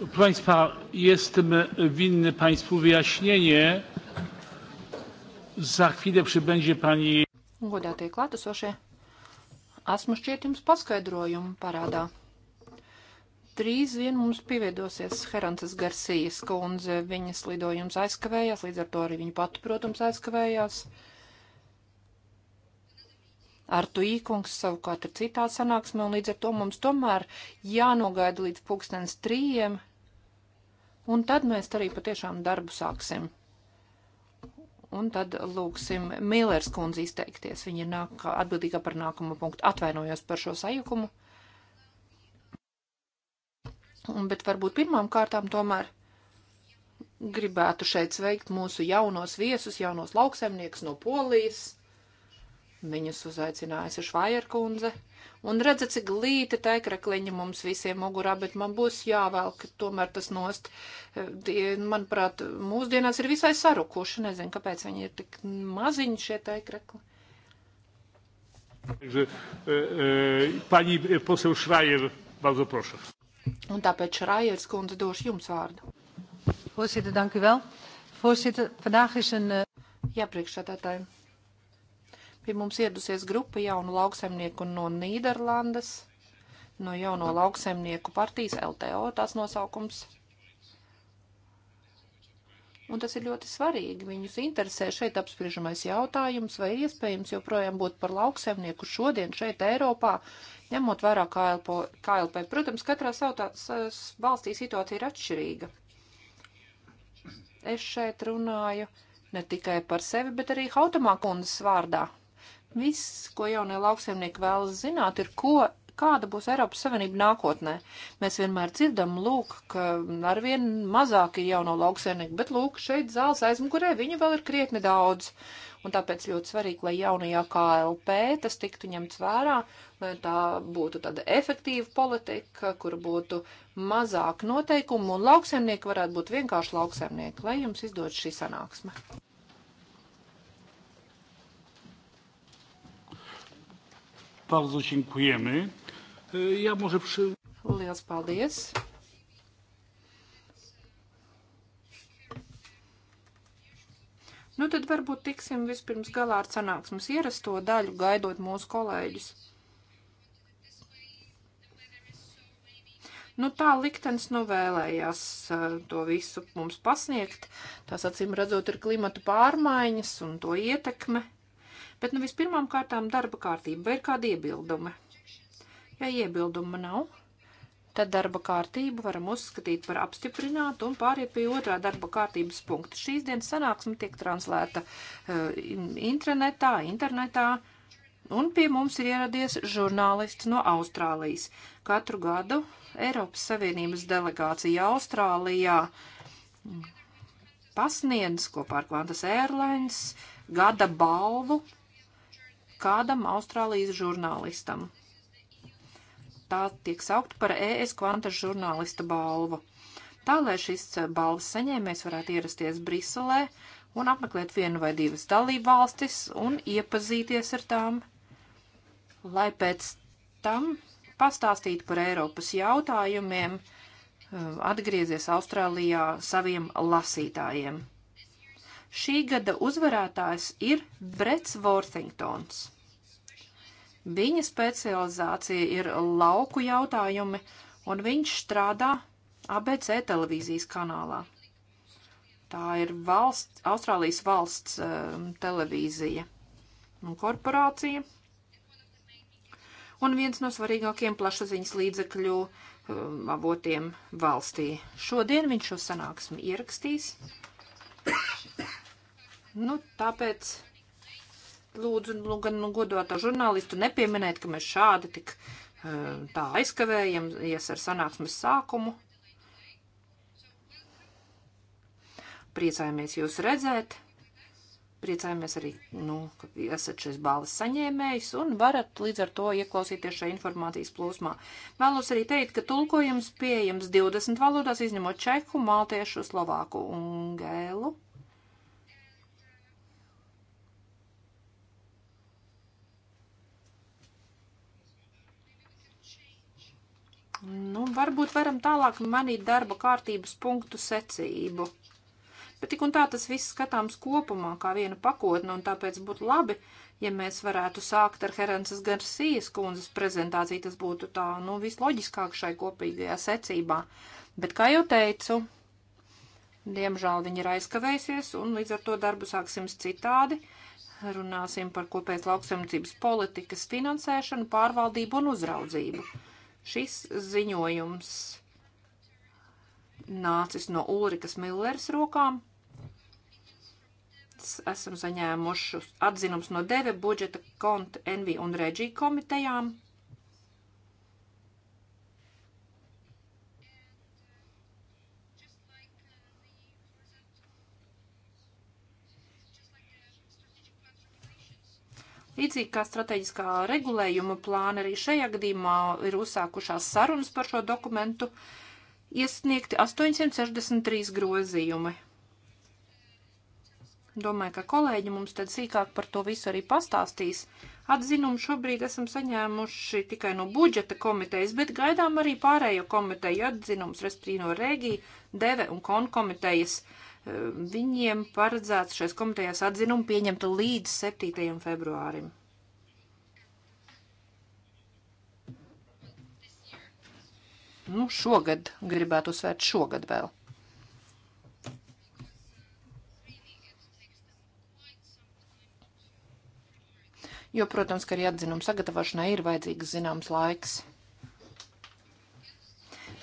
Proszę Państwa, jestem winny Państwu wyjaśnienie. Za chwilę przybędzie Pani. Godātie klātesošie, esmu šķiet jums paskaidrojumu parādā. Drīz vien mums pievienosies Herantas Garcijas kundze. Viņas lidojums aizkavējās, līdz ar to arī viņa pati, protams, aizkavējās. Artu īkungs savukārt ir citā sanāksmē, un līdz ar to mums tomēr jānogaida līdz pulkstens trījiem, Un tad mēs arī patiešām darbu sāksim. Un tad lūksim Mīlērs kundzi izteikties. Viņa ir nāk, atbildīga par nākamo punktu. Atvainojos par šo sajukumu. Un, bet varbūt pirmām kārtām tomēr gribētu šeit sveikt mūsu jaunos viesus, jaunos lauksemniekus no Polijas Viņus uzaicinājusi Švajerkundze. Un redzat, cik glīti teikrakliņi mums visiem mugurā, bet man būs jāvelk tomēr tas nost. Eh, manuprāt, mūsdienās ir visai sarukuši. Nezinu, kāpēc viņi ir tik maziņi šie teikrakli. Także e, e, pani poseł Schreier, bardzo proszę. Un tāpēc Schreiers kundze došu jums vārdu. Voorzitter, dank u wel. Voorzitter, vandaag is een... Uh... Ja, priekšsēdētāji. Pie mums iedusies grupa jaunu lauksaimnieku no Nīderlandes, no jauno lauksaimnieku partijas LTO tās nosaukums. Un tas ir ļoti svarīgi. Viņus interesē šeit apspriežamais jautājums, vai iespējams joprojām būt par lauksaimnieku šodien šeit Eiropā, ņemot vērā KLP. KLP. Protams, katrā sautās valstī situācija ir atšķirīga. Es šeit runāju ne tikai par sevi, bet arī Hautamā kundas vārdā. Viss, ko jaunie lauksaimnieki vēlas zināt, ir, ko kāda būs Eiropas Savienība nākotnē. Mēs vienmēr dzirdam, lūk, ka arvien mazāk ir jauno lauksainieku, bet lūk, šeit zāles aizmugurē viņu vēl ir krietni daudz. Un tāpēc ļoti svarīgi, lai jaunajā KLP tas tiktu ņemts vērā, lai tā būtu tāda efektīva politika, kur būtu mazāk noteikumu un lauksaimnieki varētu būt vienkārši lauksaimnieki. Lai jums izdod šī sanāksme. Bardzo dziękujemy. E, ja może przy... Liels paldies. Nu tad varbūt tiksim vispirms galā ar sanāksmes ierasto daļu, gaidot mūsu kolēģis. Nu, tā liktenis nu vēlējās e, to visu mums pasniegt. Tās acīm redzot ir klimatu pārmaiņas un to ietekme. Bet nu vispirmām kārtām darba kārtība. Vai ir kāda iebilduma? Ja iebilduma nav, tad darba kārtību varam uzskatīt par apstiprinātu un pāriet pie otrā darba kārtības punkta. Šīs dienas sanāksme tiek translēta uh, internetā, internetā. Un pie mums ir ieradies žurnālists no Austrālijas. Katru gadu Eiropas Savienības delegācija Austrālijā mm, pasniedz kopā ar Qantas Airlines gada balvu kādam Austrālijas žurnālistam. Tā tiek saukt par ES kvanta žurnālista balvu. Tā, lai šis eh, balvas saņēmējs varētu ierasties Briselē un apmeklēt vienu vai divas dalību valstis un iepazīties ar tām, lai pēc tam pastāstītu par Eiropas jautājumiem, eh, atgriezies Austrālijā saviem lasītājiem. Šī gada uzvarētājs ir Brets Worthingtons. Viņa specializācija ir lauku jautājumi, un viņš strādā ABC televīzijas kanālā. Tā ir valsts, Austrālijas valsts um, televīzija un korporācija. Un viens no svarīgākiem plašsaziņas līdzekļu um, avotiem valstī. Šodien viņš šo sanāksmi ierakstīs. Nu, tāpēc lūdzu, lūdzu, nu, nu, godotā žurnālistu nepieminēt, ka mēs šādi tik eh, tā aizkavējamies ar sanāksmes sākumu. Priecājamies jūs redzēt. Priecājamies arī, nu, ka esat šis balvas saņēmējs un varat līdz ar to ieklausīties šajā informācijas plūsmā. Vēlos arī teikt, ka tulkojums pieejams 20 valodās, izņemot čehu, maltiešu, slovāku un gēlu. Nu, varbūt varam tālāk manīt darba kārtības punktu secību. Bet tik un tā tas viss skatāms kopumā kā viena pakotne, un tāpēc būtu labi, ja mēs varētu sākt ar Herences Garcijas kundzes prezentāciju. Tas būtu tā, nu, visloģiskāk šai kopīgajā secībā. Bet, kā jau teicu, diemžēl viņi ir aizkavējusies, un līdz ar to darbu sāksim citādi. Runāsim par kopējas lauksaimniecības politikas finansēšanu, pārvaldību un uzraudzību. Šis ziņojums nācis no Ulrikas Milleras rokām. Esam saņēmuši atzinums no Deve budžeta konta NV un Reģija komitejām. Līdzīgi kā strateģiskā regulējuma plāna, arī šajā gadījumā ir uzsākušās sarunas par šo dokumentu, iesniegti 863 grozījumi. Domāju, ka kolēģi mums tad sīkāk par to visu arī pastāstīs. Atzinumu šobrīd esam saņēmuši tikai no budžeta komitejas, bet gaidām arī pārējo komiteju atzinumus, respektīvi no Rēgī, Deve un Kon komitejas. Uh, Viņiem paredzēts šais komitejās atzinumu pieņemt līdz 7. februārim. Nu, šogad gribētu uzsvērt šogad vēl. Jo, protams, ka arī atzinuma sagatavošanai ir vajadzīgs zināms laiks.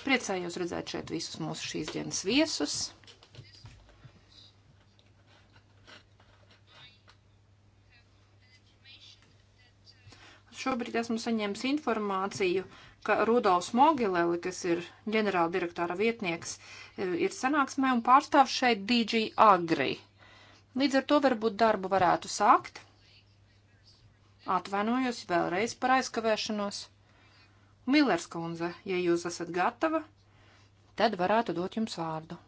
Priecājos redzēt šeit visus mūsu šīs dienas viesus. šobrīd esmu saņēmis informāciju, ka Rudolfs Mogileli, kas ir ģenerāla direktora vietnieks, e, ir sanāksmē un pārstāv šeit DG Agri. Līdz ar to varbūt darbu varētu sākt. Atvainojos vēlreiz par aizkavēšanos. Millers kundze, ja jūs esat gatava, tad varētu dot jums vārdu.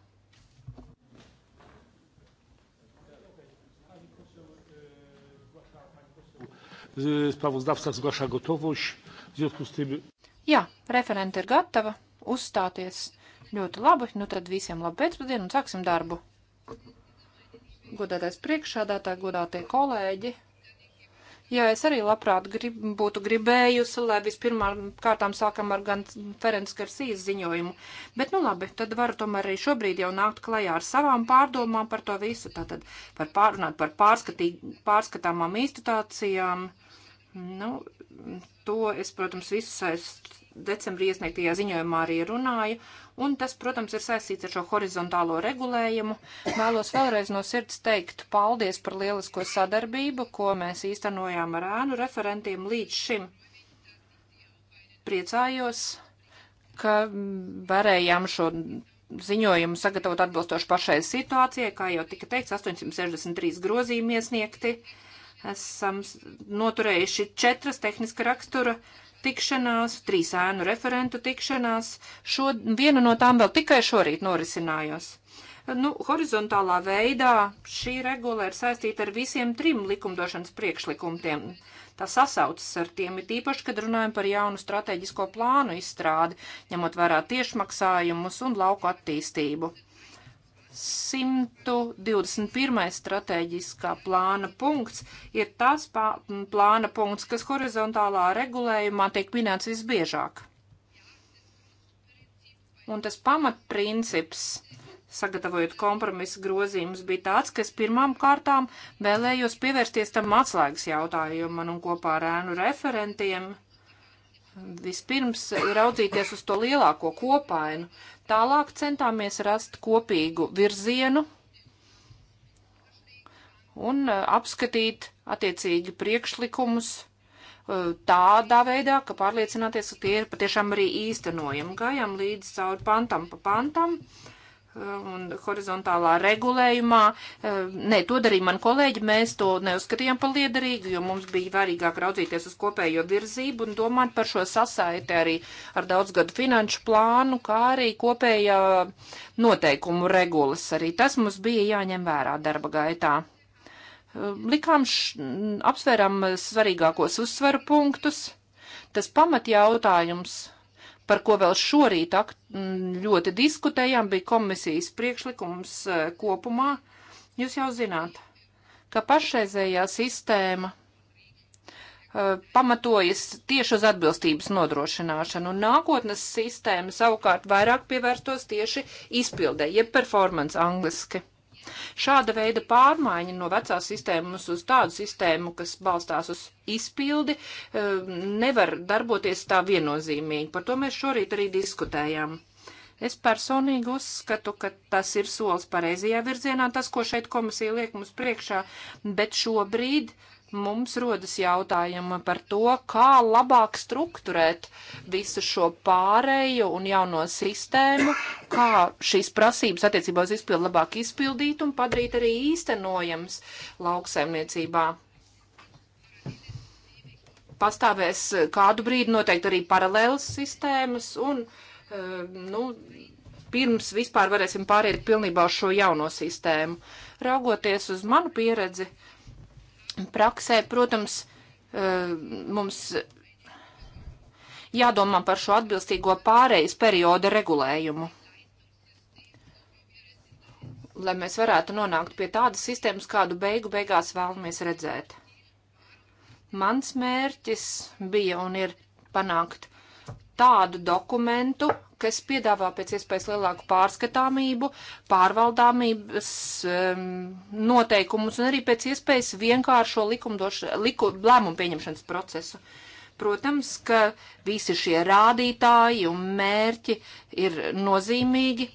Sprawozdawca zgłasza gotowość. W związku z tym. Jā, referente ir gatava uzstāties. Ļoti labi. Nu tad visiem labu pēcpusdienu un sāksim darbu. Godātais priekšādātāji, godātie kolēģi. Jā, es arī labprāt grib, būtu gribējusi, lai vispirmām kārtām sākam ar gan Ferenc Garsīs ziņojumu. Bet, nu labi, tad varu tomēr arī šobrīd jau nākt klajā ar savām pārdomām par to visu. Tātad par pārunāt par pārskatāmām institūcijām. Uh, Nu, to es, protams, visu decembrī iesniegtajā ziņojumā arī runāju, un tas, protams, ir saistīts ar šo horizontālo regulējumu. Vēlos vēlreiz no sirds teikt paldies par lielisko sadarbību, ko mēs īstenojām ar ēnu referentiem līdz šim. Priecājos, ka varējām šo ziņojumu sagatavot atbilstoši pašai situācijai, kā jau tika teikts, 863 grozījumi iesniegti. Uh, Esam noturējuši četras tehniska rakstura tikšanās, trīs ēnu referentu tikšanās. Šo, viena no tām vēl tikai šorīt norisinājos. Nu, horizontālā veidā šī regula ir saistīta ar visiem trim likumdošanas priekšlikumiem. Tā sasaucas ar tiem, it īpaši, kad runājam par jaunu strateģisko plānu izstrādi, ņemot vērā tiešmaksājumus un lauku attīstību. 121. stratēģiskā plāna punkts ir tas plāna punkts, kas horizontālā regulējumā tiek minēts visbiežāk. Un tas pamatprincips, sagatavojot kompromisu grozījumus, bija tāds, ka es pirmām kārtām vēlējos pievērsties tam atslēgas jautājumam un kopā ar ēnu referentiem – Vispirms raudzīties uz to lielāko kopainu, tālāk centāmies rast kopīgu virzienu un uh, apskatīt attiecīgi priekšlikumus uh, tādā veidā, ka pārliecināties, ka tie ir patiešām arī īstenojami. Gājām līdz cauri pantam pa pantam. Uh, Eh, un horizontālā regulējumā. Eh, nē, to darīja man kolēģi, mēs to neuzskatījām par liederīgu, jo mums bija vērīgāk raudzīties uz kopējo virzību un domāt par šo sasaiti arī ar daudzgadu finanšu plānu, kā arī kopējā noteikumu regulas. Arī tas mums bija jāņem vērā darba gaitā. Eh, likām, š, apsvēram svarīgākos uzsvaru punktus. Tas pamatjautājums. jautājums par ko vēl šorīt ļoti diskutējām, bija komisijas priekšlikums e, kopumā. Jūs jau zināt, ka pašreizējā sistēma e, pamatojas tieši uz atbilstības nodrošināšanu, un nākotnes sistēma savukārt vairāk pievērstos tieši izpildē, jeb performance angliski. Šāda veida pārmaiņa no vecās sistēmas uz tādu sistēmu, kas balstās uz izpildi, eh, nevar darboties tā viennozīmīgi. Par to mēs šorīt arī diskutējām. Es personīgi uzskatu, ka tas ir solis pareizajā virzienā, tas, ko šeit komisija liek mums priekšā, bet šobrīd uh, mums rodas jautājumi par to, kā labāk strukturēt visu šo pārēju un jauno sistēmu, kā šīs prasības attiecībā uz izpildu labāk izpildīt un padarīt arī īstenojams lauksaimniecībā. Pastāvēs kādu brīdi noteikti arī paralēlas sistēmas un, eh, nu, pirms vispār varēsim pāriet pilnībā uz šo jauno sistēmu. Raugoties uz manu pieredzi, uh, praksē, protams, eh, mums jādomā par šo atbilstīgo pārejas perioda regulējumu. Lai mēs varētu nonākt pie tādas sistēmas, kādu beigu beigās vēlamies redzēt. Mans mērķis bija un ir panākt tādu dokumentu, kas piedāvā pēc iespējas lielāku pārskatāmību, pārvaldāmības um, noteikumus un arī pēc iespējas vienkāršo liku, lēmumu pieņemšanas procesu. Protams, ka visi šie rādītāji un mērķi ir nozīmīgi,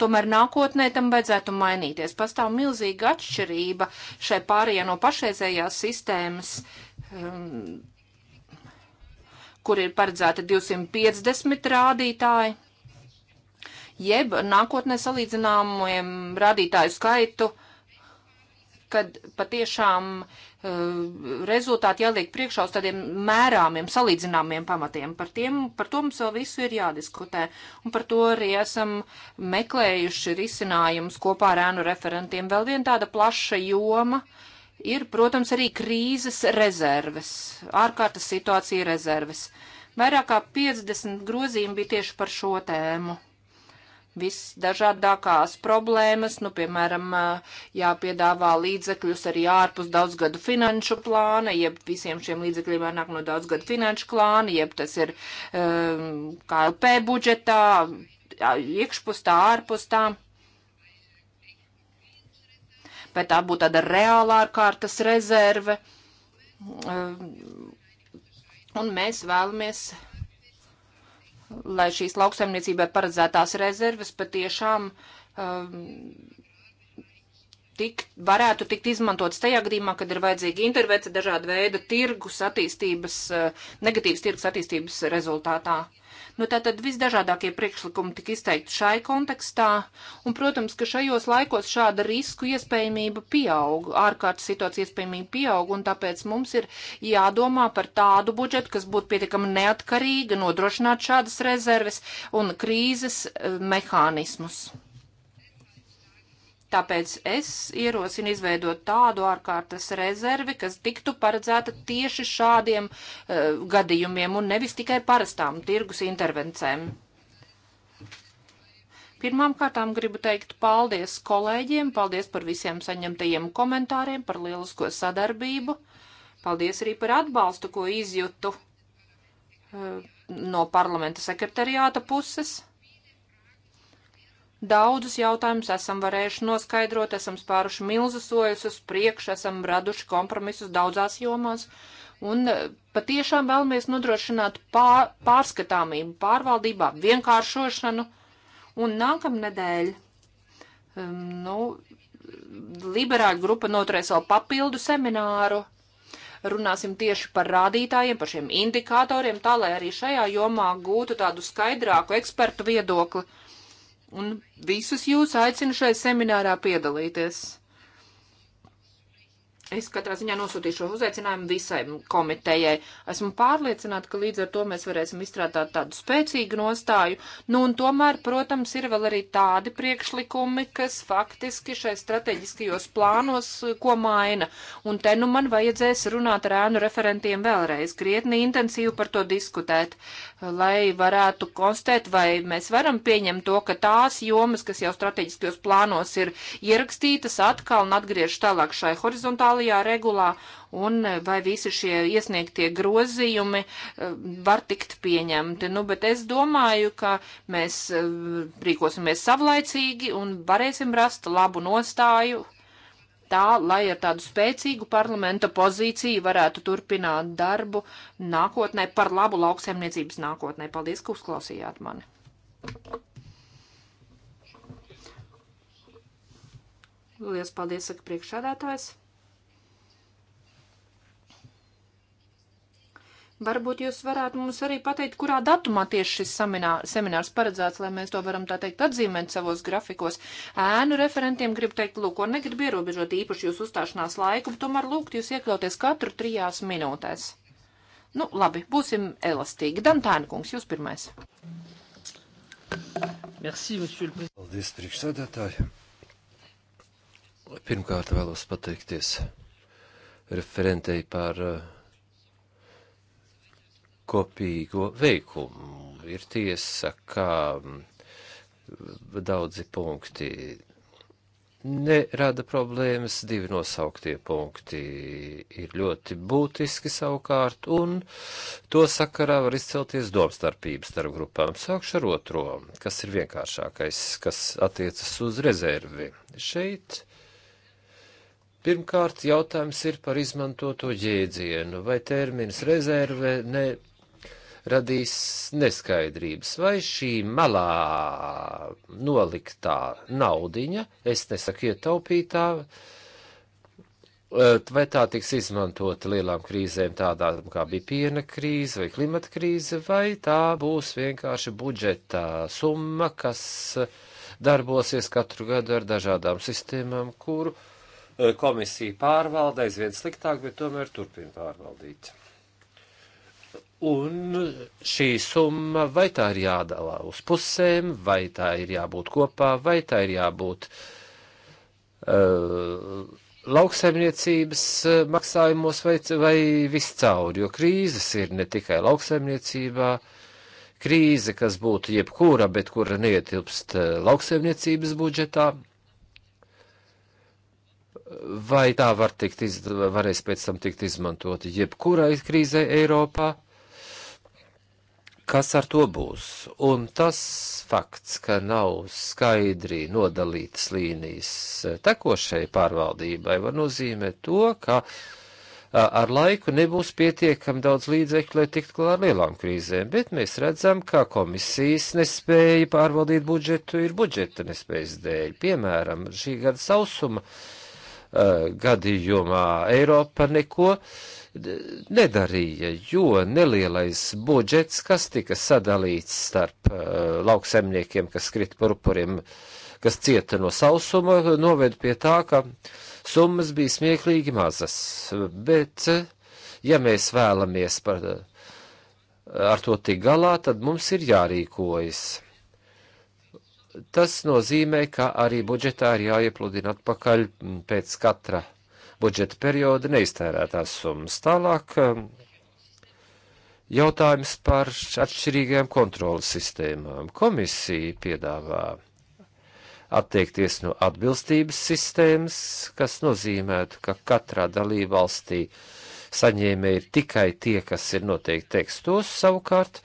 Tomēr nākotnē tam vajadzētu mainīties. Pastāv milzīga atšķirība šai pārējā no pašreizējās sistēmas um, kur ir paredzēta 250 rādītāji, jeb nākotnē salīdzināmajiem rādītāju skaitu, kad patiešām uh, rezultāti jāliek priekšā uz tādiem mērāmiem, salīdzināmiem pamatiem. Par, tiem, par to mums vēl visu ir jādiskutē, un par to arī esam meklējuši risinājumus kopā ar ēnu referentiem. Vēl viena tāda plaša joma, ir, protams, arī krīzes rezerves, ārkārtas situācija rezerves. Vairāk kā 50 grozījumi bija tieši par šo tēmu. Visdažādākās problēmas, nu, piemēram, jāpiedāvā līdzekļus arī ārpus daudzgadu finanšu plāna, jeb visiem šiem līdzekļiem jānāk no daudzgadu finanšu plāna, jeb tas ir um, KLP budžetā, iekšpus tā, ārpus tā vai tā būtu tāda reāla ārkārtas rezerve. Un mēs vēlamies, lai šīs lauksaimniecībai paredzētās rezerves patiešām um, tik, varētu tikt izmantots tajā gadījumā, kad ir vajadzīga intervence dažāda veida tirgus attīstības, uh, negatīvas tirgus attīstības rezultātā. Nu, tātad visdažādākie priekšlikumi tika izteikti šai kontekstā, un, protams, ka šajos laikos šāda risku iespējamība pieaug, ārkārtas situācija iespējamība pieaug, un tāpēc mums ir jādomā par tādu budžetu, kas būtu pietiekami neatkarīga, nodrošināt šādas rezerves un krīzes eh, mehānismus. Tāpēc es ierosinu izveidot tādu ārkārtas rezervi, kas tiktu paredzēta tieši šādiem uh, gadījumiem un nevis tikai parastām tirgus intervencēm. Pirmām kārtām gribu teikt paldies kolēģiem, paldies par visiem saņemtajiem komentāriem, par lielisko sadarbību. Paldies arī par atbalstu, ko izjūtu eh, no parlamenta sekretariāta puses. Daudzus jautājumus esam varējuši noskaidrot, esam spāruši milzu soļus uz priekšu, esam raduši kompromisus daudzās jomās. Un e, patiešām vēlamies nodrošināt pār, pārskatāmību pārvaldībā, vienkāršošanu. Un nākamnedēļ, um, nu, liberāļu grupa noturēs vēl papildu semināru. Runāsim tieši par rādītājiem, par šiem indikatoriem, tā lai arī šajā jomā gūtu tādu skaidrāku ekspertu viedokli. Un visus jūs aicinu šai seminārā piedalīties. Es katrā ziņā nosūtīšu šo uzaicinājumu visai komitejai. Esmu pārliecināta, ka līdz ar to mēs varēsim izstrādāt tādu spēcīgu nostāju. Nu, un tomēr, protams, ir vēl arī tādi priekšlikumi, kas faktiski šai strateģiskajos plānos eh, ko maina. Un te nu man vajadzēs runāt ar ēnu referentiem vēlreiz, krietni intensīvi par to diskutēt lai varētu konstatēt, vai mēs varam pieņemt to, ka tās jomas, kas jau strateģiskajos plānos ir ierakstītas, atkal un atgriež tālāk šai horizontālajā regulā, un vai visi šie iesniegtie grozījumi eh, var tikt pieņemti. Nu, bet es domāju, ka mēs eh, rīkosimies savlaicīgi un varēsim rast labu nostāju tā, lai ar tādu spēcīgu parlamenta pozīciju varētu turpināt darbu nākotnē par labu lauksaimniecības nākotnē. Paldies, ka uzklausījāt mani. Lielas paldies, saka priekšādātājs. Varbūt jūs varētu mums arī pateikt, kurā datumā tieši šis seminārs, seminārs paredzēts, lai mēs to varam tā teikt atzīmēt savos grafikos. Ēnu referentiem gribu teikt, lūk, un negribu ierobežot īpaši jūsu uzstāšanās laiku, tomēr lūgt jūs iekļauties katru trijās minūtēs. Nu, labi, būsim elastīgi. Dantēna kungs, jūs pirmais. Merci, monsieur le président. Paldies, priekšsēdētāji. Pirmkārt vēlos pateikties referentei par uh, kopīgo veikumu. Ir tiesa, ka mm, daudzi punkti nerada problēmas, divi nosauktie punkti ir ļoti būtiski savukārt, un to sakarā var izcelties domstarpības starp grupām. Sākšu ar otro, kas ir vienkāršākais, kas attiecas uz rezervi. Šeit pirmkārt jautājums ir par izmantoto jēdzienu vai termins rezerve ne radīs neskaidrības, vai šī malā noliktā naudiņa, es nesaku ietaupītā, eh, vai tā tiks izmantota lielām krīzēm, tādām kā bija piena krīze vai klimata krīze, vai tā būs vienkārši budžeta summa, kas eh, darbosies katru gadu ar dažādām sistēmām, kuru eh, komisija pārvalda aizvien sliktāk, bet tomēr turpina pārvaldīt. Un šī summa, vai tā ir jādalā uz pusēm, vai tā ir jābūt kopā, vai tā ir jābūt uh, lauksaimniecības eh, maksājumos, vai, vai viscaur, jo krīzes ir ne tikai lauksaimniecībā, krīze, kas būtu jebkura, bet kura neietilpst eh, lauksaimniecības budžetā, vai tā var tikt iz, varēs pēc tam tikt izmantota jebkurai krīzē Eiropā, kas ar to būs. Un tas fakts, ka nav skaidri nodalītas līnijas tekošai pārvaldībai, var nozīmēt to, ka ar laiku nebūs pietiekami daudz līdzekļu, lai tiktu klāt ar lielām krīzēm, bet mēs redzam, ka komisijas nespēja pārvaldīt budžetu ir budžeta nespējas dēļ. Piemēram, šī gada sausuma uh, gadījumā Eiropa neko uh, nedarīja, jo nelielais budžets, kas tika sadalīts starp uh, lauksemniekiem, kas krita par upuriem, kas cieta no sausuma, noved pie tā, ka summas bija smieklīgi mazas. Bet, uh, ja mēs vēlamies par, uh, ar to tik galā, tad mums ir jārīkojas. Tas nozīmē, ka arī budžetā ir jāiepludina atpakaļ pēc katra budžeta perioda neiztērētās summas. Tālāk um, jautājums par atšķirīgajām kontrolas sistēmām. Komisija piedāvā attiekties no atbilstības sistēmas, kas nozīmētu, ka katrā dalībvalstī saņēmēji ir tikai tie, kas ir noteikti tekstos savukārt.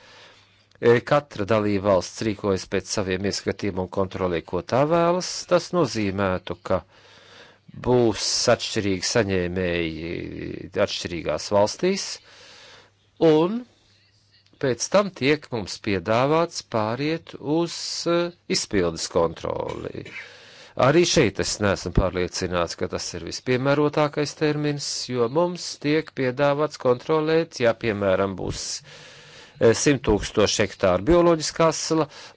E, katra dalībvalsts rīkojas pēc saviem ieskatiem un kontrolē, ko tā vēlas. Tas nozīmētu, ka uh, būs atšķirīgi saņēmēji atšķirīgās valstīs, un pēc tam tiek mums piedāvāts pāriet uz eh, izpildes kontroli. Arī šeit es neesmu pārliecināts, ka tas ir vispiemērotākais termins, jo mums tiek piedāvāts kontrolēt, ja piemēram būs uh, 100 eh, tūkstoši hektāru bioloģiskās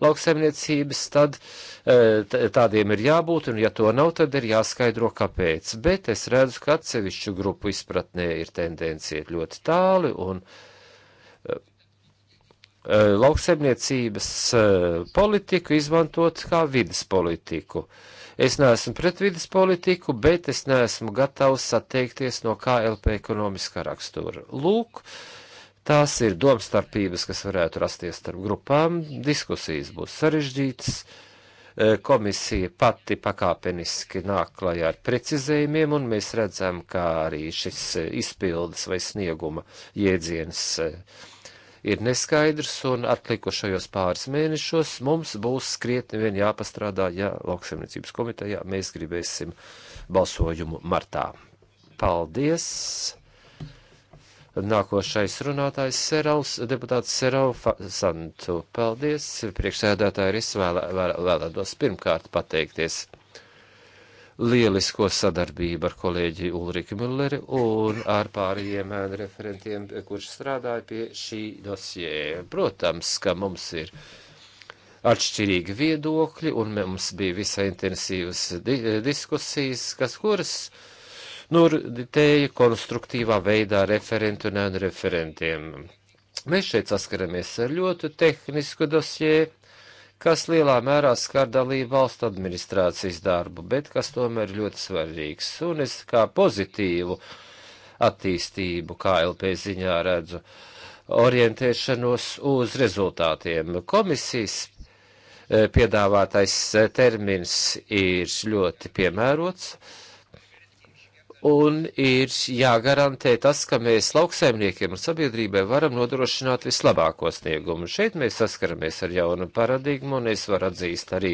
lauksaimniecības, tad eh, tādiem ir jābūt, un ja to nav, tad ir jāskaidro, kāpēc. Bet es redzu, ka atsevišķu grupu izpratnē ir tendencija ļoti tāli, un eh, lauksaimniecības politiku izmantot kā vidas politiku. Es neesmu pret vidas politiku, bet es neesmu gatavs atteikties no KLP ekonomiskā rakstura. Lūk, uh, Tās ir domstarpības, kas varētu rasties starp grupām, diskusijas būs sarežģītas, e, komisija pati pakāpeniski nāk klajā ar precizējumiem, un mēs redzam, kā arī šis e, izpildes vai snieguma jēdziens e, ir neskaidrs, un atlikušajos pāris mēnešos mums būs skrietni vien jāpastrādā, ja lauksaimniecības komitejā mēs gribēsim balsojumu martā. Paldies! Nākošais runātājs Serals, deputāts Serau Santu. Paldies, priekšsēdētāji, es vēlētos pirmkārt pateikties lielisko sadarbību ar kolēģi Ulriku Mulleri un ar pārējiem ēnu referentiem, kurš strādāja pie šī dosjē. Protams, ka mums ir atšķirīgi viedokļi un mums bija visai intensīvas di diskusijas, kas kuras. Uh, nurditēja konstruktīvā veidā referentu un referentiem. Mēs šeit saskaramies ar ļoti tehnisku dosiju, kas lielā mērā skar dalību valstu administrācijas darbu, bet kas tomēr ļoti svarīgs. Un es kā pozitīvu attīstību KLP ziņā redzu orientēšanos uz rezultātiem. Komisijas e, piedāvātais e, termins ir ļoti piemērots un ir jāgarantē tas, ka mēs lauksaimniekiem un sabiedrībai varam nodrošināt vislabāko sniegumu. Šeit mēs saskaramies ar jaunu paradigmu, un es varu atzīst arī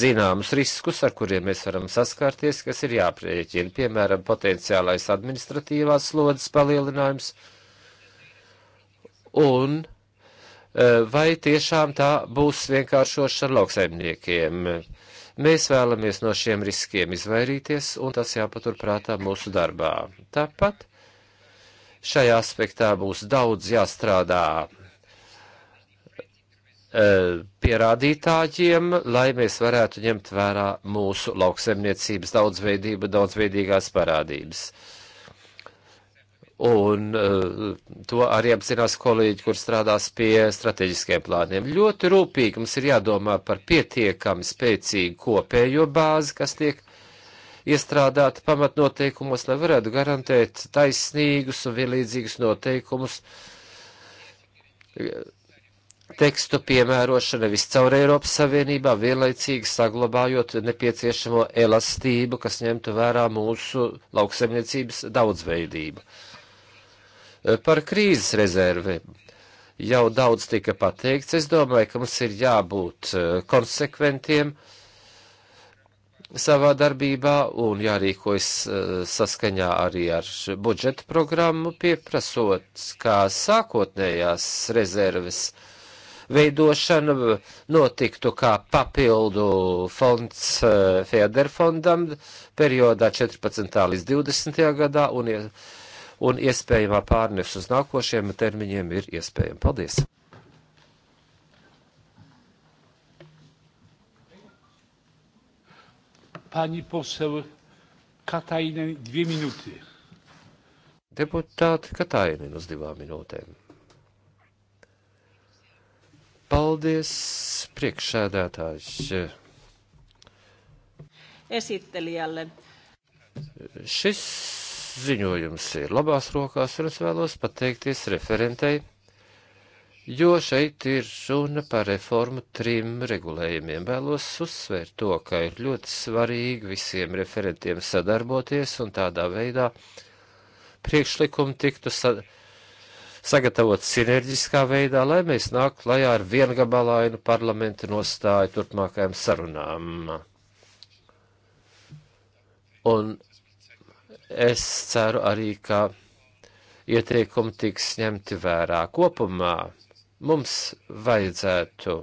zināmus riskus, ar kuriem mēs varam saskārties, kas ir jāprēķina, piemēram, potenciālais administratīvās slodzes palielinājums, un eh, vai tiešām tā būs vienkāršošana lauksaimniekiem. Mēs vēlamies no šiem riskiem izvairīties, un tas jāpaturprātā mūsu darbā. Tāpat šajā aspektā būs daudz jāstrādā e, pierādītājiem, lai mēs varētu ņemt vērā mūsu lauksemniecības daudzveidību, daudzveidīgās parādības. Un uh, to arī apzinās kolēģi, kur strādās pie strateģiskiem plāniem. Ļoti rūpīgi mums ir jādomā par pietiekami spēcīgu kopējo bāzi, kas tiek iestrādāta pamatnoteikumos, lai varētu garantēt taisnīgus un vienlīdzīgus noteikumus tekstu piemērošana nevis caur Eiropas Savienībā, vienlaicīgi saglabājot nepieciešamo elastību, kas ņemtu vērā mūsu lauksaimniecības daudzveidību. Uh, Par krīzes rezervi jau daudz tika pateikts. Es domāju, ka mums ir jābūt e, konsekventiem savā darbībā un jārīkojas e, saskaņā arī ar budžeta programmu, pieprasot, kā sākotnējās rezerves veidošana notiktu kā papildu fonds e, Federfondam periodā 14. līdz 20. gadā un un iespējamā pārnes uz nākošiem termiņiem ir iespējama. Paldies! Pani poseł Katajnen, dwie minuty. Deputāti Katainen uz divām minūtēm. Paldies, priekšsēdētājs. Esittelijälle. Šis ziņojums ir labās rokās, un es vēlos pateikties referentei, jo šeit ir runa par reformu trim regulējumiem. Vēlos uzsvērt to, ka ir ļoti svarīgi visiem referentiem sadarboties, un tādā veidā priekšlikumi tiktu sadarboties sagatavot sinerģiskā veidā, lai mēs nāktu klajā ar viengabalainu parlamenta nostāju turpmākajām sarunām. Un Es ceru arī, ka ieteikumi tiks ņemti vērā. Kopumā mums vajadzētu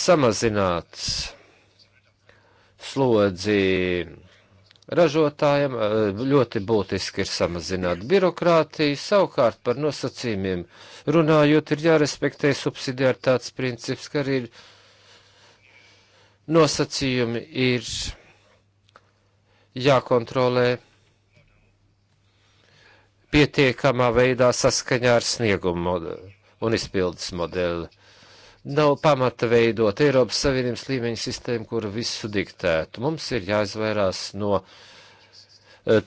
samazināt slodzi ražotājiem, ļoti būtiski ir samazināt birokrātiju, savukārt par nosacījumiem runājot ir jārespektē subsidiartāts princips, ka arī ir nosacījumi ir jākontrolē pietiekamā veidā saskaņā ar sniegumu un izpildes modeli. Nav pamata veidot Eiropas Savienības līmeņa sistēmu, kura visu diktētu. Mums ir jāizvairās no eh,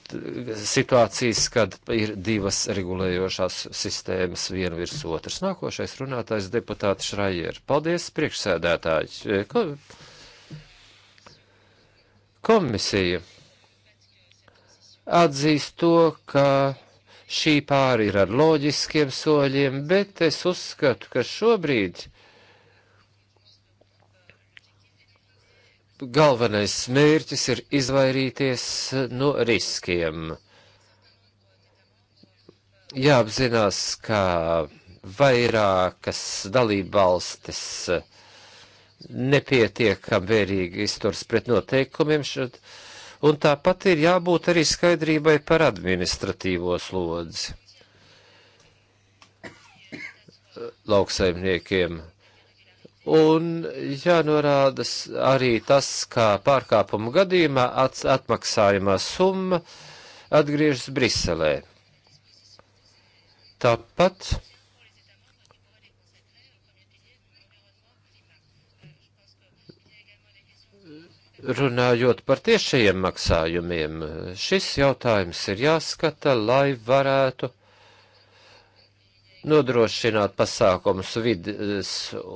situācijas, kad ir divas regulējošās sistēmas viena virs otras. Nākošais runātājs deputāts Šrajer. Paldies, priekšsēdētāji! Eh, Komisija atzīst to, ka šī pāri ir ar loģiskiem soļiem, bet es uzskatu, ka šobrīd galvenais mērķis ir izvairīties no riskiem. Jāapzinās, ka vairākas dalībvalstis uh, nepietiekam vērīgi izturs pret noteikumiem, šad, un tāpat ir jābūt arī skaidrībai par administratīvo slodzi lauksaimniekiem. Un jānorādas arī tas, kā pārkāpuma gadījumā at, atmaksājumā summa atgriežas Briselē. Tāpat Runājot par tiešajiem maksājumiem, šis jautājums ir jāskata, lai varētu nodrošināt pasākumus vidas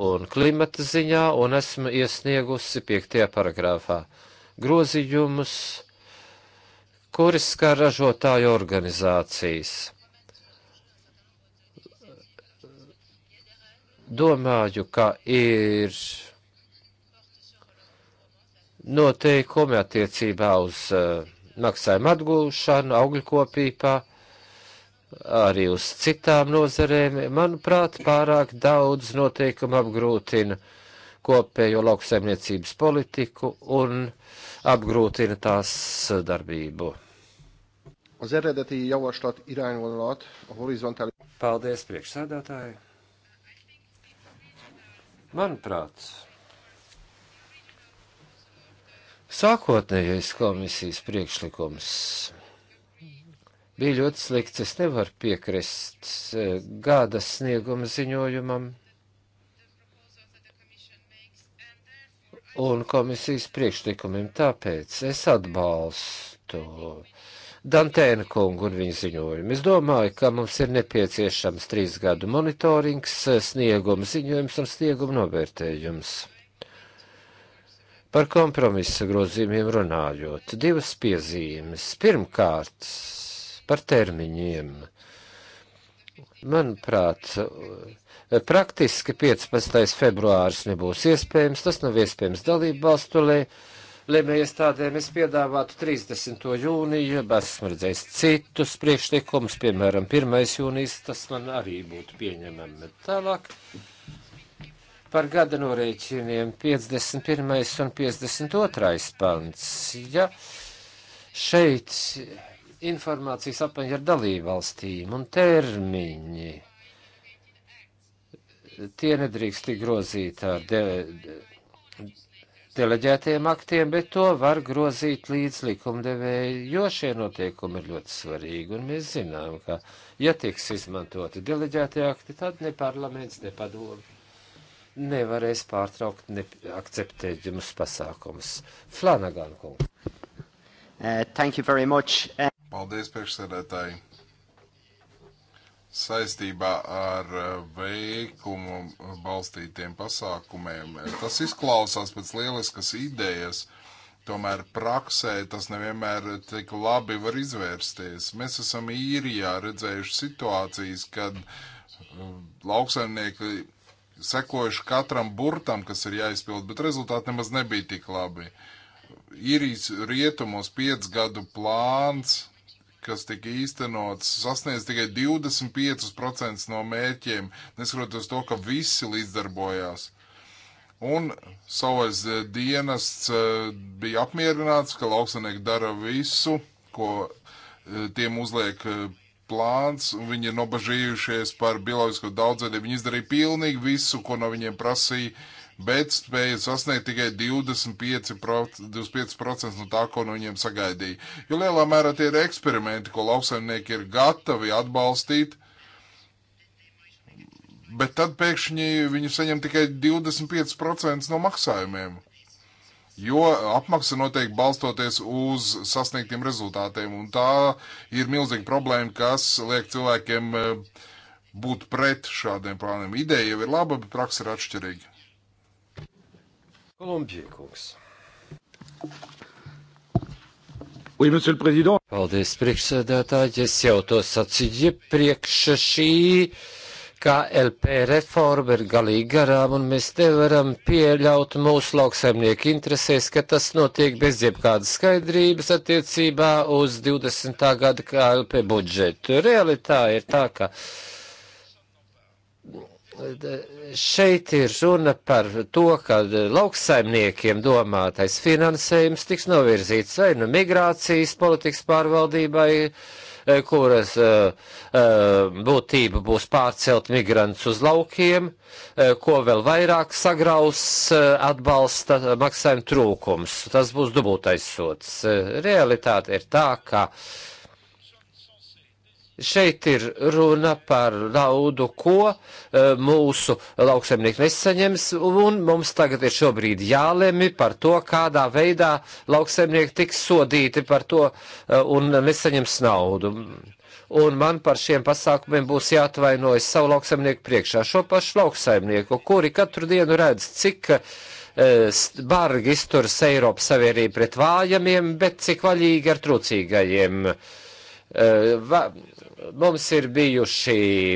un klimata ziņā, un esmu iesniegusi 5. paragrāfā grozījumus, kuri skar ražotāju organizācijas. Domāju, ka ir noteikumi attiecībā uz uh, maksājumu atgūšanu, augļu kopīpā, arī uz citām nozarēm, manuprāt, pārāk daudz noteikumu apgrūtina kopējo lauksaimniecības politiku un apgrūtina tās eh, darbību. Az eredeti javaslat irányvonalat a horizontális... Paldies, priekšsēdētāji! Manuprāt, Sākotnējais komisijas priekšlikums bija ļoti slikts. Es nevaru piekrist eh, gada snieguma ziņojumam un komisijas priekšlikumiem. Tāpēc es atbalstu Dantēna kungu un viņa ziņojumu. Es domāju, ka mums ir nepieciešams trīs gadu monitorings, eh, snieguma ziņojums un snieguma novērtējums. Par kompromisa grozījumiem runājot, divas piezīmes. Pirmkārt, par termiņiem. Manuprāt, praktiski 15. februāris nebūs iespējams, tas nav iespējams dalību valstulē. Lemējies tādēļ, es piedāvātu 30. jūniju, esmu redzējis citus priekšlikumus, piemēram, 1. jūnijas, tas man arī būtu pieņemami. Tālāk par gada norēķiniem 51. un 52. pants. Ja šeit informācijas apmaiņa ar dalībvalstīm un termiņi, tie nedrīkst tik grozīt ar de, de, deleģētiem aktiem, bet to var grozīt līdz likumdevēju, jo šie notiekumi ir ļoti svarīgi, un mēs zinām, ka, ja tiks izmantoti deleģētie akti, tad ne parlaments, ne padomu nevarēs pārtraukt neakceptējumus pasākumus. Flanagan kungs. Uh, thank you very much. Uh... Paldies, priekšsēdētāji. Saistībā ar eh, veikumu balstītiem pasākumiem. Tas izklausās pēc lieliskas idejas, tomēr praksē tas nevienmēr tik labi var izvērsties. Mēs esam īrijā redzējuši situācijas, kad lauksaimnieki sekojuši katram burtam, kas ir jāizpild, bet rezultāti nemaz nebija tik labi. Irijas rietumos 5 gadu plāns, kas tika īstenots, sasniedz tikai 25% no mērķiem, neskatoties to, ka visi līdzdarbojās. Un savais eh, dienests eh, bija apmierināts, ka lauksanieki dara visu, ko eh, tiem uzliek plāns, un viņi ir nobažījušies par bioloģisko daudzveidību. Viņi izdarīja pilnīgi visu, ko no viņiem prasīja, bet spēja sasniegt tikai 25%, 25 no tā, ko no viņiem sagaidīja. Jo lielā mērā tie ir eksperimenti, ko lauksaimnieki ir gatavi atbalstīt, bet tad pēkšņi viņi saņem tikai 25% no maksājumiem jo apmaksa noteikti balstoties uz sasniegtiem rezultātiem, un tā ir milzīga problēma, kas liek cilvēkiem eh, būt pret šādiem plāniem. Ideja jau ir laba, bet praksa ir atšķirīga. Kolumbija kungs. Oui, monsieur le président. Paldies, priekšsēdētāji. Es jau to sacīju iepriekš šī KLP reforma ir galīgi garām, un mēs nevaram pieļaut mūsu lauksaimnieku interesēs, ka tas notiek bez jebkādas skaidrības attiecībā uz 20. gada KLP budžetu. Realitā ir tā, ka šeit ir runa par to, ka lauksaimniekiem domātais finansējums tiks novirzīts vai nu migrācijas politikas pārvaldībai, uh, Eh, kuras eh, eh, būtība būs pārcelt migrantus uz laukiem, ko vēl vairāk sagraus atbalsta maksājuma trūkums. Tas būs dubultais sots. Realitāte ir tā, ka Šeit ir runa par naudu, ko e, mūsu lauksemnieki nesaņems, un mums tagad ir šobrīd jālemi par to, kādā veidā lauksemnieki tiks sodīti par to e, un nesaņems naudu. Un man par šiem pasākumiem būs jāatvainojas savu lauksemnieku priekšā, šo pašu lauksemnieku, kuri katru dienu redz, cik uh, bargi izturas Eiropas Savienība pret vājamiem, bet cik vaļīgi ar trūcīgajiem. Va, Mums ir bijuši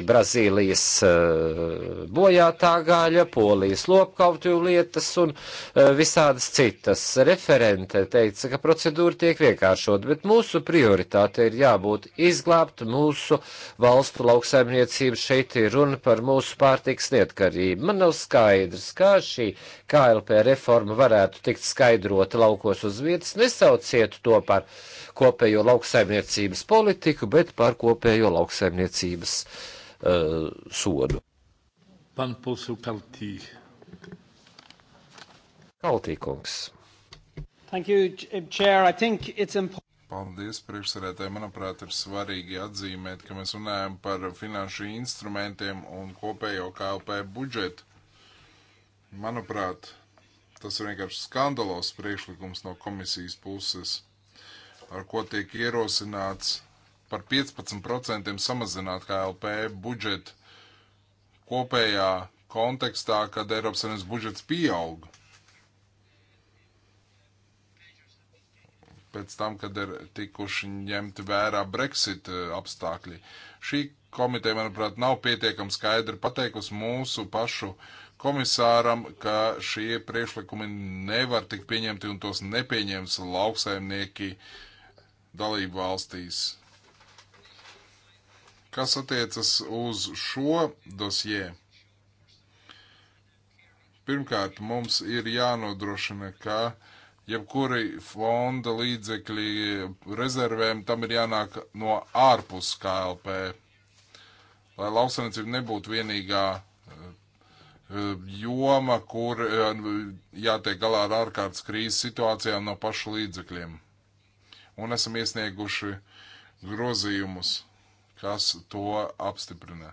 Brazīlijas eh, bojātā gaļa, Polijas lopkautju lietas un eh, visādas citas. Referente teica, ka procedūra tiek vienkāršot, bet mūsu prioritāte ir jābūt izglābt mūsu valstu lauksaimniecību. Šeit ir runa par mūsu pārtiks neatkarību. Man nav skaidrs, kā šī KLP reforma varētu tikt skaidrota laukos uz vietas. Nesauciet to par kopējo lauksaimniecības politiku, bet par kopējo lauksaimniecības uh, sodu. Pan Pulsu Kaltī. Kaltī kungs. Thank you, eh, Chair. I think it's important. Paldies, priekšsarētāji. Manuprāt, ir svarīgi atzīmēt, ka mēs runājam par finanšu instrumentiem un kopējo KLP budžetu. Manuprāt, tas ir vienkārši skandalos priekšlikums no komisijas puses ar ko tiek ierosināts par 15% samazināt KLP budžetu kopējā kontekstā, kad Eiropas Savienības budžets pieaug. Pēc tam, kad ir tikuši ņemti vērā Brexit eh, apstākļi. Šī komiteja, manuprāt, nav pietiekami skaidri pateikusi mūsu pašu komisāram, ka šie priekšlikumi nevar tikt pieņemti un tos nepieņems lauksaimnieki uh, dalību valstīs. Kas attiecas uz šo dosjē? Pirmkārt, mums ir jānodrošina, ka jebkuri fonda līdzekļi rezervēm tam ir jānāk no ārpus KLP, lai lauksaimniecība nebūtu vienīgā eh, joma, kur eh, jātiek galā ar ārkārtas krīzes situācijām no pašu līdzekļiem un esam iesnieguši grozījumus, kas to apstiprina.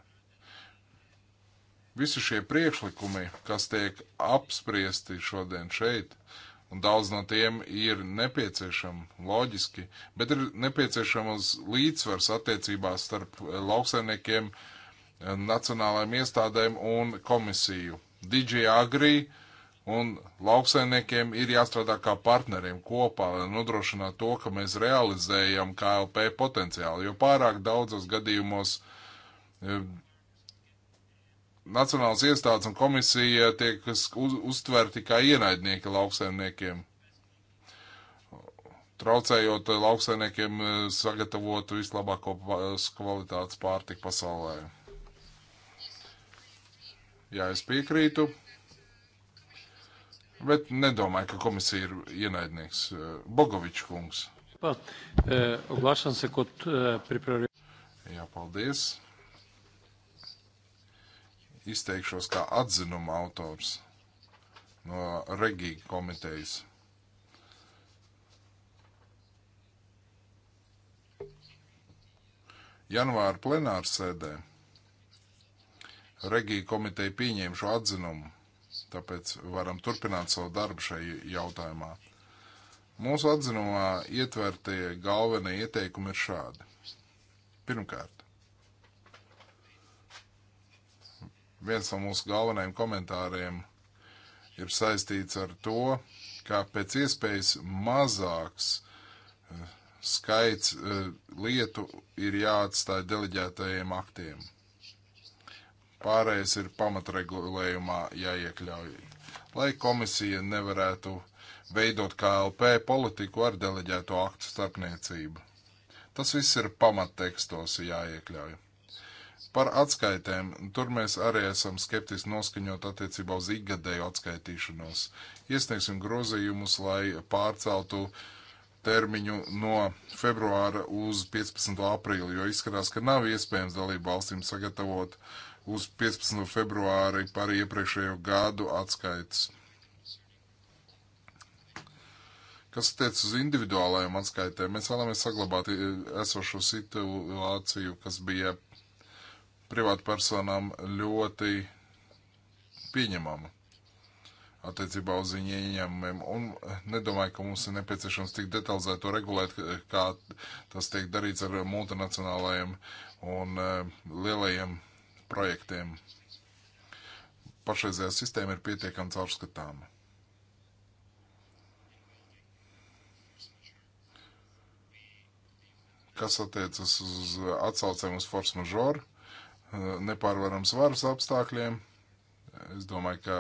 Visi šie priekšlikumi, kas tiek apspriesti šodien šeit, un daudz no tiem ir nepieciešami, loģiski, bet ir nepieciešams līdzsvars attiecībās starp eh, lauksaimniekiem, eh, nacionālajiem iestādēm un komisiju. DJ Agri uh, Un lauksaimniekiem ir jāstrādā kā partneriem kopā, lai nodrošinātu to, ka mēs realizējam KLP potenciālu, jo pārāk daudzos gadījumos e, nacionāls iestādes un komisija tiek uz, uztverti kā ienaidnieki lauksaimniekiem, traucējot lauksaimniekiem e, sagatavot vislabāko kvalitātes pārtiku pasaulē. Jā, es piekrītu. Bet nedomāju, ka komisija ir ienaidnieks. Eh, Bogovičs kungs. Pa, e, oglašam se kot e, eh, pripravljen. Jā, paldies. Izteikšos kā atzinuma autors no Regija komitejas. Janvāra plenārsēdē Regija komiteja pieņēma šo atzinumu tāpēc varam turpināt savu darbu šai jautājumā. Mūsu atzinumā ietvertie galvenie ieteikumi ir šādi. Pirmkārt, viens no mūsu galvenajiem komentāriem ir saistīts ar to, kā pēc iespējas mazāks eh, skaits eh, lietu ir jāatstāja deleģētajiem aktiem. Pārējais ir pamatregulējumā jāiekļauj, lai komisija nevarētu veidot KLP politiku ar deleģēto aktu starpniecību. Tas viss ir pamattekstos jāiekļauj. Par atskaitēm, tur mēs arī esam skeptiski noskaņot attiecībā uz ikgadēju atskaitīšanos. Iesniegsim grozījumus, lai pārceltu termiņu no februāra uz 15. aprīli, jo izskatās, ka nav iespējams dalību valstīm sagatavot uh, uz 15. februāri par iepriekšējo gadu atskaites. Kas tiec uz individuālajām atskaitēm, mēs vēlamies saglabāt e, esošo situāciju, kas bija privātpersonām ļoti pieņemama attiecībā uz viņu ieņēmumiem. Un nedomāju, ka mums ir nepieciešams tik detalizēti to regulēt, kā tas tiek darīts ar multinacionālajiem un e, lielajiem projektiem. Pašreizējā sistēma ir pietiekami caurskatāma. Kas attiecas uz atsaucēm uz force majeure, nepārvarams varas apstākļiem, es domāju, ka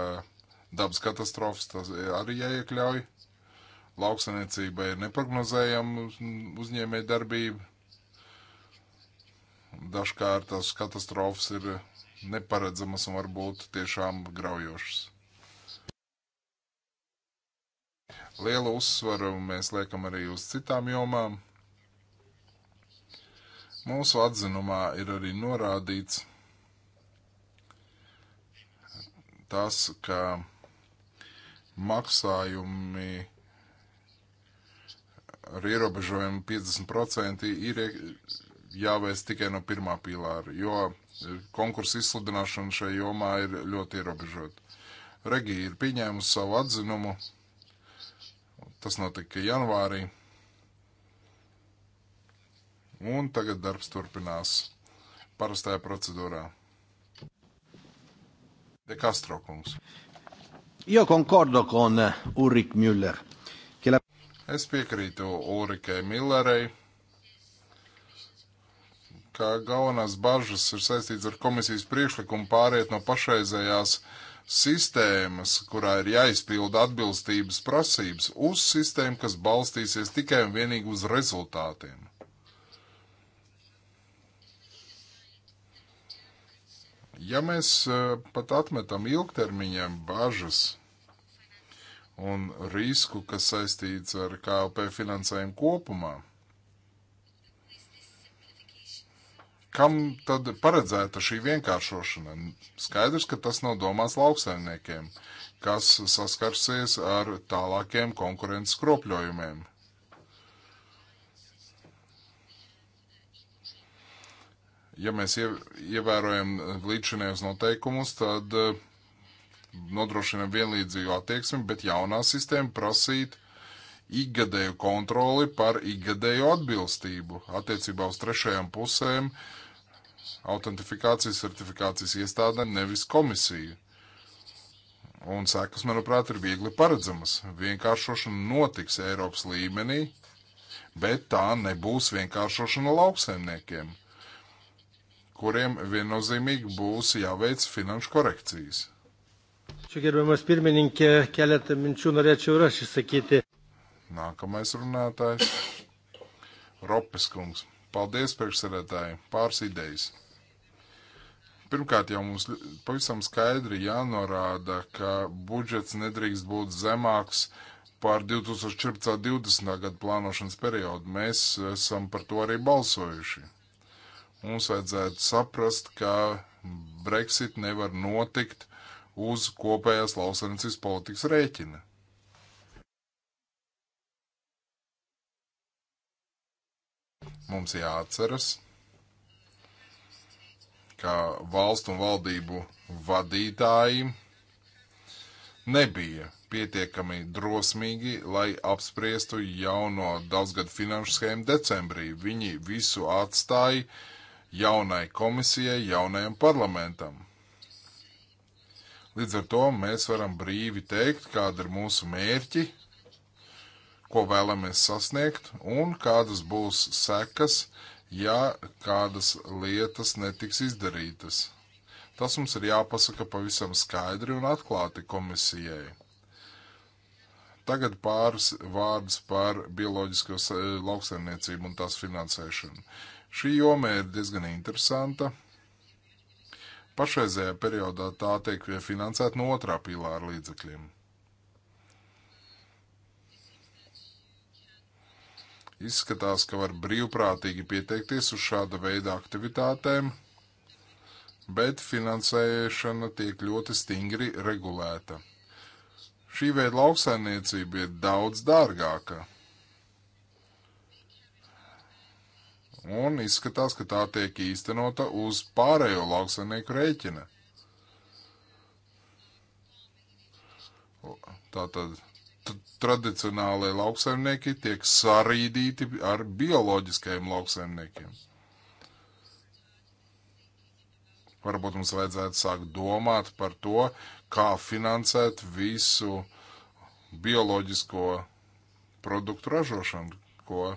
dabas katastrofas tas arī jāiekļauj. Lauksaniecība ir neparedzējama uzņēmējdarbība Dažkārt tās katastrofas ir neparedzamas un varbūt tiešām graujošas. Lielu uzsvaru mēs liekam arī uz citām jomām. Mūsu atzinumā ir arī norādīts tas, ka maksājumi ar ierobežojumu 50% ir jāveic tikai no pirmā pīlāra, jo eh, konkursu izsludināšana šajā jomā ir ļoti ierobežota. Regija ir pieņēmusi savu atzinumu, tas notika janvārī, un tagad darbs turpinās parastajā procedūrā. De Castro, kungs. Io concordo con eh, Ulrich Müller. La... Es piekrītu Ulrikai Millerei ka galvenās bažas ir saistīts ar komisijas priekšlikumu pāriet no pašreizējās sistēmas, kurā ir jāizpilda atbilstības prasības, uz sistēmu, kas balstīsies tikai un vienīgi uz rezultātiem. Ja mēs e, pat atmetam ilgtermiņam bažas un risku, kas saistīts ar KLP finansējumu kopumā, kam tad paredzēta šī vienkāršošana? Skaidrs, ka tas nav domāts lauksaimniekiem, kas saskarsies ar tālākiem konkurences kropļojumiem. Ja mēs ievērojam līdzinējos noteikumus, tad eh, nodrošinam vienlīdzīgu attieksmi, bet jaunā sistēma prasīt ikgadēju kontroli par ikgadēju atbilstību attiecībā uz trešajām pusēm, uh, autentifikācijas certifikācijas iestādē, nevis komisija. Un sekas, manuprāt, ir viegli paredzamas. Vienkāršošana notiks Eiropas līmenī, bet tā nebūs vienkāršošana lauksaimniekiem, kuriem viennozīmīgi būs jāveic finanšu korekcijas. Čia gerbiamas pirmininkė, keletą minčių norėčiau ir aš išsakyti. Nākamais runātājs - Ropes kungs. Paldies, priekšsēdētāji, pāris idejas. Pirmkārt, jau mums pavisam skaidri jānorāda, ka budžets nedrīkst būt zemāks par 2014.20. gadu plānošanas periodu. Mēs esam par to arī balsojuši. Mums vajadzētu saprast, ka Brexit nevar notikt uz kopējās lauksaimniecības politikas rēķina. Mums jāatceras, ka valstu un valdību vadītāji nebija pietiekami drosmīgi, lai apspriestu jauno daudzgadu finanšu schēmu decembrī. Viņi visu atstāja jaunai komisijai, jaunajam parlamentam. Līdz ar to mēs varam brīvi teikt, kāda ir mūsu mērķi, ko vēlamies sasniegt un kādas būs sekas, ja kādas lietas netiks izdarītas. Tas mums ir jāpasaka pavisam skaidri un atklāti komisijai. Tagad pāris vārdus par bioloģisko lauksaimniecību un tās finansēšanu. Šī joma ir diezgan interesanta. Pašreizējā periodā tā tiek finansēta no otrā pīlāra līdzekļiem. Izskatās, ka var brīvprātīgi pieteikties uz šāda veida aktivitātēm, bet finansēšana tiek ļoti stingri regulēta. Šī veida lauksainiecība ir daudz dārgāka. Un izskatās, ka tā tiek īstenota uz pārējo lauksainieku rēķina. Tātad tradicionālie lauksaimnieki tiek sarīdīti ar bioloģiskajiem lauksaimniekiem. Varbūt mums vajadzētu sākt domāt par to, kā finansēt visu bioloģisko produktu ražošanu, ko e,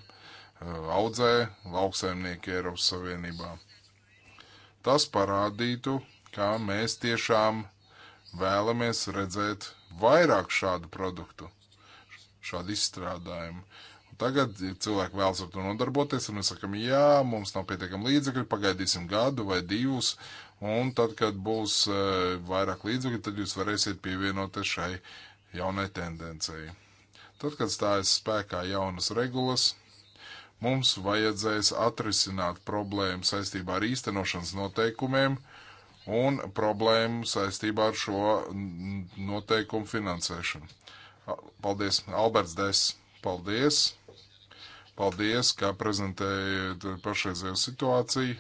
audzē lauksaimnieki Eiropas Savienībā. Tas parādītu, kā mēs tiešām vēlamies redzēt vairāk šādu produktu šādu izstrādājumu. Tagad cilvēki vēlas ar to nodarboties, un mēs sakam, jā, mums nav pietiekami līdzekļi, pagaidīsim gadu vai divus, un tad, kad būs e, vairāk līdzekļi, tad jūs varēsiet pievienoties šai jaunai tendencei. Tad, kad stājas spēkā jaunas regulas, mums vajadzēs atrisināt problēmu saistībā ar īstenošanas noteikumiem un problēmu saistībā ar šo noteikumu finansēšanu. Paldies, Alberts Des. Paldies. Paldies, ka prezentējat pašreizējo situāciju.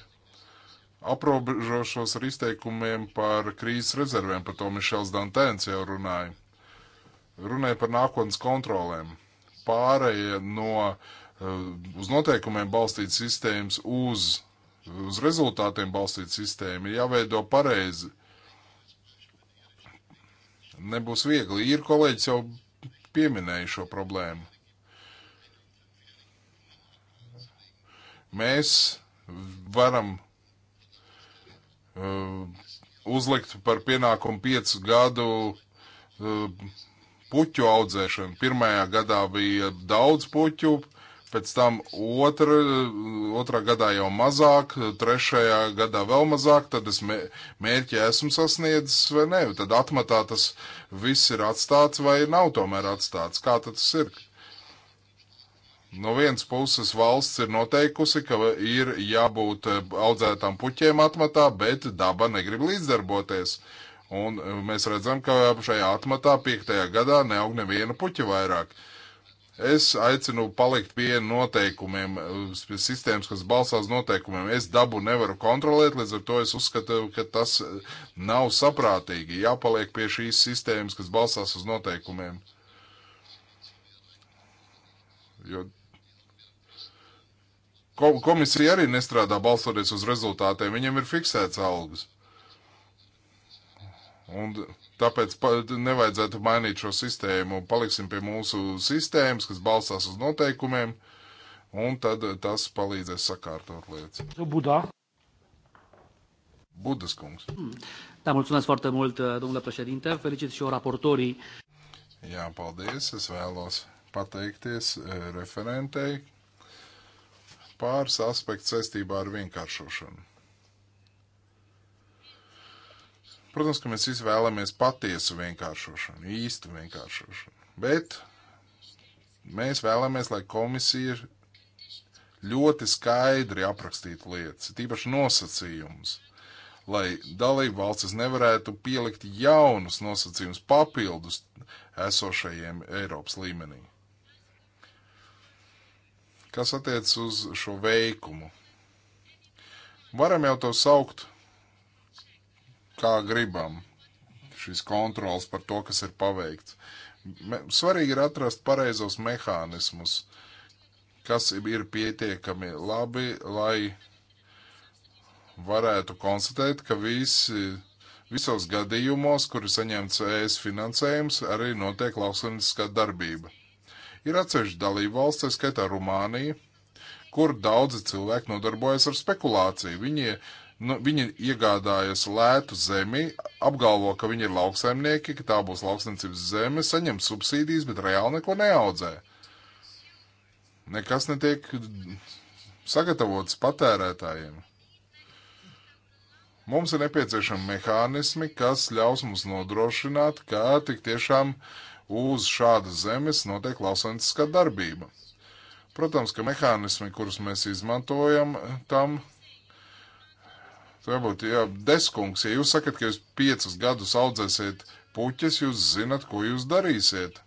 Aprobežošos ar izteikumiem par krīzes rezervēm, par to Mišels Dantēns jau runāja. Runāja par nākotnes kontrolēm. Pārējie no eh, uz noteikumiem balstītas sistēmas uz, uz rezultātiem balstīta sistēma ir jāveido pareizi. Nebūs viegli. Ir kolēģis jau pieminēja šo problēmu. Mēs varam uh, uzlikt par pienākumu piecu gadu uh, puķu audzēšanu. Pirmajā gadā bija daudz puķu, uh, pēc tam otra, otrā gadā jau mazāk, trešajā gadā vēl mazāk, tad es mērķi esmu sasniedzis vai nē, tad atmatā tas viss ir atstāts vai nav tomēr atstāts. Kā tas ir? No vienas puses valsts ir noteikusi, ka ir jābūt eh, audzētām puķiem atmatā, bet daba negrib līdzdarboties. Un eh, mēs redzam, ka šajā atmatā piektajā gadā neaug neviena puķa vairāk. Uh, Es aicinu palikt pie noteikumiem, pie sistēmas, kas balstās noteikumiem. Es dabu nevaru kontrolēt, līdz ar to es uzskatu, ka tas nav saprātīgi. Jāpaliek pie šīs sistēmas, kas balstās uz noteikumiem. Jo komisija arī nestrādā balstoties uz rezultātiem, viņiem ir fiksēts algas. Un Tāpēc nevajadzētu mainīt šo sistēmu. Paliksim pie mūsu sistēmas, kas balstās uz noteikumiem, un tad tas palīdzēs sakārtot lietas. Budā. Budas kungs. Hmm. Da, mulțumesc foarte mult, domnule președinte. Felicit și eu raportorii. Jā, paldies. Es vēlos pateikties e, referentei. Pāris aspekts saistībā ar vienkāršošanu Protams, ka mēs visi vēlamies patiesu vienkāršošanu, īstu vienkāršošanu, bet mēs vēlamies, lai komisija ļoti skaidri aprakstītu lietas, tīpaši nosacījumus, lai dalību valstis nevarētu pielikt jaunus nosacījumus papildus esošajiem Eiropas līmenī. Kas attiec uz šo veikumu? Varam jau to saukt kā gribam, šīs kontrols par to, kas ir paveikts. Svarīgi ir atrast pareizos mehānismus, kas ir pietiekami labi, lai varētu konstatēt, ka visi, visos gadījumos, kur ir saņemts ES finansējums, arī notiek lauksaimnieciskā darbība. Ir atsevišķi dalību valsts, skaitā Rumānija, kur daudzi cilvēki nodarbojas ar spekulāciju. Viņi Nu, viņi iegādājas lētu zemi, apgalvo, ka viņi ir lauksaimnieki, ka tā būs lauksaimniecības zeme, saņem subsīdijas, bet reāli neko neaudzē. Nekas netiek sagatavots patērētājiem. Mums ir nepieciešami mehānismi, kas ļaus mums nodrošināt, ka tik tiešām uz šādas zemes notiek lauksaimnieciskā darbība. Protams, ka mehānismi, kurus mēs izmantojam tam, Varbūt, jā, deskungs, ja jūs sakat, ka jūs piecus gadus audzēsiet puķis, jūs zinat, ko jūs darīsiet.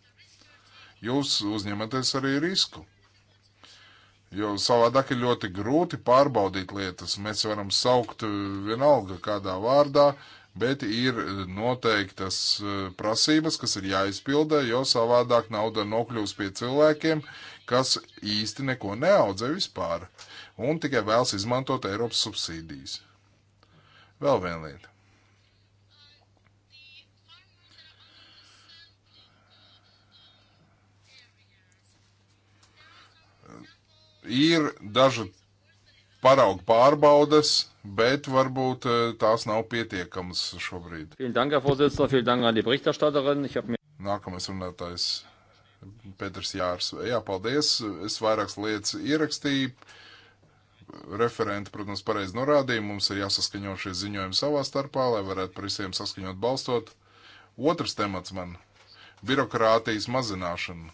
Jūs uzņematies arī risku. Jo savādāk ir ļoti grūti pārbaudīt lietas. Mēs varam saukt eh, vienalga kādā vārdā, bet ir noteiktas eh, prasības, kas ir jāizpilda, jo savādāk nauda nokļūs pie cilvēkiem, kas īsti neko neaudzē vispār un tikai vēlas izmantot Eiropas subsīdijas. Vēl viena lieta. Ir daži paraugu pārbaudas, bet varbūt eh, tās nav pietiekamas šobrīd. Nākamais runātājs Pēters Jārs. Jā, paldies. Es vairākas lietas ierakstīju referenti, protams, pareizi norādīja, mums ir jāsaskaņo šie ziņojumi savā starpā, lai varētu par visiem saskaņot balstot. Otrs temats man - birokrātijas mazināšana.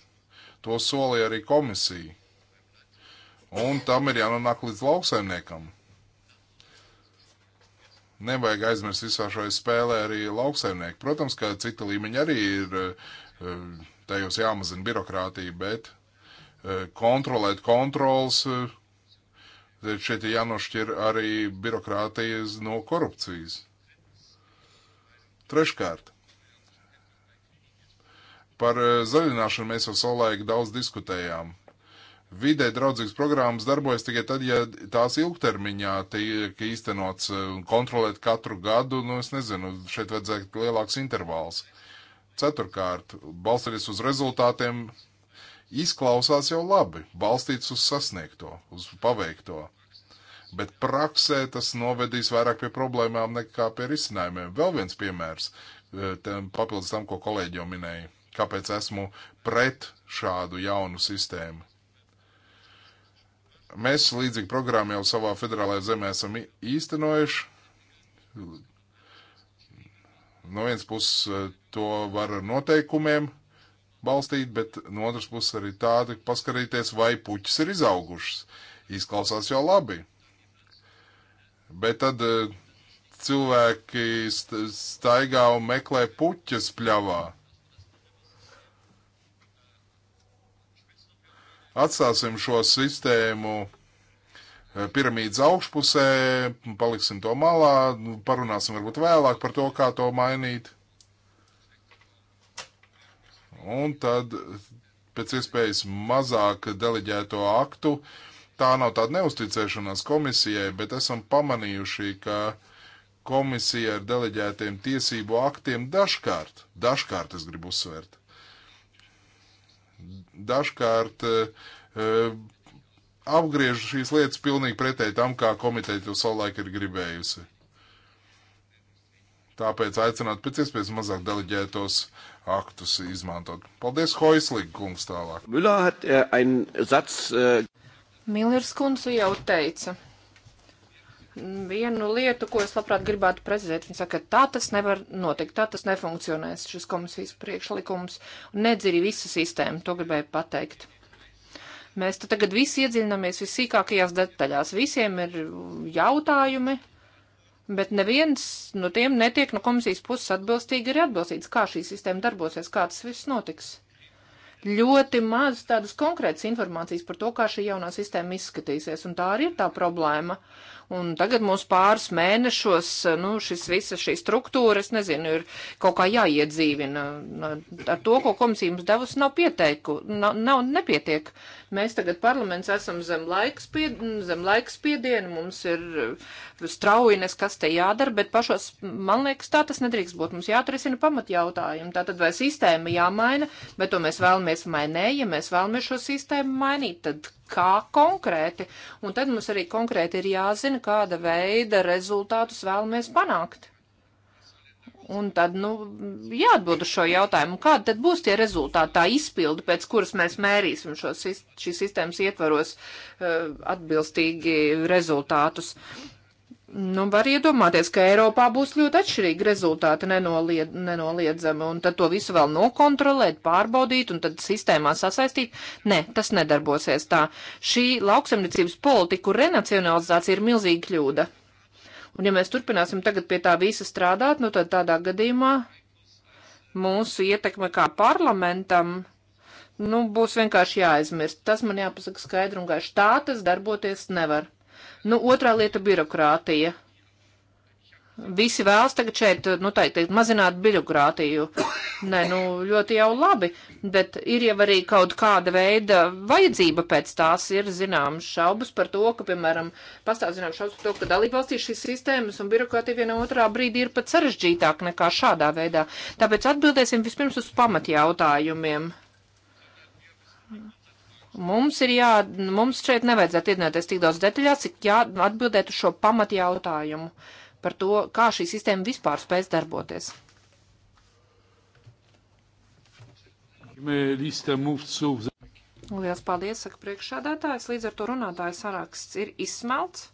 To solīja arī komisija. Un tam ir jānonāk līdz lauksaimniekam. Nevajag aizmirst visā šai spēlē arī lauksaimnieku. Protams, ka cita līmeņa arī ir eh, tajos jāmazina birokrātija, bet eh, kontrolēt kontrols eh, Šeit ir jānošķir arī birokrātijas no korupcijas. Treškārt, par eh, zaļināšanu mēs jau savulaik daudz diskutējām. Vidē draudzīgas programmas darbojas tikai tad, ja tās ilgtermiņā tiek īstenots eh, un kontrolēt katru gadu, nu es nezinu, šeit vajadzētu lielāks intervāls. Ceturkārt, balstoties uz rezultātiem, Izklausās jau labi, balstīts uz sasniegto, uz paveikto, bet praksē tas novedīs vairāk pie problēmām nekā pie risinājumiem. Vēl viens piemērs, e, papildus tam, ko kolēģi jau minēja, kāpēc esmu pret šādu jaunu sistēmu mēs līdzīgu programmu jau savā federālajā zemē esam īstenojuši. No vienas puses e, to var ar noteikumiem balstīt, bet no otras puses arī tāda, paskarīties, vai puķis ir izaugušas. Izklausās jau labi. Bet tad eh, cilvēki staigā un meklē puķes pļavā. Atstāsim šo sistēmu eh, piramīdas augšpusē, paliksim to malā, nu, parunāsim varbūt vēlāk par to, kā to mainīt un tad pēc iespējas mazāk deleģēto aktu. Tā nav tāda neusticēšanās komisijai, bet esam pamanījuši, ka komisija ar deleģētiem tiesību aktiem dažkārt, dažkārt es gribu uzsvērt, dažkārt uh, apgriež šīs lietas pilnīgi pretēji tam, kā komiteja to savulaik ir gribējusi. Tāpēc aicināt pēc iespējas mazāk deleģētos aktus izmantot. Paldies, Hoislīga kungs, tālāk. Äh, äh, Millers kundze jau teica vienu lietu, ko es labprāt gribētu prezentēt. Viņa saka, tā tas nevar notikt, tā tas nefunkcionēs, šis komisijas priekšlikums, un nedzirī visu sistēmu, to gribēju pateikt. Mēs tagad visi iedziļināmies visīkākajās detaļās. Visiem ir jautājumi, bet neviens no tiem netiek no komisijas puses atbilstīgi arī atbilstīts, kā šī sistēma darbosies, kā tas viss notiks. Ļoti maz tādas konkrētas informācijas par to, kā šī jaunā sistēma izskatīsies, un tā arī ir tā problēma. Un tagad mums pāris mēnešos, nu, šis visa šī struktūra, es nezinu, ir kaut kā jāiedzīvina. Ar to, ko komisija mums devusi, nav pieteiku, nav, nav nepietiek. Mēs tagad parlaments esam zem laiks, pie, zem laiks piedienu, mums ir straujinas, kas te jādara, bet pašos, man liekas, tā tas nedrīkst būt. Mums jāatrisina pamatjautājumi. Tātad vai sistēma jāmaina, bet to mēs vēlamies vai nē, ja mēs vēlamies šo sistēmu mainīt, tad kā konkrēti. Un tad mums arī konkrēti ir jāzina, kāda veida rezultātus vēlamies panākt. Un tad, nu, jāatbild uz šo jautājumu, kāda tad būs tie rezultāti, tā izpildi, pēc kuras mēs mērīsim šo, šīs sistēmas ietvaros eh, atbilstīgi rezultātus. Uh, Nu, var iedomāties, ka Eiropā būs ļoti atšķirīgi rezultāti nenolied, nenoliedzami, un tad to visu vēl nokontrolēt, pārbaudīt un tad sistēmā sasaistīt. Nē, tas nedarbosies tā. Šī lauksemniecības politiku renacionalizācija ir milzīga kļūda. Un ja mēs turpināsim tagad pie tā visa strādāt, nu tad tādā gadījumā mūsu ietekme kā parlamentam nu, būs vienkārši jāaizmirst. Tas man jāpasaka skaidri un gaiši. Tā tas darboties nevar. Nu, otrā lieta - birokrātija. Visi vēlas tagad šeit, nu, tā teikt, mazināt birokrātiju. Nē, nu, ļoti jau labi, bet ir jau arī kaut kāda veida vajadzība pēc tās ir, zinām, šaubas par to, ka, piemēram, pastāv, zinām, šaubas par to, ka dalībvalstīs šīs sistēmas un birokrātija vienā otrā brīdī ir pat sarežģītāk nekā šādā veidā. Tāpēc atbildēsim vispirms uz pamatjautājumiem. Mums ir jā, mums šeit nevajadzētu iedzināties tik daudz detaļās, cik jāatbildēt uz šo pamat jautājumu par to, kā šī sistēma vispār spēs darboties. Lielas paldies, saka priekšādātājs. Līdz ar to runātājs saraksts ir izsmelts.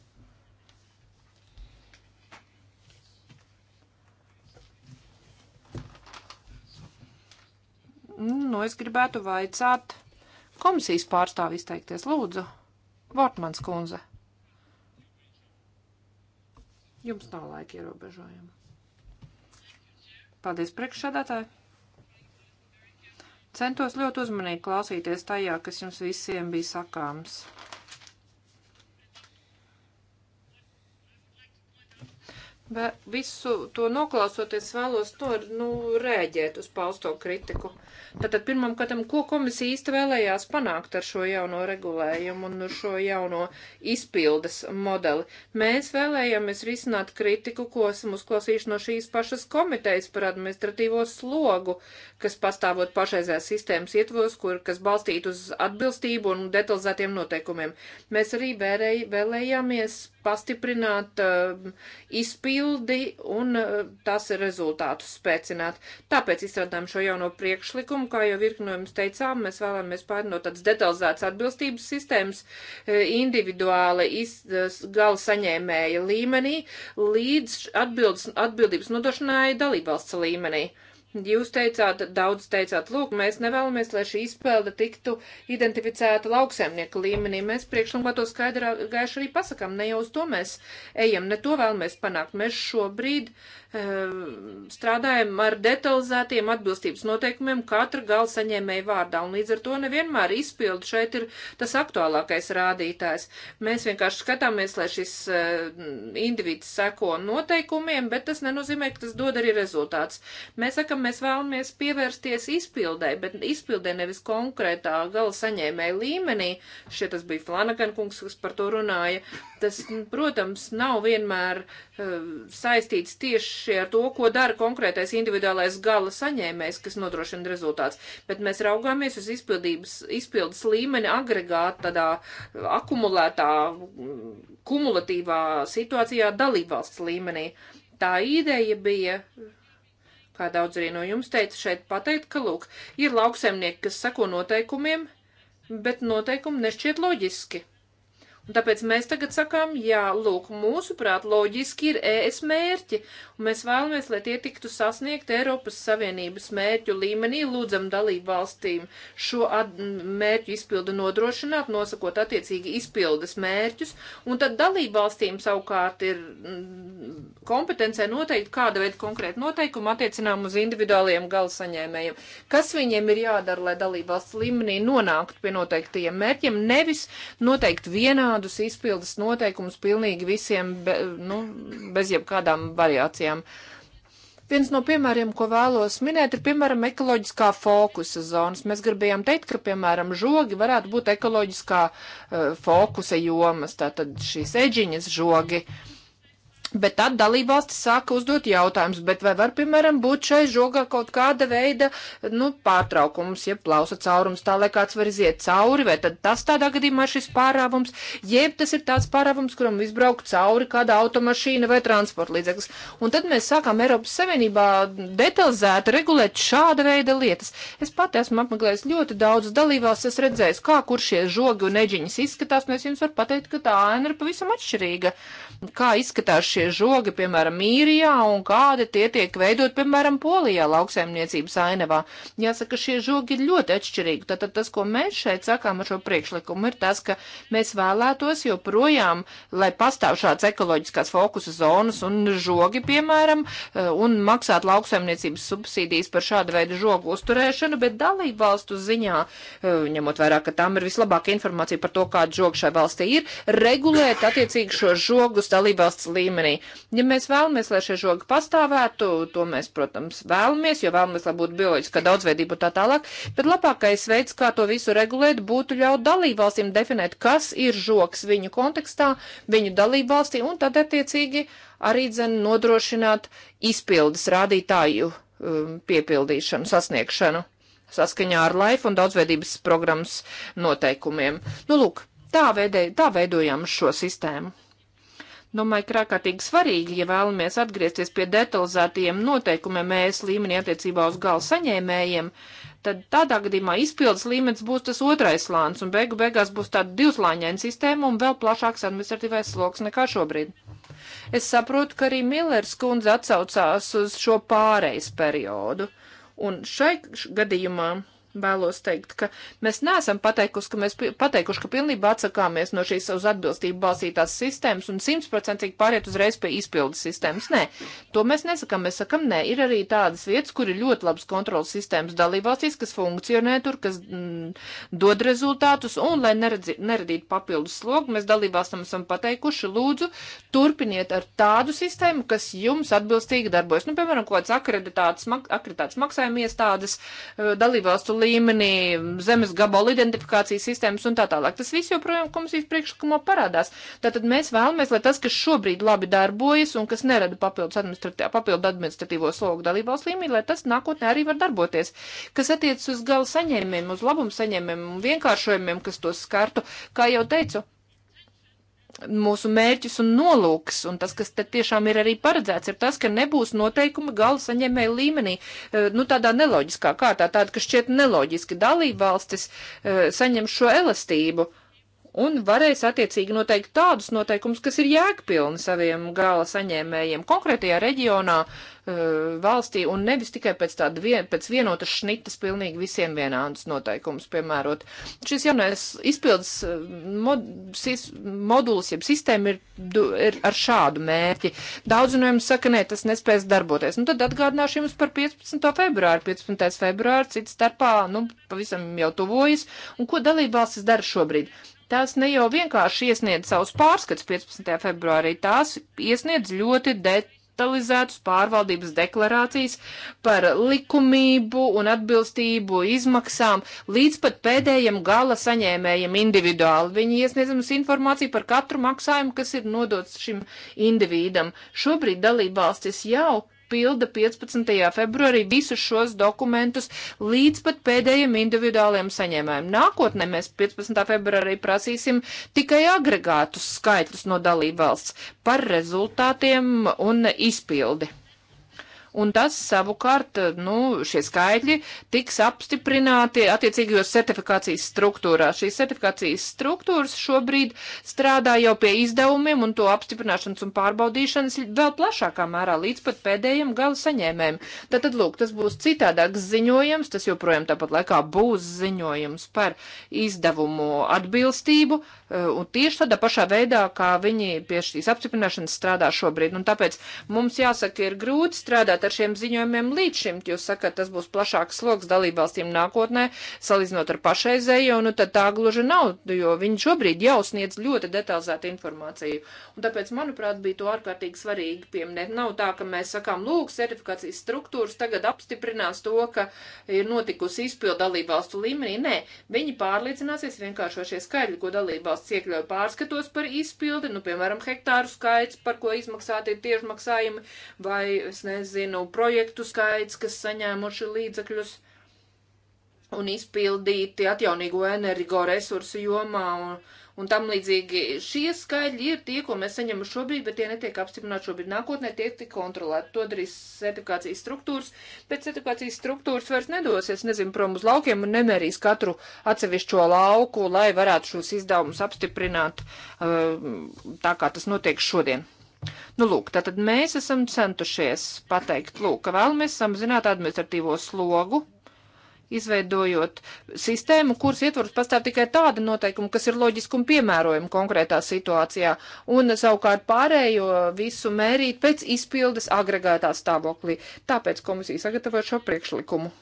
Nu, es gribētu vaicāt Komisijas pārstāvi izteikties, lūdzu, Vortmans kundze. Jums nav laika ierobežojumu. Paldies priekšsādātāji. Centos ļoti uzmanīgi klausīties tajā, kas jums visiem bija sakāms. Be visu to noklausoties vēlos to, nu, rēģēt uz pausto kritiku. Tātad pirmam katam, ko komisija īsti vēlējās panākt ar šo jauno regulējumu un šo jauno izpildes modeli? Mēs vēlējāmies risināt kritiku, ko esam uzklausījuši no šīs pašas komitejas par administratīvo slogu, kas pastāvot pašreizējās sistēmas ietvaros, kur, kas balstīt uz atbilstību un detalizētiem noteikumiem. Mēs arī vēlējāmies pastiprināt uh, izpildi un uh, tās rezultātus spēcināt. Tāpēc izstrādājam šo jauno priekšlikumu, kā jau virknojums teicām, mēs vēlamies pārnot tādas detalizētas atbilstības sistēmas uh, individuāli iz, eh, gala saņēmēja līmenī līdz atbildes, atbildības nodošanai dalībvalsts līmenī. Uh, Jūs teicāt, daudz teicāt, lūk, mēs nevēlamies, lai šī izpēle tiktu identificēta lauksēmnieku līmenī. Mēs priekšlikumā to skaidrā gaiši arī pasakām, ne jau uz to mēs ejam, ne to vēlamies panākt. Mēs šobrīd e, strādājam ar detalizētiem atbilstības noteikumiem katra gala saņēmēja vārdā, un līdz ar to nevienmēr izpildu šeit ir tas aktuālākais rādītājs. Mēs vienkārši skatāmies, lai šis e, individs seko noteikumiem, bet tas nenozīmē, ka tas dod arī rezultāts. Mēs sakam, Protams, mēs vēlamies pievērsties izpildē, bet izpildē nevis konkrētā gala saņēmēja līmenī. Šeit tas bija Flanagan kungs, kas par to runāja. Tas, nu, protams, nav vienmēr uh, saistīts tieši ar to, ko dara konkrētais individuālais gala saņēmējs, kas nodrošina rezultāts. Bet mēs raugāmies uz izpildes līmeni agregāta, tādā akumulētā, kumulatīvā situācijā dalībvalsts līmenī. Tā ideja bija kā daudz arī no jums teica, šeit pateikt, ka, lūk, ir lauksaimnieki, kas sako noteikumiem, bet noteikumi nešķiet loģiski. Un tāpēc mēs tagad sakām, jā, lūk, mūsuprāt, loģiski ir ES mērķi, un mēs vēlamies, lai tie tiktu sasniegt Eiropas Savienības mērķu līmenī, lūdzam dalību valstīm šo mērķu izpildu nodrošināt, nosakot attiecīgi izpildes mērķus, un tad dalību valstīm savukārt ir kompetencē noteikt, kāda veida konkrēta noteikuma attiecinām uz individuāliem galasaņēmējiem. Kas viņiem ir jādara, lai dalību valsts līmenī nonāktu pie noteiktajiem mērķiem, nevis noteikti vienā vienādus izpildes noteikumus pilnīgi visiem, be, nu, bez jebkādām variācijām. Viens no piemēriem, ko vēlos minēt, ir, piemēram, ekoloģiskā fokusa zonas. Mēs gribējām teikt, ka, piemēram, žogi varētu būt ekoloģiskā uh, fokusa jomas, tātad šīs eģiņas žogi. Uh, Bet tad dalībvalstis sāka uzdot jautājumus, bet vai var, piemēram, būt šai žogā kaut kāda veida, nu, pārtraukums, jeb plausa caurums, tā lai kāds var iziet cauri, vai tad tas tādā gadījumā ir šis pārāvums, jeb tas ir tāds pārāvums, kuram izbraukt cauri kāda automašīna vai transporta līdzeklis. Un tad mēs sākām Eiropas Savienībā detalizēti regulēt šāda veida lietas. Es pati esmu apmeklējis ļoti daudz dalībvalstis, es redzēju, kā kur šie žogi un eģiņas izskatās, un es jums varu pateikt, ka tā aina ir pavisam atšķirīga kā izskatās šie žogi, piemēram, īrijā un kādi tie tiek veidot, piemēram, polijā lauksaimniecības ainavā. Jāsaka, šie žogi ir ļoti atšķirīgi. Tātad tas, ko mēs šeit sakām ar šo priekšlikumu, ir tas, ka mēs vēlētos joprojām, lai pastāv šāds ekoloģiskās fokusa zonas un žogi, piemēram, eh, un maksāt lauksaimniecības subsīdijas par šādu veidu žogu uzturēšanu, bet dalību valstu ziņā, eh, ņemot vairāk, ka tām ir vislabākā informācija par to, kāda žoga šai valstī ir, regulēt attiecīgi šo žogus būs dalībvalsts līmenī. Ja mēs vēlamies, lai šie žogi pastāvētu, to mēs, protams, vēlamies, jo vēlamies, lai būtu bioloģiska daudzveidība un tā tālāk, bet labākais veids, kā to visu regulēt, būtu ļaut dalībvalstīm definēt, kas ir žoks viņu kontekstā, viņu dalībvalstī, un tad attiecīgi arī dzen nodrošināt izpildes rādītāju um, piepildīšanu, sasniegšanu saskaņā ar laifu un daudzveidības programmas noteikumiem. Nu, lūk, tā, veidē, tā veidojam šo sistēmu. Domāju, ka ārkārtīgi svarīgi, ja vēlamies atgriezties pie detalizētajiem noteikumiem ES līmenī attiecībā uz gala saņēmējiem, tad tādā gadījumā izpildes līmenis būs tas otrais slānis, un beigu beigās būs tāda divslāņaina sistēma un vēl plašāks administratīvais sloks nekā šobrīd. Es saprotu, ka arī Millers kundze atsaucās uz šo pārejas periodu, un šai gadījumā vēlos teikt, ka mēs neesam pateikuši, ka mēs pateikuši, ka pilnībā atsakāmies no šīs uz atbilstību balstītās sistēmas un simtprocentīgi pāriet uzreiz pie izpildes sistēmas. Nē, to mēs nesakām. Mēs sakam, nē, ir arī tādas vietas, kur ir ļoti labas kontrolas sistēmas dalībvalstīs, kas funkcionē tur, kas mm, dod rezultātus, un lai neredzi, neradītu papildus slogu, mēs dalībvalstam esam pateikuši, lūdzu, turpiniet ar tādu sistēmu, kas jums atbilstīgi darbojas. Nu, piemēram, kaut kāds akreditāts, mak akreditāts maksājuma iestādes eh, dalībvalstu līmenī, zemes gabalu identifikācijas sistēmas un tā tālāk. Tas viss joprojām komisijas priekšlikumā parādās. Tātad mēs vēlamies, lai tas, kas šobrīd labi darbojas un kas nerada papildus administratīvo, papildu administratīvo slogu dalībās līmenī, lai tas nākotnē arī var darboties. Kas attiec uz gala saņēmiem, uz labumu saņēmiem un vienkāršojumiem, kas tos skartu, kā jau teicu, mūsu mērķis un nolūks, un tas, kas te tiešām ir arī paredzēts, ir tas, ka nebūs noteikumi gala saņēmēja līmenī, eh, nu tādā neloģiskā kārtā, tāda, ka šķiet neloģiski dalība valstis eh, saņem šo elastību un varēs attiecīgi noteikt tādus noteikumus, kas ir jēgpilni saviem gala saņēmējiem konkrētajā reģionā, uh, valstī, un nevis tikai pēc tāda vien, pēc vienotas šnitas pilnīgi visiem vienādus noteikumus piemērot. Šis jaunais izpildes uh, mod, sis, modulis, jeb sistēma ir, ir ar šādu mērķi. Daudz no jums saka, nē, tas nespēs darboties. Nu, tad atgādināšu jums par 15. februāru. 15. februāru cits starpā, nu, pavisam jau tuvojas, un ko dalībvalstis dara šobrīd? Tās ne jau vienkārši iesniedz savus pārskats 15. februārī, tās iesniedz ļoti detalizētus pārvaldības deklarācijas par likumību un atbilstību izmaksām līdz pat pēdējiem gala saņēmējiem individuāli. Viņi iesniedz mums informāciju par katru maksājumu, kas ir nodots šim individam. Šobrīd dalībvalstis jau pilda 15. februārī visus šos dokumentus līdz pat pēdējiem individuāliem saņēmējiem. Nākotnē mēs 15. februārī prasīsim tikai agregātus skaitļus no dalībvalsts par rezultātiem un izpildi un tas savukārt, nu, šie skaitļi tiks apstiprināti attiecīgajos certifikācijas struktūrās. Šīs certifikācijas struktūras šobrīd strādā jau pie izdevumiem un to apstiprināšanas un pārbaudīšanas vēl plašākā mērā līdz pat pēdējiem gala saņēmējiem. Tātad, lūk, tas būs citādāks ziņojums, tas joprojām tāpat laikā būs ziņojums par izdevumu atbilstību e, un tieši tādā pašā veidā, kā viņi pie šīs apstiprināšanas strādā šobrīd. Un tāpēc mums jāsaka, ir grūti strādāt ar šiem ziņojumiem līdz šim. Jūs sakat, tas būs plašāks sloks dalībvalstīm nākotnē, salīdzinot ar pašreizējo, nu tad tā gluži nav, jo viņi šobrīd jau sniedz ļoti detalizētu informāciju. Un tāpēc, manuprāt, bija to ārkārtīgi svarīgi pieminēt. Nav tā, ka mēs sakām, lūk, certifikācijas struktūras tagad apstiprinās to, ka ir notikusi izpildu dalībvalstu līmenī. Nē, viņi pārliecināsies vienkāršošie skaidri, ko dalībvalsts iekļauj pārskatos par izpildi, nu, piemēram, hektāru skaits, par ko izmaksāti ir tiešmaksājumi, vai, es nezinu, nu, projektu skaits, kas saņēmuši līdzekļus un izpildīti atjaunīgo energoresursu jomā un, un tam līdzīgi. Šie skaidri ir tie, ko mēs saņemam šobrīd, bet tie netiek apstiprināti šobrīd. Nākotnē tiek tik kontrolēti. To darīs certifikācijas struktūras, bet certifikācijas struktūras vairs nedosies, nezinu, prom uz laukiem un nemērīs katru atsevišķo lauku, lai varētu šos izdevumus apstiprināt uh, tā, kā tas notiek šodien. Nu, lūk, tātad mēs esam centušies pateikt, lūk, ka vēlamies samazināt administratīvo slogu, izveidojot sistēmu, kuras ietvaros pastāv tikai tāda noteikuma, kas ir loģiski un piemērojama konkrētā situācijā, un savukārt pārējo visu mērīt pēc izpildes agregētā stāvoklī. Tāpēc komisija sagatavoja šo priekšlikumu.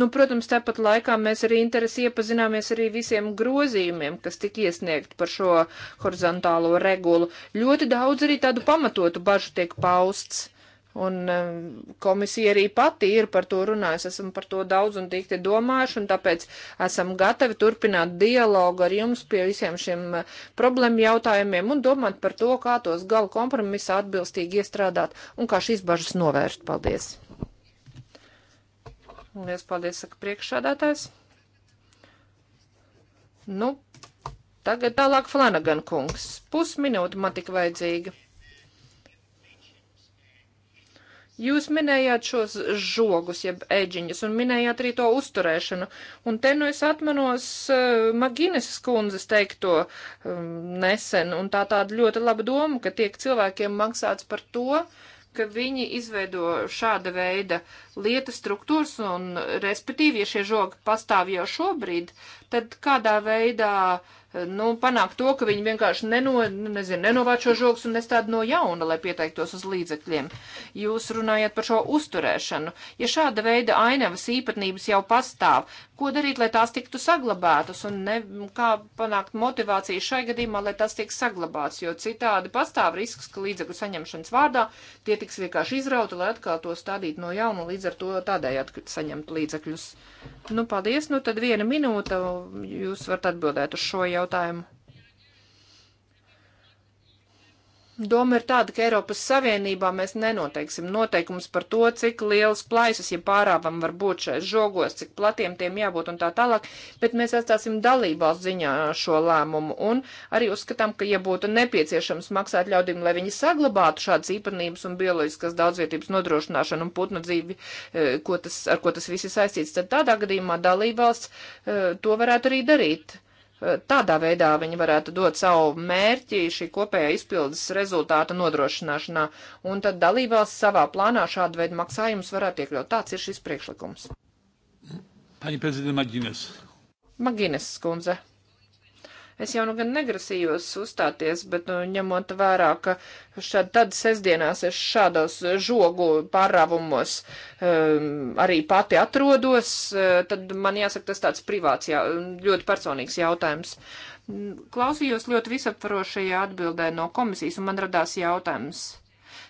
Nu, protams, tāpat laikā mēs arī interesi iepazināmies arī visiem grozījumiem, kas tika iesniegt par šo horizontālo regulu. Ļoti daudz arī tādu pamatotu bažu tiek pausts. Un um, komisija arī pati ir par to runājusi, esam par to daudz un tikti domājuši, un tāpēc esam gatavi turpināt dialogu ar jums pie visiem šiem uh, problēmu jautājumiem un domāt par to, kā tos galu kompromisā atbilstīgi iestrādāt un kā šīs bažas novērst. Paldies! Lielas paldies, saka priekšādātājs. Nu, tagad tālāk Flanagan kungs. Pusminūte man tik vajadzīga. Jūs minējāt šos žogus, jeb eģiņus, un minējāt arī to uzturēšanu. Un te nu es atmanos uh, eh, Magines skundzes teikto um, nesen, un tā tāda ļoti laba doma, ka tiek cilvēkiem maksāts par to, uh, ka viņi izveido šāda veida lietas struktūras un, respektīvi, ja šie žogi pastāv jau šobrīd, tad kādā veidā uh, nu, panākt to, ka viņi vienkārši neno, nezinu, nenovāc šo žoks un nestāda no jauna, lai pieteiktos uz līdzekļiem. Jūs runājat par šo uzturēšanu. Ja šāda veida ainavas īpatnības jau pastāv, ko darīt, lai tās tiktu saglabātas un ne, kā panākt motivāciju šai gadījumā, lai tas tiek saglabāts, jo citādi pastāv risks, ka līdzekļu saņemšanas vārdā tie tiks vienkārši izrauti, lai atkal to stādītu no jauna un līdz ar to tādējādi saņemt līdzekļus. Nu, paldies, nu tad viena minūte, jūs varat atbildēt uz šo jautājumu jautājumu. Doma ir tāda, ka Eiropas Savienībā mēs nenoteiksim noteikums par to, cik liels plaisas, ja pārāvam var būt šais žogos, cik platiem tiem jābūt un tā tālāk, bet mēs atstāsim dalībās ziņā šo lēmumu un arī uzskatām, ka, ja būtu nepieciešams maksāt ļaudīm, lai viņi saglabātu šādas īpatnības un bioloģiskas daudzvietības nodrošināšanu un putnu dzīvi, e, ko tas, ar ko tas viss ir saistīts, tad tādā gadījumā dalībās e, to varētu arī darīt Tādā veidā viņi varētu dot savu mērķi šī kopējā izpildes rezultāta nodrošināšanā, un tad dalībās savā plānā šādu veidu maksājumus varētu iekļaut. Tāds ir šis priekšlikums. Pani prezidenta Magines. Magines skundze. Es jau nu gan negrasījos uzstāties, bet nu, ņemot vērā, ka šad, tad sestdienās es šādos žogu pārāvumos um, arī pati atrodos, eh, tad man jāsaka, tas tāds privāts, jā, ļoti personīgs jautājums. Klausījos ļoti visaptvarošajā atbildē no komisijas, un man radās jautājums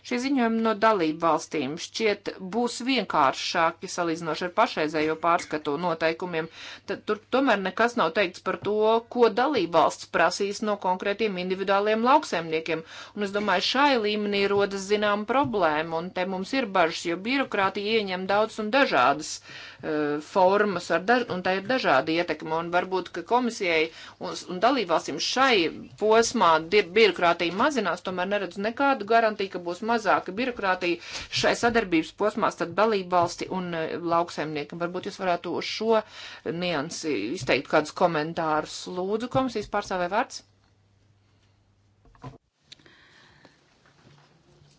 Šie ziņojumi no dalību valstīm šķiet būs vienkāršāki salīdzinoši ar pašreizējo pārskatu noteikumiem, tad tur tomēr nekas nav teikts par to, ko dalību valsts prasīs no konkrētiem individuāliem lauksaimniekiem. Un es domāju, šai līmenī rodas zinām problēma, un te mums ir bažas, jo birokrātija ieņem daudz un dažādas uh, E, formas, daž, un tā ir dažāda ietekme, un varbūt, ka komisijai un, un dalībvalstīm šai posmā birokrātija mazinās, tomēr neredz nekādu garantiju, ka būs mazāka birokrātija šai sadarbības posmā starp dalībvalsti un e, lauksaimniekam. Varbūt jūs varētu uz šo niansi izteikt kādus komentārus. Lūdzu, komisijas pārstāvē vārds.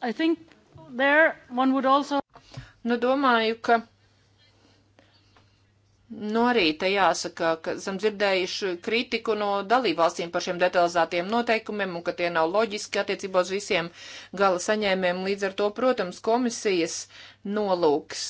I think there one would also. Nu, domāju, ka No nu, rīta jāsaka, ka esam dzirdējuši kritiku no dalībvalstīm par šiem detalizētiem noteikumiem un ka tie nav loģiski attiecībā uz visiem gala saņēmiem. Līdz ar to, protams, komisijas nolūks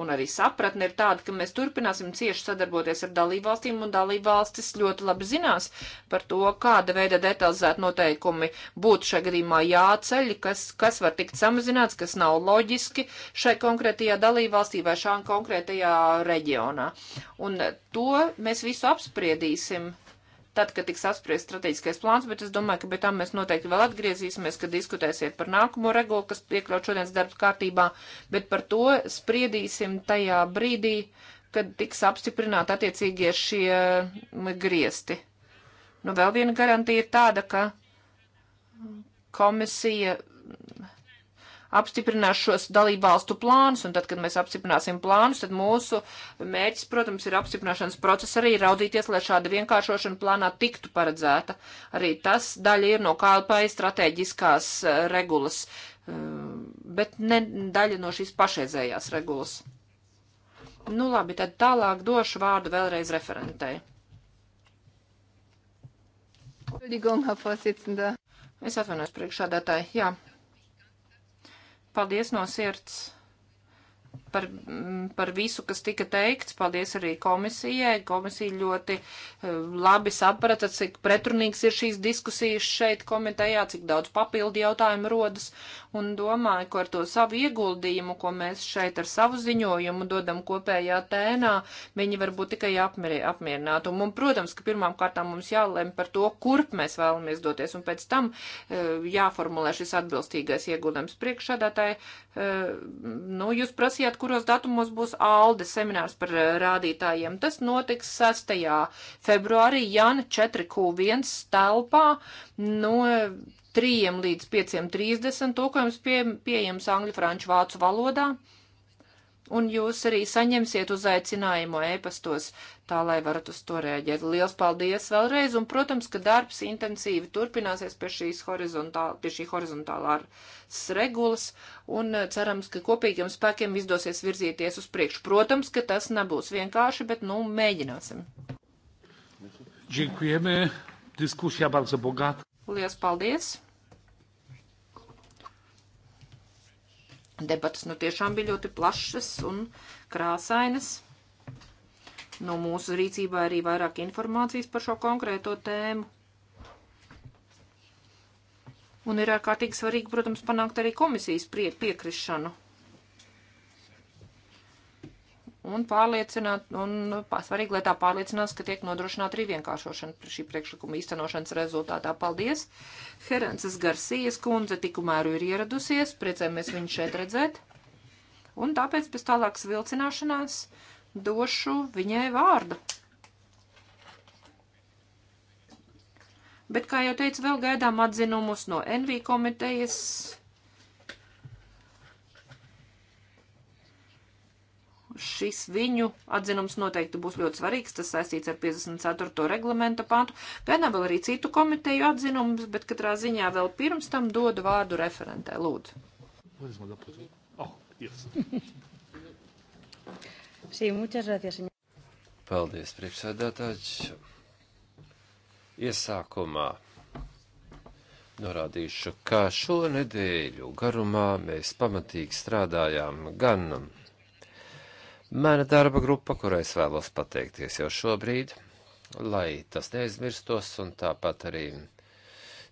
un arī sapratne ir tāda, ka mēs turpināsim cieši sadarboties ar dalībvalstīm, un dalībvalstis ļoti labi zinās par to, kāda veida detalizēti noteikumi būtu šajā gadījumā jāceļ, kas, kas var tikt samazināts, kas nav loģiski šai konkrētajā dalībvalstī vai šā konkrētajā reģionā. Un to mēs visu apspriedīsim tad, kad tiks apspriest strateģiskais plāns, bet es domāju, ka pie tam mēs noteikti vēl atgriezīsimies, kad diskutēsiet par nākamo regulu, kas iekļaut šodienas darba kārtībā, bet par to spriedīsim tajā brīdī, kad tiks apstiprināti attiecīgie šie griesti. Nu, vēl viena garantija ir tāda, ka komisija apstiprinās šos dalībvalstu plānus, un tad, kad mēs apstiprināsim plānus, tad mūsu mērķis, protams, ir apstiprināšanas process arī raudīties, lai šāda vienkāršošana plānā tiktu paredzēta. Arī tas daļa ir no KLP strateģiskās eh, regulas, eh, bet ne daļa no šīs pašreizējās regulas. Nu labi, tad tālāk došu vārdu vēlreiz referentei. Es atvainojos priekšādātāji. Jā, Paldies no sirds! par, mm, par visu, kas tika teikts. Paldies arī komisijai. Komisija ļoti eh, labi saprata, cik pretrunīgs ir šīs diskusijas šeit komitejā, cik daudz papildu jautājumu rodas. Un domāju, ka ar to savu ieguldījumu, ko mēs šeit ar savu ziņojumu dodam kopējā tēnā, viņi var būt tikai apmierināti. Un, un, protams, ka pirmām kārtām mums jālem par to, kurp mēs vēlamies doties, un pēc tam eh, jāformulē šis atbilstīgais ieguldījums priekšādātāji. Eh, nu, jūs prasījāt lasījāt, kuros datumos būs ALDE seminārs par eh, rādītājiem. Tas notiks 6. februārī Jana 4Q1 telpā no 3 eh, līdz 5.30. Tūkojums pie, pieejams angļu, franču, vācu valodā un jūs arī saņemsiet uzaicinājumu ēpastos, tā lai varat uz to rēģēt. Liels paldies vēlreiz, un, protams, ka darbs intensīvi turpināsies pie, pie šī horizontālās regulas, un eh, cerams, ka kopīgiem spēkiem izdosies virzīties uz priekšu. Protams, ka tas nebūs vienkārši, bet, nu, mēģināsim. Dziękujemy. Dyskusja bardzo bogata. Liels paldies. Debatas nu tiešām bija ļoti plašas un krāsainas. No nu, mūsu rīcībā arī vairāk informācijas par šo konkrēto tēmu. Un ir ārkārtīgi svarīgi, protams, panākt arī komisijas pie piekrišanu un pārliecināt, un svarīgi, lai tā pārliecinās, ka tiek nodrošināta arī vienkāršošana šī priekšlikuma īstenošanas rezultātā. Paldies! Herences Garcijas kundze tikumēru ir ieradusies, priecējamies viņu šeit redzēt, un tāpēc bez tālākas vilcināšanās došu viņai vārdu. Bet, kā jau teicu, vēl gaidām atzinumus no NV komitejas šis viņu atzinums noteikti būs ļoti svarīgs. Tas saistīts ar 54. reglamenta pantu. Gaidām vēl arī citu komiteju atzinumus, bet katrā ziņā vēl pirms tam dodu vārdu referentē. Lūdzu. Oh, yes. sí, muchas gracias, señor. Paldies, priekšsēdētāji. Iesākumā norādīšu, ka šo nedēļu garumā mēs pamatīgi strādājām gan Mana darba grupa, kurai es vēlos pateikties jau šobrīd, lai tas neaizmirstos, un tāpat arī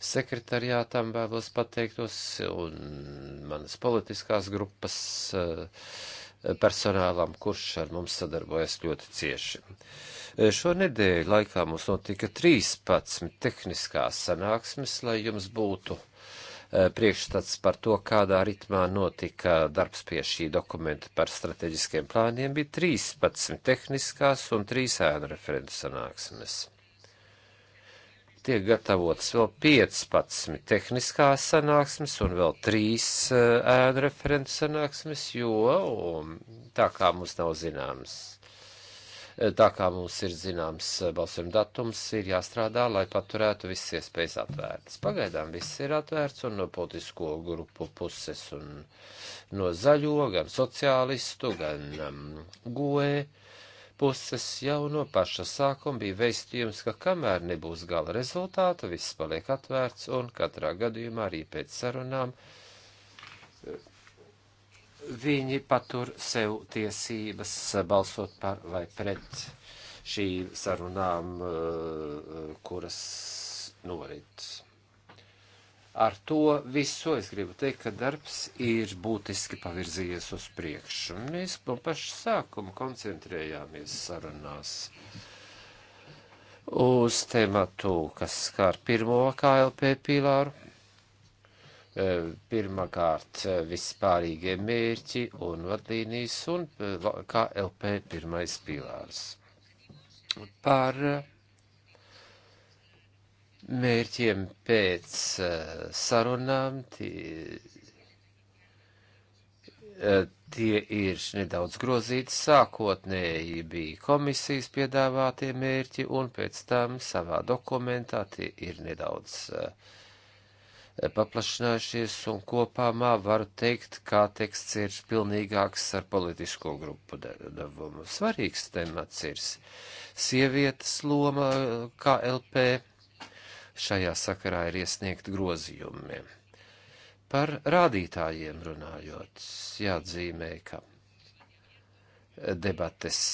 sekretariātam vēlos pateiktos, un manas politiskās grupas eh, personālam, kurš ar mums sadarbojas ļoti cieši. Eh, šo nedēļu laikā mums notika 13 tehniskās sanāksmes, lai jums būtu Eh, priekšstats par to, kādā ritmā notika darbs pie šī dokumenta par strateģiskiem plāniem, bija 13 tehniskās un 3 ēnu referentu sanāksmes. Tiek gatavotas vēl 15 tehniskās sanāksmes un vēl 3 eh, ēnu referentu sanāksmes, jo um, tā kā mums nav zināms Tā kā mums ir zināms eh, balsojuma datums, ir jāstrādā, lai paturētu visas iespējas atvērtas. Pagaidām viss ir atvērts un no politisko grupu puses un no zaļo, gan sociālistu, gan um, goe puses jau no paša sākuma bija veistījums, ka kamēr nebūs gala rezultāta, viss paliek atvērts un katrā gadījumā arī pēc sarunām uh, viņi patur sev tiesības eh, balsot par vai pret šīm sarunām, eh, kuras norit. Nu, Ar to visu es gribu teikt, ka darbs ir būtiski pavirzījies uz priekšu. Mēs no paša sākuma koncentrējāmies sarunās uz tematu, kas skar pirmo KLP pīlāru Eh, pirmkārt eh, vispārīgie mērķi un vadlīnijas un eh, KLP pirmais pilārs. Par mērķiem pēc sarunām tie, tie ir nedaudz grozīti. Sākotnēji bija komisijas piedāvātie mērķi un pēc tam savā dokumentā tie ir nedaudz uh, paplašinājušies, un kopumā varu teikt, kā teksts ir pilnīgāks ar politisko grupu devumu. Svarīgs temats ir sievietes loma KLP. Šajā sakarā ir iesniegt grozījumi. Par rādītājiem runājot, jāatzīmē, ka debates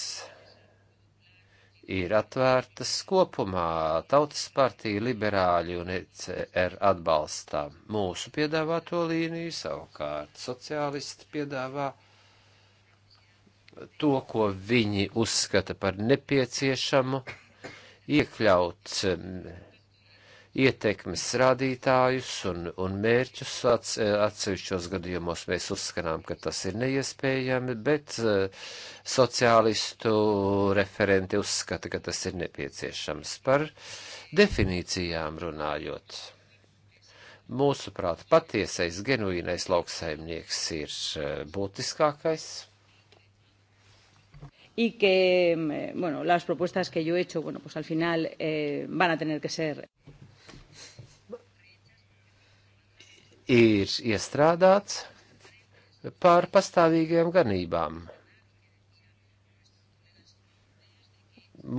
ir atvērtas kopumā Tautas partija liberāļi un ECR atbalstā mūsu piedāvāto līniju, savukārt sociālisti piedāvā to, ko viņi uzskata par nepieciešamu, iekļaut ietekmes rādītājus un, un mērķus. Atsevišķos gadījumos mēs uzskatām, ka tas ir neiespējami, bet eh, sociālistu referenti uzskata, ka tas ir nepieciešams. Par definīcijām runājot. Mūsuprāt, patiesais genuīnais lauksaimnieks ir eh, būtiskākais. Y que, mm, bueno, las propuestas que yo he hecho, bueno, pues al final eh, van a tener que ser. ir iestrādāts par pastāvīgajām ganībām.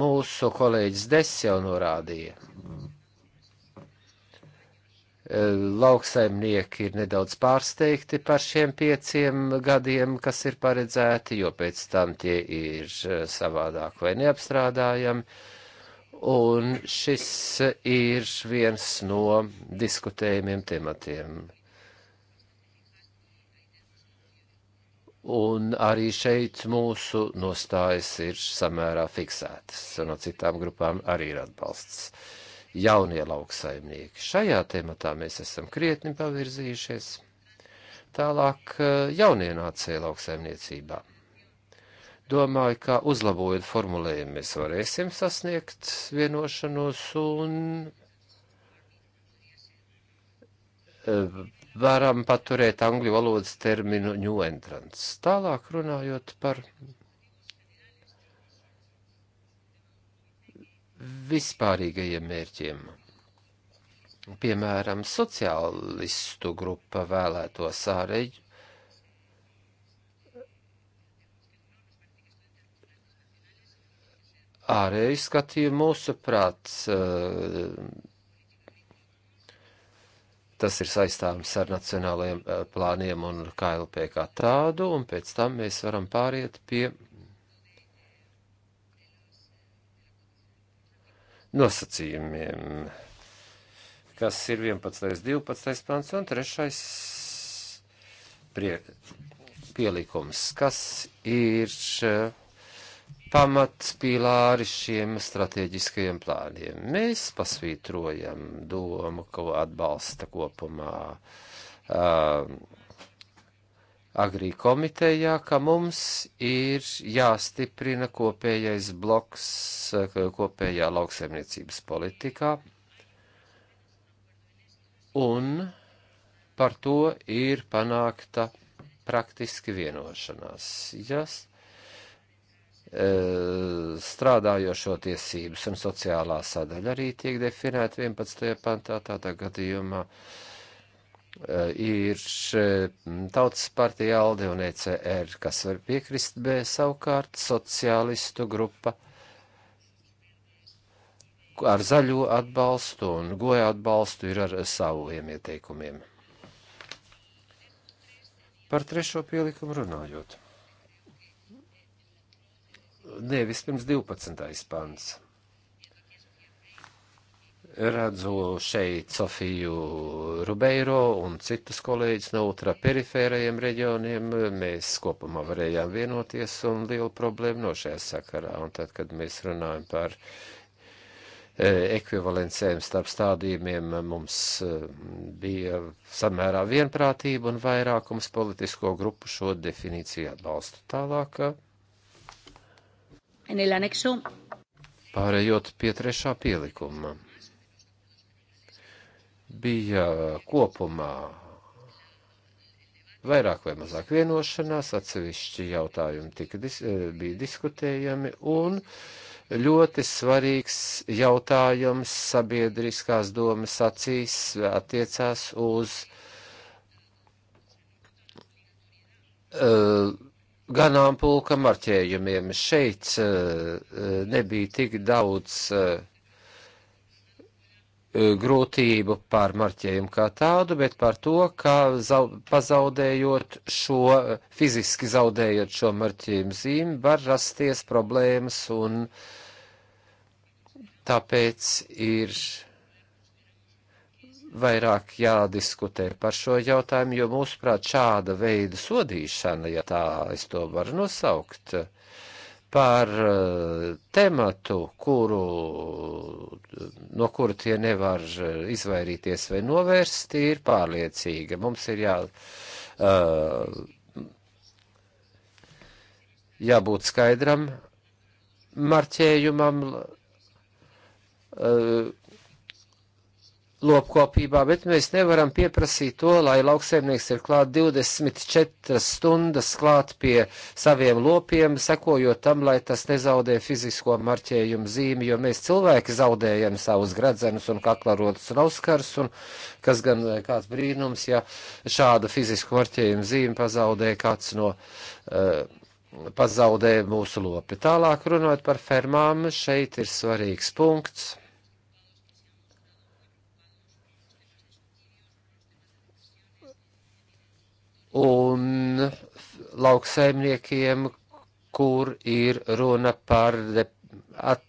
Mūsu kolēģis Des jau norādīja. E, lauksaimnieki ir nedaudz pārsteigti par šiem pieciem gadiem, kas ir paredzēti, jo pēc tam tie ir e, savādāk vai neapstrādājami. Un šis ir viens no diskutējumiem tematiem Un arī šeit mūsu nostājas ir samērā fiksētas. No citām grupām arī ir atbalsts. Jaunie lauksaimnieki. Šajā tematā mēs esam krietni pavirzījušies. Tālāk eh, jaunie nācēji lauksaimniecībā. Domāju, kā uzlabojot formulējumu, mēs varēsim sasniegt vienošanos un eh, varam paturēt angļu valodas terminu new entrants. Tālāk runājot par vispārīgajiem mērķiem. Piemēram, sociālistu grupa vēlētos ārēju ārēju skatījumu mūsu prāts tas ir saistāms ar nacionālajiem eh, plāniem un KLP kā tādu, un pēc tam mēs varam pāriet pie nosacījumiem, kas ir 11, 12 pants un 3. Prie, pielikums, kas ir uh, pamatspīlāri šiem strateģiskajiem plāniem. Mēs pasvītrojam domu, ko atbalsta kopumā uh, um, agrī komitejā, ka mums ir jāstiprina kopējais bloks kopējā lauksaimniecības politikā. Un par to ir panākta praktiski vienošanās. Just yes E, strādājošo tiesības un sociālā sadaļa arī tiek definēta 11. pantā tādā gadījumā. E, ir e, tautas partija Alde un ECR, kas var piekrist, bet savukārt sociālistu grupa ar zaļo atbalstu un goja atbalstu ir ar saviem ieteikumiem. Par trešo pielikumu runājot. Nē, vispirms 12. pants. Redzu šeit Sofiju Rubeiro un citus kolēģus no ultra perifērajiem reģioniem. Mēs kopumā varējām vienoties un lielu problēmu no šajā sakarā. Un tad, kad mēs runājam par e, ekvivalencēm starp stādījumiem mums e, bija samērā vienprātība un vairākums politisko grupu šo definīciju atbalstu tālāk. En el anexo. Pārējot pie trešā pielikuma. Bija kopumā vairāk vai mazāk vienošanās, atsevišķi jautājumi tika, dis, eh, bija diskutējami un ļoti svarīgs jautājums sabiedriskās domas acīs attiecās uz uh, ganāmpulka marķējumiem. Šeit eh, eh, nebija tik daudz eh, grūtību par marķējumu kā tādu, bet par to, ka zaud, pazaudējot šo, fiziski zaudējot šo marķējumu zīmi, var rasties problēmas un tāpēc ir vairāk jādiskutē par šo jautājumu, jo mūsuprāt šāda veida sodīšana, ja tā es to varu nosaukt, par eh, tematu, kuru, no kura tie nevar izvairīties vai novērst, ir pārliecīga. Mums ir jā. Uh, jābūt skaidram marķējumam, uh, lopkopībā, bet mēs nevaram pieprasīt to, lai lauksaimnieks ir klāt 24 stundas klāt pie saviem lopiem, sekojot tam, lai tas nezaudē fizisko marķējumu zīmi, jo mēs cilvēki zaudējam savus gradzenus un kaklarotus un auskars, un kas gan eh, kāds brīnums, ja šādu fizisku marķējumu zīmi pazaudē kāds no. Uh, pazaudē mūsu lopi. Tālāk runājot par fermām, šeit ir svarīgs punkts un lauksaimniekiem, kur ir runa par de, at,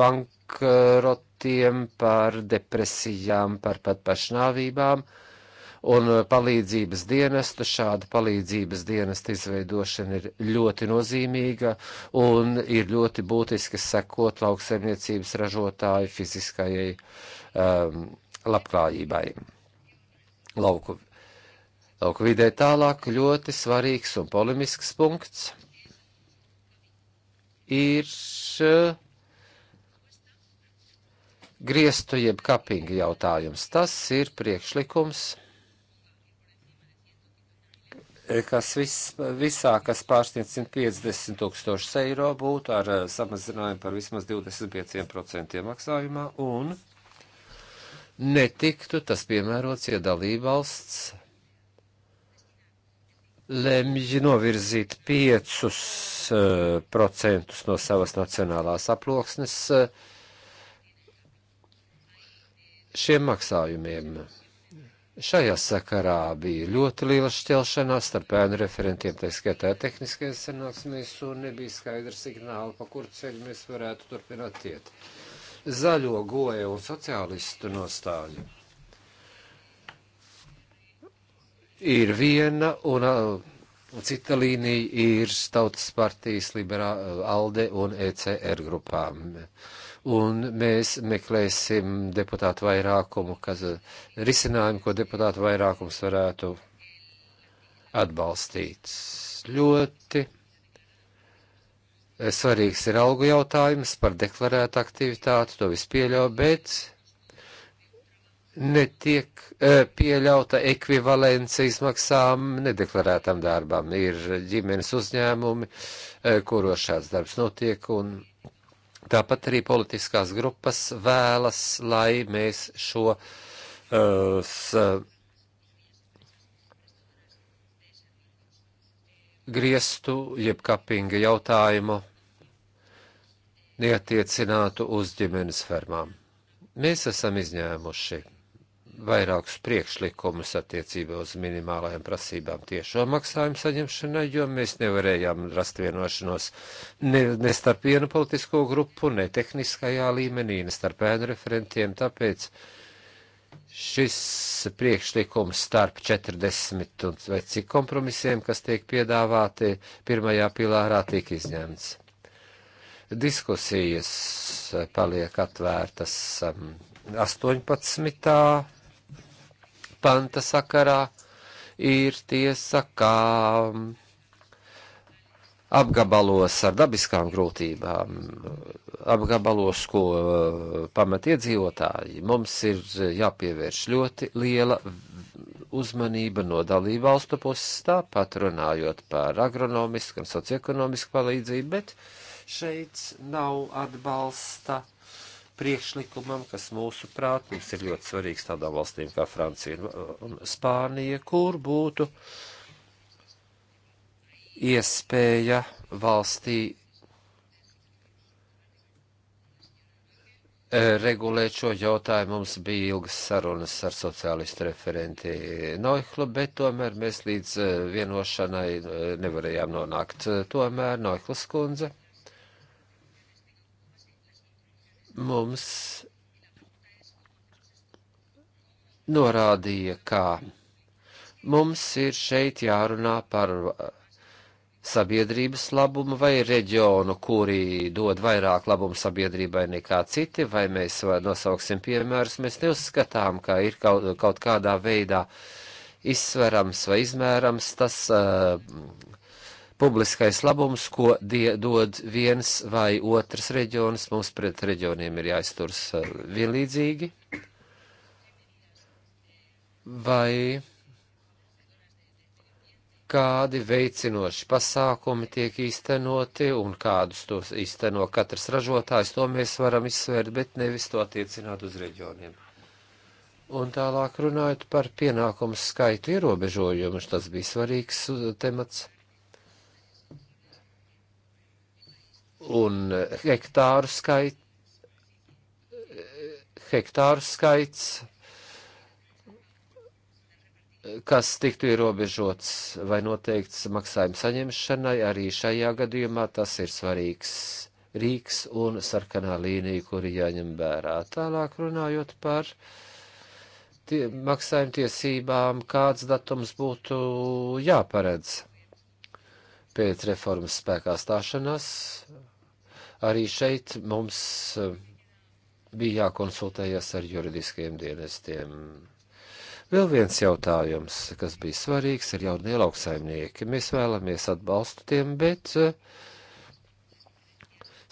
bankrotiem, par depresijām, par pat pašnāvībām, un palīdzības dienestu, šāda palīdzības dienesta izveidošana ir ļoti nozīmīga, un ir ļoti būtiski sekot lauksaimniecības ražotāju fiziskajai um, labklājībai lauku Lauku vidē tālāk ļoti svarīgs un polemisks punkts ir uh, griestu jeb kapinga jautājums. Tas ir priekšlikums, eh, kas vis, visā, kas pārsniedz 150 tūkstošus eiro, būtu ar eh, samazinājumu par vismaz 25% maksājumā un netiktu tas piemērots, ja dalībvalsts lemj novirzīt 5% eh, no savas nacionālās aploksnes eh, šiem maksājumiem. Šajā sakarā bija ļoti liela šķelšanās starp ēnu referentiem, tā skaitā tehniskajās sanāksmēs, un nebija skaidra signāla, pa kuru ceļu mēs varētu turpināt iet. Zaļo goja un sociālistu nostāju ir viena un uh, cita līnija ir Tautas partijas liberā, uh, ALDE un ECR grupām. Un mēs meklēsim deputātu vairākumu, kas uh, risinājumu, ko deputātu vairākums varētu atbalstīts. Ļoti eh, svarīgs ir algu jautājums par deklarētu aktivitāti, to vispieļau, bet netiek e, pieļauta ekvivalence izmaksām nedeklarētam darbam. Ir ģimenes uzņēmumi, e, kuros šāds darbs notiek, un tāpat arī politiskās grupas vēlas, lai mēs šo uh, griestu jeb kapinga jautājumu neatiecinātu uz ģimenes fermām. Mēs esam izņēmuši vairākus priekšlikumus attiecībā uz minimālajām prasībām tiešo maksājumu saņemšanai, jo mēs nevarējām rast vienošanos ne, ne starp vienu politisko grupu, ne tehniskajā līmenī, ne starp ēnu referentiem, tāpēc šis priekšlikums starp 40 un vai cik kompromisiem, kas tiek piedāvāti pirmajā pilārā, tiek izņemts. Diskusijas paliek atvērtas um, 18 panta sakarā ir tiesa, kā apgabalos ar dabiskām grūtībām, apgabalos, ko eh, pamatiedzīvotāji, mums ir jāpievērš ļoti liela uzmanība no dalību valstu puses, tāpat runājot par agronomisku un socioekonomisku palīdzību, bet šeit nav atbalsta priekšlikumam, kas mūsu prāt mums ir ļoti svarīgs tādām valstīm kā Francija un Spānija, kur būtu iespēja valstī e, regulēt šo jautājumu. Mums bija ilgas sarunas ar sociālistu referenti Noihlu, bet tomēr mēs līdz e, vienošanai e, nevarējām nonākt. Tomēr Noihlas kundze. mums norādīja, kā mums ir šeit jārunā par sabiedrības labumu vai reģionu, kuri dod vairāk labumu sabiedrībai nekā citi, vai mēs nosauksim piemērus, mēs neuzskatām, ka ir kaut, kaut kādā veidā izsverams vai izmērams tas uh, publiskais labums, ko dod viens vai otrs reģions. Mums pret reģioniem ir jāizturas eh, vienlīdzīgi. Vai kādi veicinoši pasākumi tiek īstenoti un kādus tos īsteno katrs ražotājs, to mēs varam izsvērt, bet nevis to attiecināt uz reģioniem. Un tālāk runājot par pienākumu skaitu ierobežojumu, tas bija svarīgs eh, temats. un eh, eh, hektāru skaits. Hektāru eh, skaits, kas tiktu ierobežots vai noteikts maksājuma saņemšanai, arī šajā gadījumā tas ir svarīgs rīks un sarkanā līnija, kuri jāņem vērā. Tālāk runājot par tie, maksājuma tiesībām, kāds datums būtu jāparedz pēc reformas spēkā stāšanās, Arī šeit mums eh, bija jākonsultējas ar juridiskiem dienestiem. Vēl viens jautājums, kas bija svarīgs, ir jaunie lauksaimnieki. Mēs vēlamies atbalstu tiem, bet eh,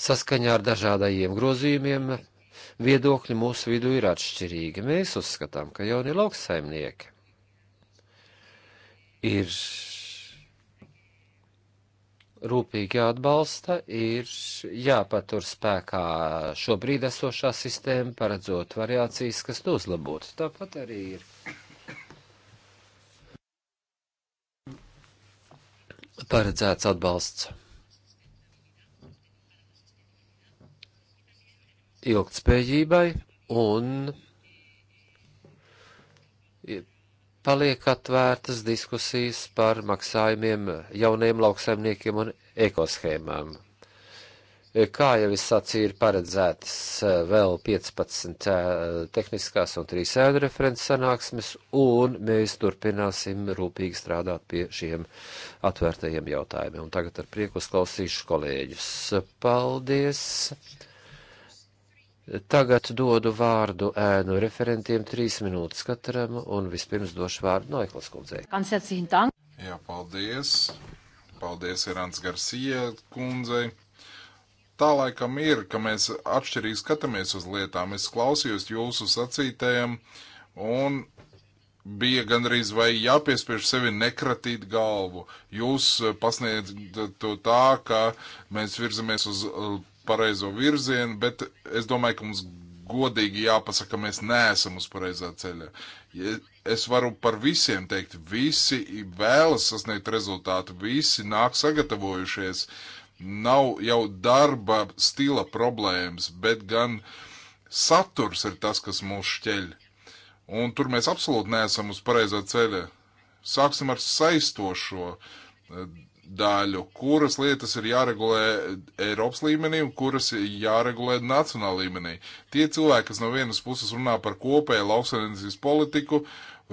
saskaņā ar dažādajiem grozījumiem viedokļi mūsu vidū ir atšķirīgi. Mēs uzskatām, ka jaunie lauksaimnieki ir rūpīgi jāatbalsta, ir jāpatur spēkā šobrīd esošā sistēma, paredzot variācijas, kas to uzlabotu. Tāpat arī ir. Paredzēts atbalsts ilgtspējībai un paliek atvērtas diskusijas par maksājumiem jauniem lauksaimniekiem un ekoshēmām. Kā jau es sacīju, ir paredzētas eh, vēl 15 eh, tehniskās un 3 ēnu referents sanāksmes, un mēs turpināsim rūpīgi strādāt pie šiem atvērtajiem jautājumiem. Un tagad ar prieku uzklausīšu kolēģus. Paldies! Tagad dodu vārdu ēnu referentiem trīs minūtes katram, un vispirms došu vārdu Noiklas kundzei. Jā, paldies. Paldies Irāns Garcija kundzei tā laikam ir, ka mēs atšķirīgi skatāmies uz lietām. Es klausījos jūsu sacītējiem un bija gandrīz vai jāpiespiež sevi nekratīt galvu. Jūs pasniedzat to tā, ka mēs virzamies uz pareizo virzienu, bet es domāju, ka mums godīgi jāpasaka, mēs neesam uz pareizā ceļa. Ja es varu par visiem teikt, visi vēlas sasniegt rezultātu, visi nāk sagatavojušies. Nav jau darba stila problēmas, bet gan saturs ir tas, kas mūs šķeļ. Un tur mēs absolūti neesam uz pareizā ceļa. Sāksim ar saistošo daļu, kuras lietas ir jāregulē Eiropas līmenī un kuras jāregulē nacionāla līmenī. Tie cilvēki, kas no vienas puses runā par kopēju lauksaimniecības politiku,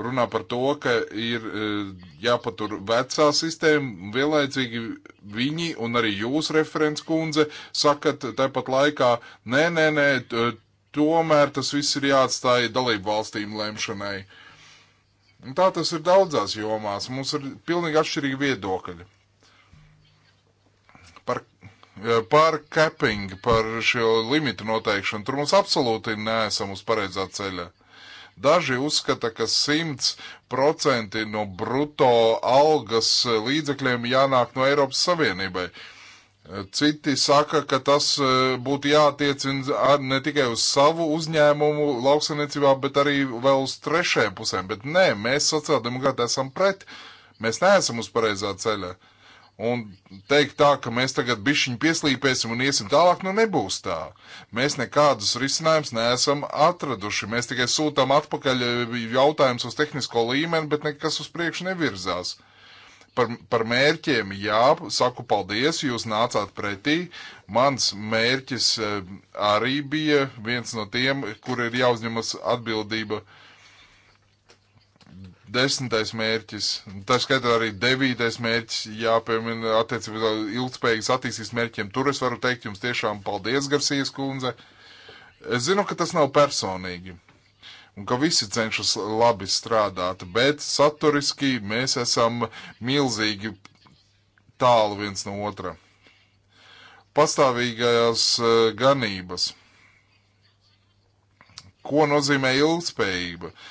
runā par to, ka ir e, jāpatur vecā sistēma, vienlaicīgi viņi un arī jūs, referents kundze, sakat tāpat laikā, nē, nē, nē, tomēr tas viss ir jāatstāja dalību valstīm lemšanai. Un tā tas ir daudzās jomās. Mums ir pilnīgi atšķirīgi viedokļi par capping, par šo limitu noteikšanu. Tur mums absolūti neesam uz pareizā ceļa. Daži uzskata, ka 100% no bruto algas līdzekļiem jānāk no Eiropas Savienībai. Citi saka, ka tas e, būtu jātiecina ne tikai uz savu uzņēmumu lauksaimniecībā, bet arī vēl uz trešajām pusēm. Bet nē, mēs sociāldemokrāti esam pret. Mēs neesam uz pareizā ceļa. Uh, Un teikt tā, ka mēs tagad bišķiņu pieslīpēsim un iesim tālāk, nu nebūs tā. Mēs nekādus risinājumus neesam atraduši. Mēs tikai sūtām atpakaļ eh, jautājumus uz tehnisko līmeni, bet nekas uz priekšu nevirzās. Par, par mērķiem, jā, saku paldies, jūs nācāt pretī. Mans mērķis eh, arī bija viens no tiem, kur ir jāuzņemas atbildība uh, desmitais mērķis, tā skaitā arī devītais mērķis, jāpiemina attiecībā ilgspējīgas attīstības mērķiem. Tur es varu teikt jums tiešām paldies, Garsijas kundze. Es zinu, ka tas nav personīgi un ka visi cenšas labi strādāt, bet saturiski mēs esam milzīgi tālu viens no otra. Pastāvīgajās e, ganības. Ko nozīmē ilgspējība? Uh,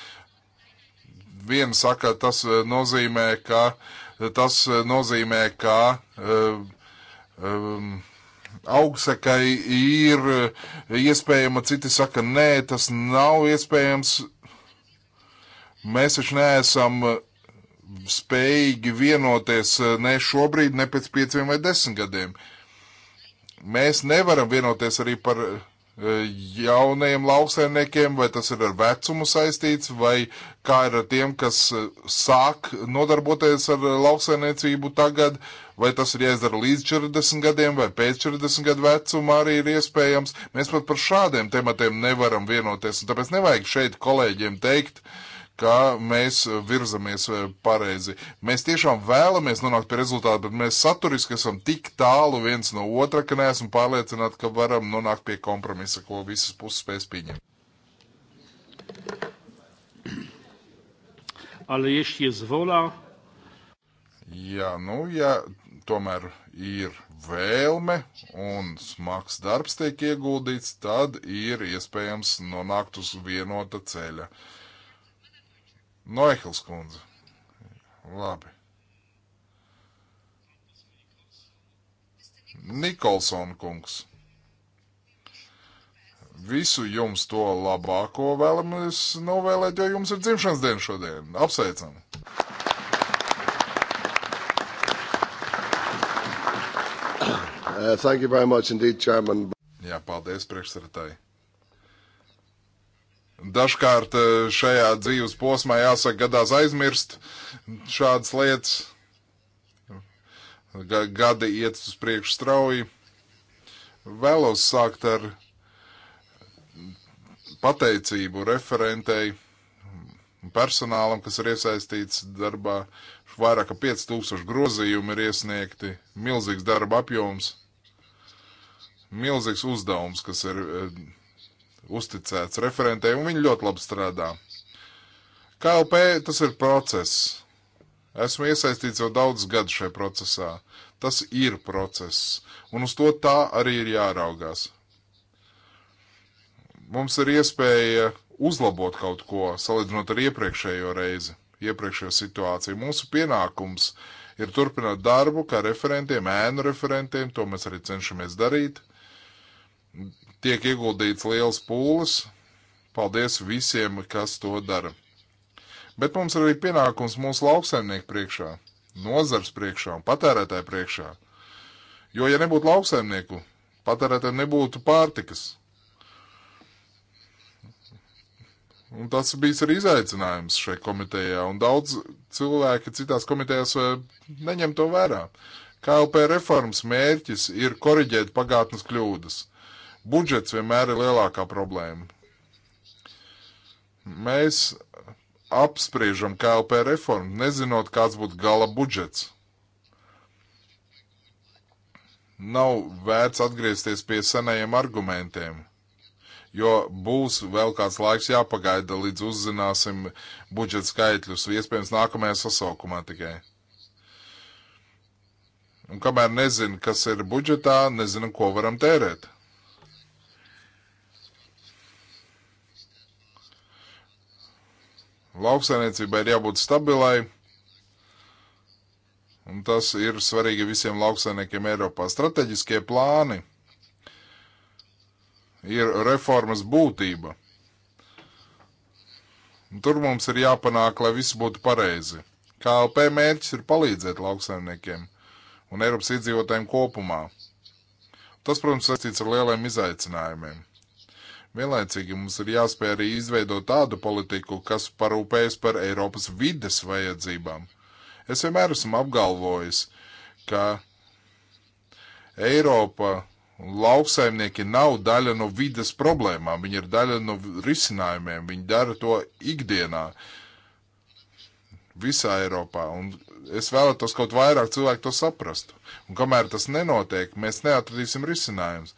viena saka, tas eh, nozīmē, ka tas eh, nozīmē, ka eh, um, um, augstsakai ir iespējama, citi saka, nē, tas nav iespējams. Mēs taču neesam spējīgi vienoties ne šobrīd, ne pēc pieciem vai desmit gadiem. Mēs nevaram vienoties arī par jaunajiem lauksaimniekiem, vai tas ir ar vecumu saistīts, vai kā ir ar tiem, kas eh, sāk nodarboties ar lauksaimniecību tagad, vai tas ir jāizdara līdz 40 gadiem, vai pēc 40 gadu vecuma arī ir iespējams. Mēs pat par šādiem tematiem nevaram vienoties, un tāpēc nevajag šeit kolēģiem teikt, uh, ka mēs eh, virzamies eh, pareizi. Mēs tiešām vēlamies nonākt pie rezultātu, bet mēs saturiski esam tik tālu viens no otra, ka neesam pārliecināti, ka varam nonākt pie kompromisa, ko visas puses spēs pieņemt. Ale jeśli jest wola. Jā, nu, ja tomēr ir vēlme un smags darbs tiek ieguldīts, tad ir iespējams nonākt uz vienota ceļa. Uh, Noehils kundze. Labi. Nikolson kungs. Visu jums to labāko vēlamies novēlēt, jo jums ir dzimšanas diena šodien. Apsveicam! Uh, thank you very much indeed, Chairman. Jā, paldies priekšsaratai. Dažkārt eh, šajā dzīves posmā jāsaka, gadās aizmirst šādas lietas. Gadi iet uz priekšu strauji. Vēlos sākt ar pateicību referentei personālam, kas ir iesaistīts darbā. Vairāk kā 5000 grozījumi ir iesniegti, milzīgs darba apjoms, milzīgs uzdevums, kas ir eh, uzticēts referentei, un viņi ļoti labi strādā. KLP tas ir process. Esmu iesaistīts jau daudz gadu šajā procesā. Tas ir process, un uz to tā arī ir jāraugās. Mums ir iespēja uzlabot kaut ko, salīdzinot ar iepriekšējo reizi, iepriekšējo situāciju. Mūsu pienākums ir turpināt darbu kā referentiem, ēnu referentiem, to mēs arī cenšamies darīt Tiek ieguldīts liels pūles. Paldies visiem, kas to dara. Bet mums ir arī pienākums mūsu lauksaimnieku priekšā, nozars priekšā un patērētāju priekšā. Jo, ja nebūtu lauksaimnieku, patērētājiem nebūtu pārtikas. Un tas bijis arī izaicinājums šai komitejā, un daudz cilvēki citās komitejās e, neņem to vērā. KLP reformas mērķis ir koriģēt pagātnes kļūdas. Budžets vienmēr ir lielākā problēma. Mēs apspriežam KLP reformu, nezinot, kāds būtu gala budžets. Nav vērts atgriezties pie senajiem argumentiem, jo būs vēl kāds laiks jāpagaida, līdz uzzināsim budžeta skaitļus, iespējams, nākamajā sasaukumā tikai. Un kamēr nezinu, kas ir budžetā, nezinu, ko varam tērēt. Lauksainiecībai ir jābūt stabilai, un tas ir svarīgi visiem lauksainiekiem Eiropā. Strateģiskie plāni ir reformas būtība. Un tur mums ir jāpanāk, lai viss būtu pareizi. KLP mērķis ir palīdzēt lauksaimniekiem un Eiropas iedzīvotājiem kopumā. Tas, protams, saistīts ar lieliem izaicinājumiem. Vienlaicīgi mums ir jāspēj arī izveidot tādu politiku, kas parūpējas par Eiropas vides vajadzībām. Es vienmēr esmu apgalvojis, ka Eiropa lauksaimnieki nav daļa no vides problēmām, viņi ir daļa no risinājumiem, viņi dara to ikdienā visā Eiropā. Un es vēlētos kaut vairāk cilvēku to saprastu. Un kamēr tas nenotiek, mēs neatradīsim risinājumus.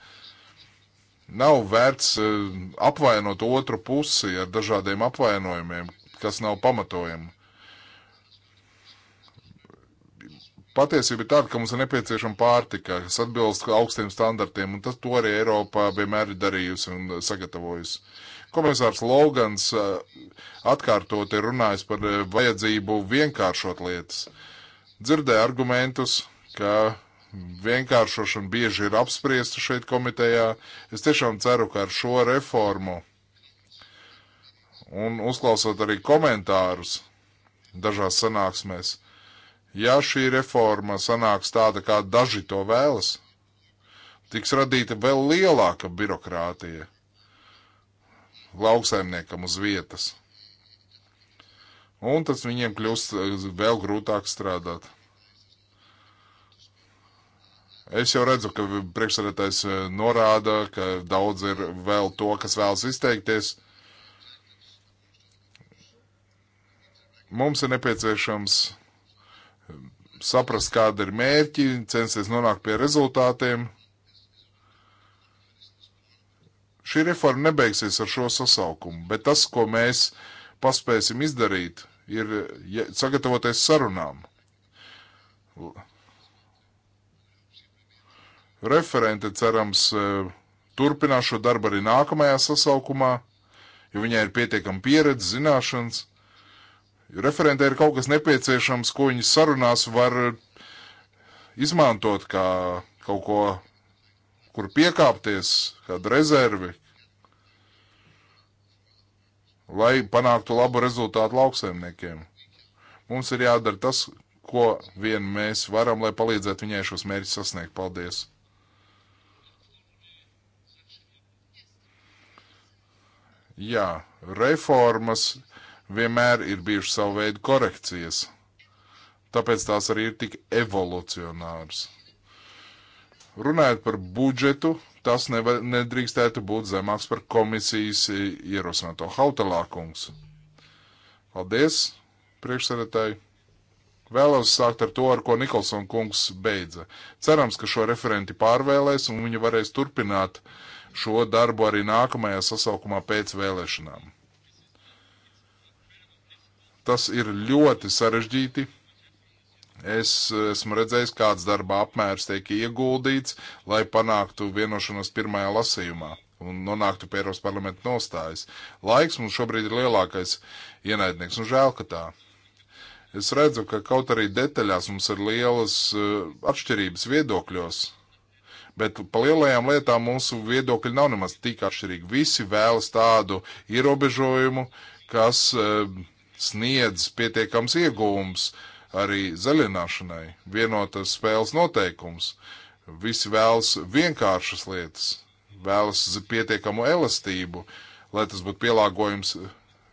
Nav vērts eh, apvainot otru pusi ar dažādiem apvainojumiem, kas nav pamatojami. Patiesība ir tāda, ka mums ir nepieciešama pārtika, kas atbilst augstiem standartiem, un tas to arī Eiropā vienmēr ir darījusi un sagatavojusi. Komisārs Logans eh, atkārtot ir runājis par eh, vajadzību vienkāršot lietas. Dzirdēju argumentus, ka vienkāršošana bieži ir apspriesta šeit komitejā. Es tiešām ceru, ka ar šo reformu un uzklausot arī komentārus dažās sanāksmēs, ja šī reforma sanāks tāda, kā daži to vēlas, tiks radīta vēl lielāka birokrātija lauksaimniekam uz vietas. Un tas viņiem kļūst eh, vēl grūtāk strādāt. Es jau redzu, ka priekšsēdētājs eh, norāda, ka daudz ir vēl to, kas vēlas izteikties. Mums ir nepieciešams eh, saprast, kāda ir mērķi, censties nonākt pie rezultātiem. Šī reforma nebeigsies ar šo sasaukumu, bet tas, ko mēs paspēsim izdarīt, ir sagatavoties sarunām Referente, cerams, e, turpinās šo darbu arī nākamajā sasaukumā, jo viņai ir pietiekama pieredze, zināšanas. Referentē ir kaut kas nepieciešams, ko viņi sarunās var izmantot kā kaut ko, kur piekāpties, kādu rezervi, lai panāktu labu rezultātu lauksaimniekiem. Mums ir jādara tas, ko vien mēs varam, lai palīdzētu viņai šos mērķus sasniegt. Paldies! Jā, reformas vienmēr ir bijušas savu veidu korekcijas, tāpēc tās arī ir tik evolucionāras. Runājot par budžetu, tas nevar, nedrīkstētu būt zemāks par komisijas ierosināto hautelākums. Paldies, priekšsēdētāji! Vēlos sākt ar to, ar ko Nikolson kungs beidza. Cerams, ka šo referenti pārvēlēs un viņi varēs turpināt uh, šo darbu arī nākamajā sasaukumā pēc vēlēšanām. Tas ir ļoti sarežģīti. Es esmu redzējis, kāds darba apmērs tiek ieguldīts, lai panāktu vienošanos pirmajā lasījumā un nonāktu pie Eiropas parlamenta nostājas. Laiks mums šobrīd ir lielākais ienaidnieks, un nu, žēl, ka tā. Es redzu, ka kaut arī detaļās mums ir lielas uh, atšķirības viedokļos, Bet par lielajām lietām mūsu viedokļi nav nemaz tik atšķirīgi. Visi vēlas tādu ierobežojumu, kas eh, sniedz pietiekams iegūms arī zaļināšanai, vienotas spēles noteikums. Visi vēlas vienkāršas lietas, vēlas pietiekamu elastību, lai tas būtu pielāgojums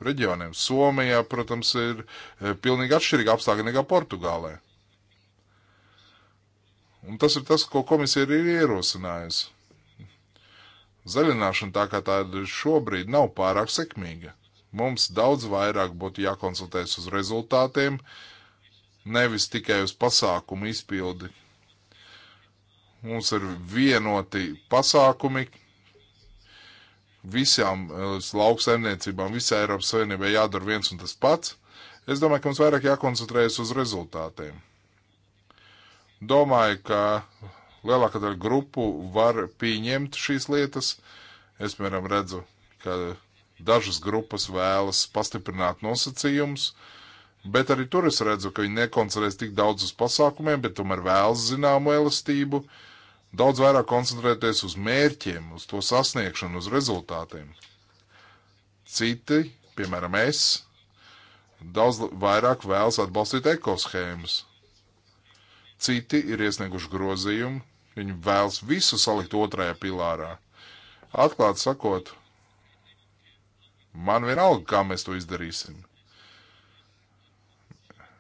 reģioniem. Somijā, protams, ir eh, pilnīgi atšķirīga apstākļa nekā Portugālē. Un tas ir tas, ko komisija ir ierosinājusi. Zaļināšana tā kā tāda šobrīd nav pārāk sekmīga. Mums daudz vairāk būtu jākonsultējas uz rezultātiem, nevis tikai uz pasākumu izpildi. Mums ir vienoti pasākumi visām eh, lauksaimniecībām, visā Eiropas Savienībā jādara viens un tas pats. Es domāju, ka mums vairāk jākoncentrējas uz rezultātiem. Domāju, ka lielākā daļa grupu var pieņemt šīs lietas. Es, piemēram, redzu, ka dažas grupas vēlas pastiprināt nosacījumus, bet arī tur es redzu, ka viņi nekoncentrēs tik daudz uz pasākumiem, bet tomēr vēlas zināmu elastību, daudz vairāk koncentrēties uz mērķiem, uz to sasniegšanu, uz rezultātiem. Citi, piemēram, es, daudz vairāk vēlas atbalstīt ekoshēmas Citi ir iesnieguši grozījumu, viņi vēlas visu salikt otrajā pilārā. Atklāt sakot, man vienalga, kā mēs to izdarīsim.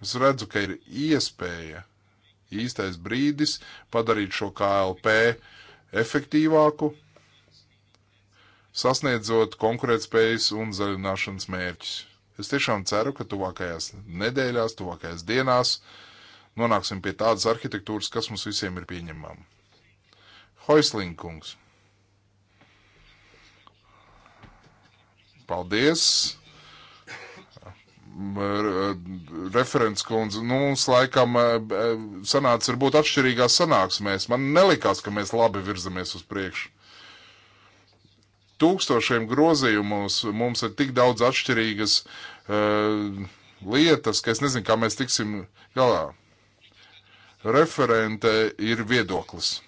Es redzu, ka ir iespēja, īstais brīdis padarīt šo KLP efektīvāku, sasniedzot konkurētspējas un zaļināšanas mērķus. Es tiešām ceru, ka tuvākajās nedēļās, tuvākajās dienās uh, nonāksim pie tādas arhitektūras, kas mums visiem ir pieņemama. Hoislinkungs. Paldies! referents kundze, nu, mums laikam e, e, sanāca varbūt atšķirīgās sanāksmēs. Man nelikās, ka mēs labi virzamies uz priekšu. Tūkstošiem grozījumus mums ir tik daudz atšķirīgas uh, lietas, ka es nezinu, kā mēs tiksim galā referente ir viedoklis.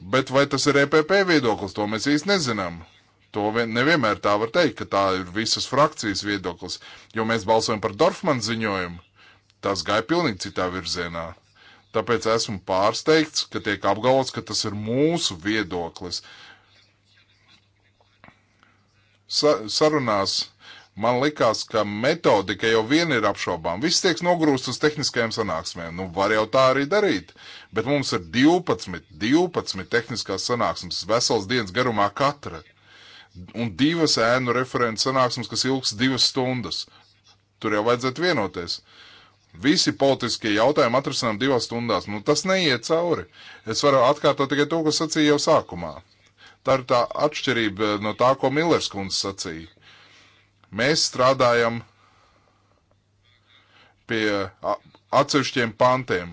Bet vai tas ir EPP viedoklis, to mēs īsti nezinām. To vien, nevienmēr tā var teikt, ka tā ir visas frakcijas viedoklis, jo mēs balsojam par Dorfmanu ziņojumu. Tas gāja pilnīgi citā virzienā. Tāpēc esmu pārsteigts, ka tiek apgalvots, ka tas ir mūsu viedoklis. Sa sarunās Man likās, ka metodika jau vien ir apšaubām. Viss tiek nogrūst uz tehniskajām sanāksmēm. Nu, var jau tā arī darīt. Bet mums ir 12, 12 tehniskās sanāksmes, vesels dienas garumā katra. Un divas ēnu referents sanāksmes, kas ilgs divas stundas. Tur jau vajadzētu vienoties. Visi politiskie jautājumi atrisinām divās stundās. Nu, tas neiet cauri. Es varu atkārtot tikai to, ko sacīju jau sākumā. Tā ir tā atšķirība no tā, ko Millers kundze sacīja Mēs strādājam pie atsevišķiem pantiem,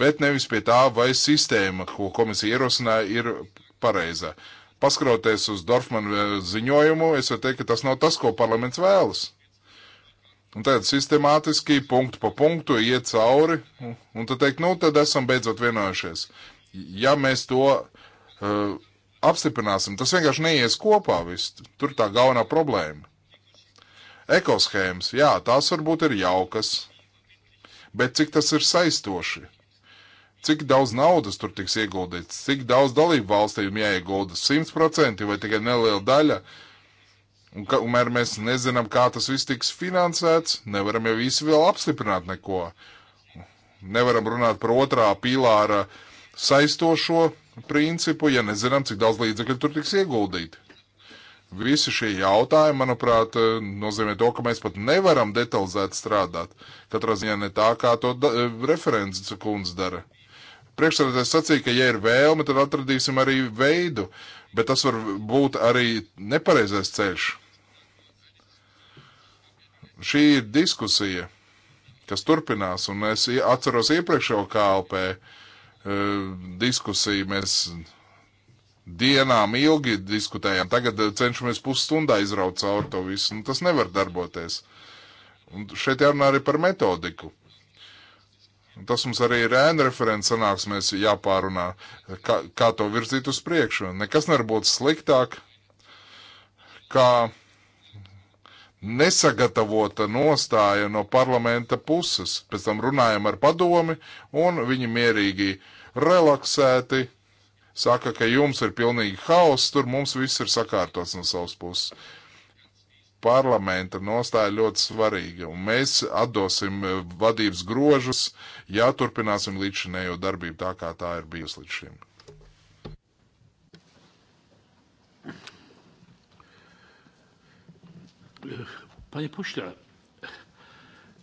bet nevis pie tā, vai sistēma, ko komisija ierosināja, ir pareiza. Paskroties uz Dorfmanu e, ziņojumu, es varu teikt, ka tas nav tas, ko parlaments vēlas. Un tad sistemātiski punktu pa punktu iet cauri, un tad teikt, nu, tad esam beidzot vienojušies. Ja mēs to uh, apstiprināsim, tas vienkārši neies kopā viss. Tur tā galvenā problēma. Ekoshēmas, jā, tās varbūt ir jaukas, bet cik tas ir saistoši? Cik daudz naudas tur tiks ieguldīts, cik daudz dalību valstīm jāiegulda, 100% vai tikai neliela daļa? Un kamēr mēs nezinām, kā tas viss tiks finansēts, nevaram jau visi vēl apstiprināt neko. Nevaram runāt par otrā pīlāra uh, saistošo principu, ja nezinām, cik daudz līdzekļu tur tiks ieguldīti. Visi šie jautājumi, manuprāt, nozīmē to, ka mēs pat nevaram detalizēt strādāt. Katrā ziņā ne tā, kā to da, referents kundze dara. Priekšsēdētājs sacīja, ka, ja ir vēlme, tad atradīsim arī veidu, bet tas var būt arī nepareizais ceļš. Šī ir diskusija, kas turpinās, un es atceros iepriekšējo KLP, uh, Eh, diskusiju mēs dienām ilgi diskutējām. Tagad eh, cenšamies pusstundā izraut cauri to visu. Nu, tas nevar darboties. Un šeit jārunā arī par metodiku. Un tas mums arī ir ēna referents sanāksmēs jāpārunā, kā, kā to virzīt uz priekšu. Nekas nevar būt sliktāk, kā nesagatavota nostāja no parlamenta puses. Pēc tam runājam ar padomi un viņi mierīgi uh, relaksēti, saka, ka jums ir pilnīgi haoss, tur mums viss ir sakārtots no savas puses. Parlamenta nostāja ļoti svarīga, un mēs atdosim e, vadības grožus, ja turpināsim līdzinējo darbību tā, kā tā ir bijusi līdz šim. Panie pośle,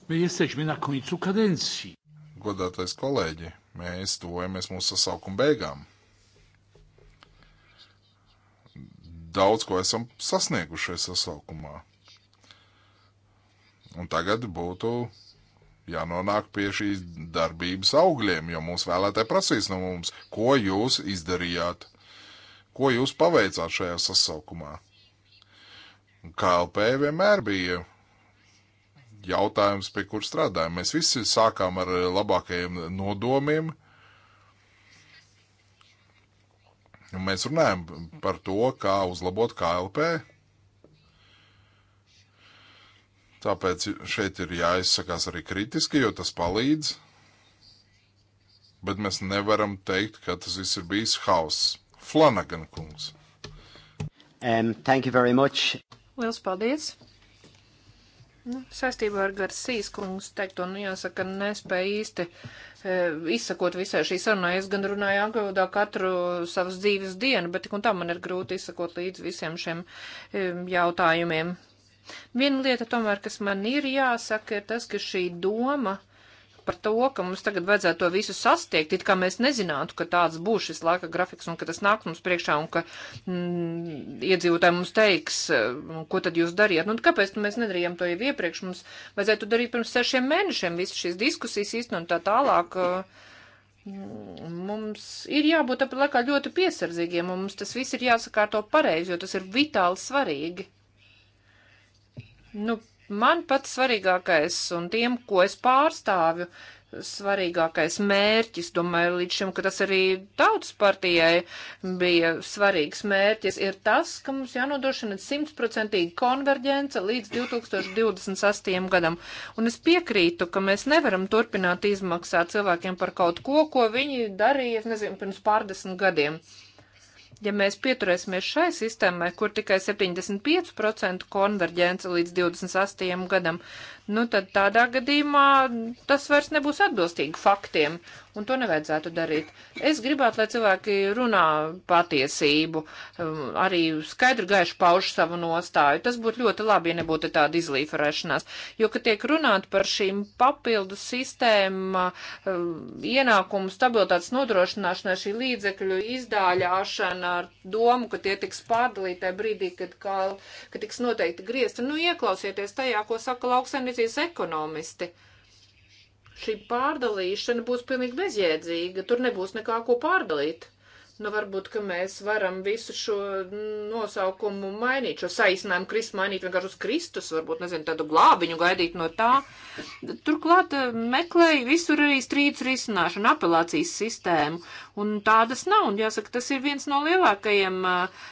my jesteśmy na końcu kadencji. Godātais kolēģi, Mēs tojamies mūsu sasaukuma beigām. Daudz ko esam sasnieguši šajā sasaukumā. Un tagad būtu jānonāk pie šīs darbības augļiem, jo mūsu vēlētāji prasīs no mums, ko jūs izdarījāt, ko jūs paveicāt šajā sasaukumā. KLP vienmēr bija jautājums, pie kur strādājam. Mēs visi sākām ar labākajiem nodomiem. Mēs runājam par to, kā uzlabot KLP. Tāpēc šeit ir jāizsakās arī kritiski, jo tas palīdz. Bet mēs nevaram teikt, ka tas viss ir bijis hauss. Flanagan kungs. Um, thank you very much. Liels paldies. Nu, saistībā ar Garcijas kungus teikto, nu jāsaka, nespēja īsti e, izsakot visai šī sarunā. Es gan runāju angļu valodā katru savas dzīves dienu, bet tik un tā man ir grūti izsakot līdz visiem šiem e, jautājumiem. Viena lieta tomēr, kas man ir jāsaka, ir tas, ka šī doma par to, ka mums tagad vajadzētu to visu sastiekt, it kā mēs nezinātu, ka tāds būs šis laika grafiks un ka tas nāk mums priekšā un ka mm, iedzīvotāji mums teiks, mm, ko tad jūs dariet. Nu, kāpēc nu, mēs nedarījām to jau iepriekš? Mums vajadzētu darīt pirms sešiem mēnešiem visu šīs diskusijas īstenot tā tālāk. Mm, mums ir jābūt tāpat laikā ļoti piesardzīgiem, un mums tas viss ir jāsakārto pareizi, jo tas ir vitāli svarīgi. Nu, Man pats svarīgākais un tiem, ko es pārstāvju, svarīgākais mērķis, domāju, līdz šim, ka tas arī tautas partijai bija svarīgs mērķis, ir tas, ka mums jānodrošina simtprocentīgi konverģence līdz 2028. gadam. Un es piekrītu, ka mēs nevaram turpināt izmaksāt cilvēkiem par kaut ko, ko viņi darīja, nezinu, pirms pārdesmit gadiem. Uh, Ja mēs pieturēsimies šai sistēmai, kur tikai 75% konverģence līdz 28. gadam, nu tad tādā gadījumā tas vairs nebūs atbilstīgi faktiem, un to nevajadzētu darīt. Es gribētu, lai cilvēki runā patiesību, um, arī skaidru gaišu pauž savu nostāju. Tas būtu ļoti labi, ja nebūtu tāda izlīferēšanās, jo, kad tiek runāt par šīm papildu sistēma um, ienākumu stabilitātes nodrošināšanā, šī līdzekļu izdāļāšana ar domu, ka tie tiks pārdalītai brīdī, kad, kā, kad tiks noteikti griezti, nu ieklausieties tajā, ko saka lauksaini Tunisijas ekonomisti. Šī pārdalīšana būs pilnīgi bezjēdzīga, tur nebūs nekā ko pārdalīt. Nu, varbūt, ka mēs varam visu šo nosaukumu mainīt, šo saīsinājumu Kristus mainīt vienkārši uz Kristus, varbūt, nezinu, tādu glābiņu gaidīt no tā. Turklāt eh, meklēja visur arī strīdus risināšanu, apelācijas sistēmu, un tādas nav, un jāsaka, tas ir viens no lielākajiem uh,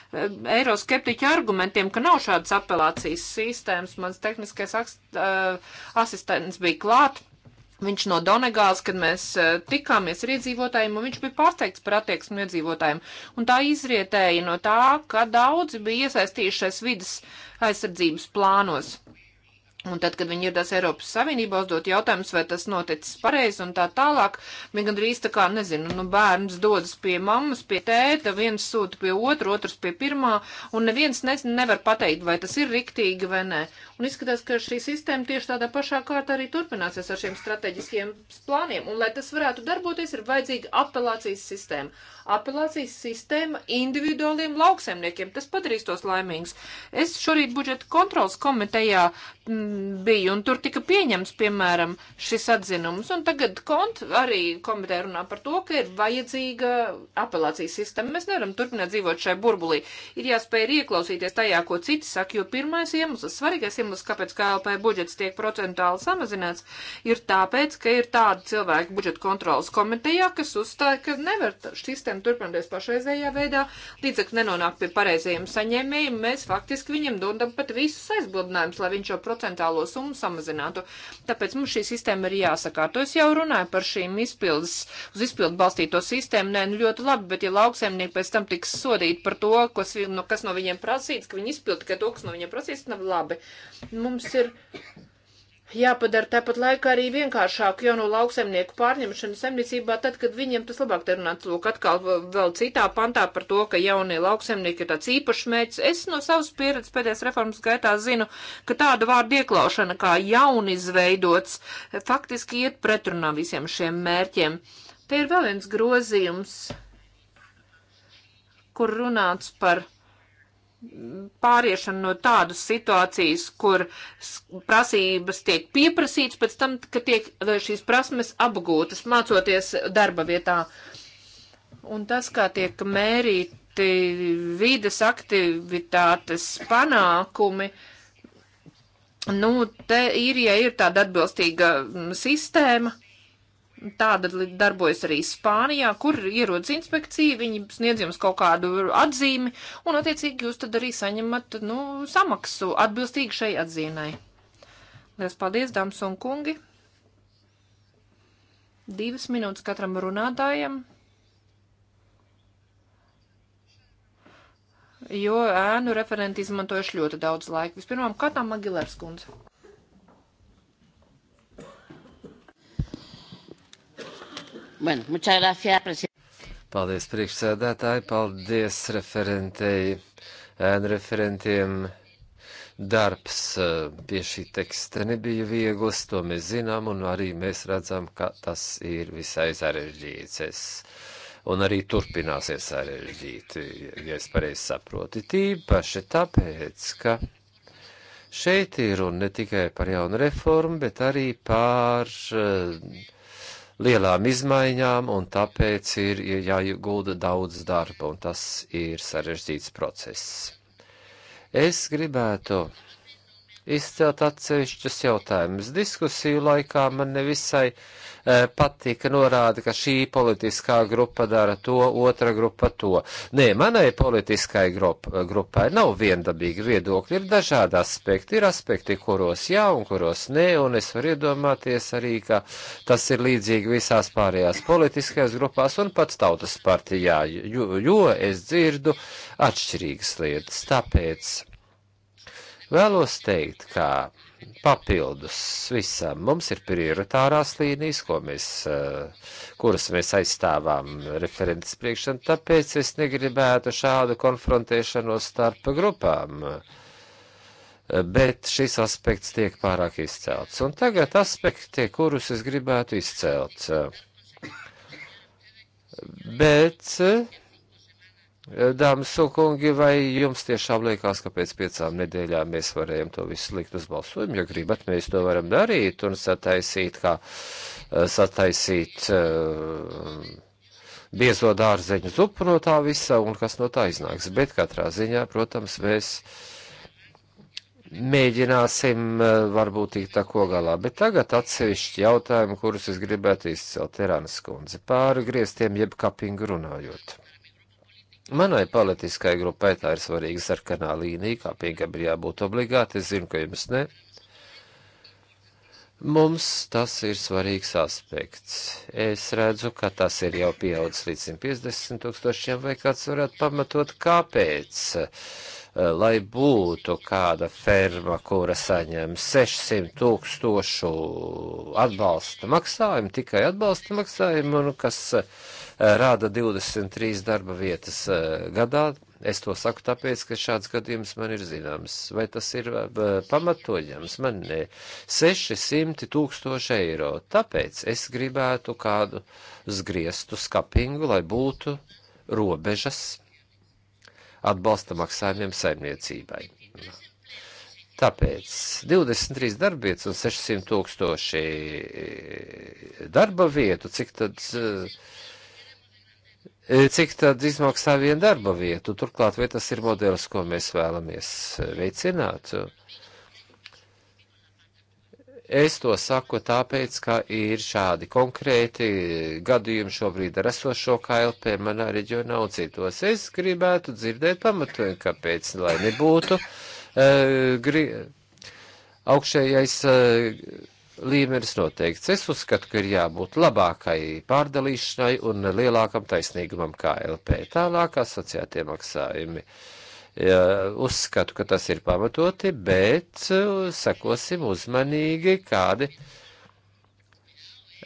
eiroskeptiķu argumentiem, ka nav šādas apelācijas sistēmas. Mans tehniskais uh, asistents bija klāt Viņš no Donegāls, kad mēs eh, tikāmies ar iedzīvotājiem, un viņš bija pārsteigts par attieksmi iedzīvotājiem. Un tā izrietēja no tā, ka daudzi bija iesaistījušies vidas aizsardzības plānos. Un tad, kad viņi ieradās Eiropas Savienībā, uzdot jautājumus, vai tas noticis pareizi un tā tālāk, viņi gandrīz tā kā, nezinu, nu bērns dodas pie mammas, pie tēta, viens sūta pie otru, otrs pie pirmā, un neviens ne, nevar pateikt, vai tas ir riktīgi vai nē. Un izskatās, ka šī sistēma tieši tādā pašā kārtā arī turpināsies ar šiem strateģiskiem plāniem, un lai tas varētu darboties, ir vajadzīga apelācijas sistēma. Apelācijas sistēma individuāliem lauksaimniekiem, tas padarīs tos laimīgus. Es šorīt budžeta kontrols komitejā Mm, bija, un tur tika pieņems, piemēram, šis atzinums, un tagad kont arī komiteja runā par to, ka ir vajadzīga apelācijas sistēma. Mēs nevaram turpināt dzīvot šai burbulī. Ir jāspēj ieklausīties tajā, ko citi saka, jo pirmais iemesls, svarīgais iemesls, kāpēc KLP budžets tiek procentuāli samazināts, ir tāpēc, ka ir tādi cilvēki budžeta kontrolas komitejā, kas uzstāja, ka nevar sistēma turpināties pašreizējā veidā, līdzekļi nenonāk pie pareizajiem saņēmējiem, mēs faktiski viņiem dodam pat visus aizbildinājumus, lai viņš šo procentu procentālo summu samazinātu. Tāpēc mums šī sistēma ir jāsakārto. Es jau runāju par šīm izpildes, uz izpildu balstīto sistēmu. Nē, nu ļoti labi, bet ja lauksaimnieki pēc tam tiks sodīti par to, kas, no, kas no viņiem prasīts, ka viņi izpild tikai to, kas no viņiem prasīts, nav labi. Mums ir jāpadara tāpat laikā arī vienkāršāk jauno lauksemnieku pārņemšanu semniecībā, tad, kad viņiem tas labāk te runāts. Lūk, atkal vēl citā pantā par to, ka jaunie lauksemnieki ir tāds īpašs mērķis. Es no savas pieredzes pēdējās reformas gaitā zinu, ka tāda vārda ieklaušana kā jaunizveidots faktiski iet pretrunā visiem šiem mērķiem. Te ir vēl viens grozījums, kur runāts par pāriešana no tādas situācijas, kur prasības tiek pieprasītas, pēc tam, ka tiek šīs prasmes apgūtas, mācoties darba vietā. Un tas, kā tiek mērīti vides aktivitātes panākumi, nu, te ir, ja ir tāda atbilstīga sistēma, Tāda darbojas arī Spānijā, kur ierodas inspekcija, viņi sniedz jums kaut kādu atzīmi, un attiecīgi jūs tad arī saņemat nu, samaksu atbilstīgi šai atzīmai. Lielas paldies, dāmas un kungi! Divas minūtes katram runātājam. Jo ēnu referenti izmantojuši ļoti daudz laika. Vispirmām, Katām Agilērs kundze. Bueno, muchas gracias, presidente. Paldies priekšsēdētāji, paldies referentei, referentiem. Darbs pie šī teksta nebija viegls, to mēs zinām, un arī mēs redzam, ka tas ir visai sarežģīts un arī turpināsies sarežģīti, ja es pareizi saprotu. Tīpaši tāpēc, ka šeit ir un ne tikai par jaunu reformu, bet arī par uh, lielām izmaiņām, un tāpēc ir jāiegulda daudz darba, un tas ir sarežģīts process. Es gribētu izcelt atsevišķus jautājumus. Diskusiju laikā man nevisai uh, Eh, patika norāda, ka šī politiskā grupa dara to, otra grupa to. Nē, manai politiskai grupa, grupai nav viendabīgi viedokļi, ir dažādi aspekti, ir aspekti, kuros jā un kuros nē, un es varu iedomāties arī, ka tas ir līdzīgi visās pārējās politiskajās grupās un pat tautas partijā, jo, jo es dzirdu atšķirīgas lietas. Tāpēc vēlos teikt, ka papildus visam. Mums ir prioritārās līnijas, ko mēs, eh, kuras mēs aizstāvām referentes priekšā, tāpēc es negribētu šādu konfrontēšanos starp grupām. Bet šis aspekts tiek pārāk izcelts. Un tagad aspekti, kurus es gribētu izcelt. Bet Eh, dāmas un kungi, vai jums tiešām liekas, ka pēc piecām nedēļām mēs varējām to visu likt uz balsojumu? Ja gribat, mēs to varam darīt un sataisīt, kā eh, sataisīt uh, biezo dārzeņu zupu no tā visa un kas no tā iznāks. Bet katrā ziņā, protams, mēs mēģināsim varbūt tikt tā ko galā. Bet tagad atsevišķi jautājumi, kurus es gribētu izcelt Eranas kundze pāri grieztiem jeb kapingu runājot. Manai politiskai grupai tā ir svarīga sarkanā līnija, kā piekabri jābūt obligāti, es zinu, ka jums ne. Mums tas ir svarīgs aspekts. Es redzu, ka tas ir jau pieaudzis līdz 150 tūkstošiem, vai kāds varētu pamatot, kāpēc eh, lai būtu kāda ferma, kura saņem 600 tūkstošu atbalsta maksājumu, tikai atbalsta maksājumu, un kas eh, Eh, rada 23 darba vietas eh, gadā. Es to saku tāpēc, ka šāds gadījums man ir zināms. Vai tas ir eh, pamatojams? Man nē. 600 tūkstoši eiro. Tāpēc es gribētu kādu zgriestu skapingu, lai būtu robežas atbalsta maksājumiem saimniecībai. Tāpēc 23 darbvietas un 600 tūkstoši darba vietu, cik tad uh, E, cik tad izmaksā viena darba vietu. Turklāt, vai tas ir modelis, ko mēs vēlamies e, veicināt? Es to saku tāpēc, ka ir šādi konkrēti gadījumi šobrīd ar esošo KLP manā reģionā un citos. Es gribētu dzirdēt pamatojumu, kāpēc, lai nebūtu uh, gri, augšējais uh, līmenis noteikts. Es uzskatu, ka ir jābūt labākai pārdalīšanai un lielākam taisnīgumam kā LP. Tālāk asociētie maksājumi. Ja, uzskatu, ka tas ir pamatoti, bet uh, sekosim uzmanīgi, kādi,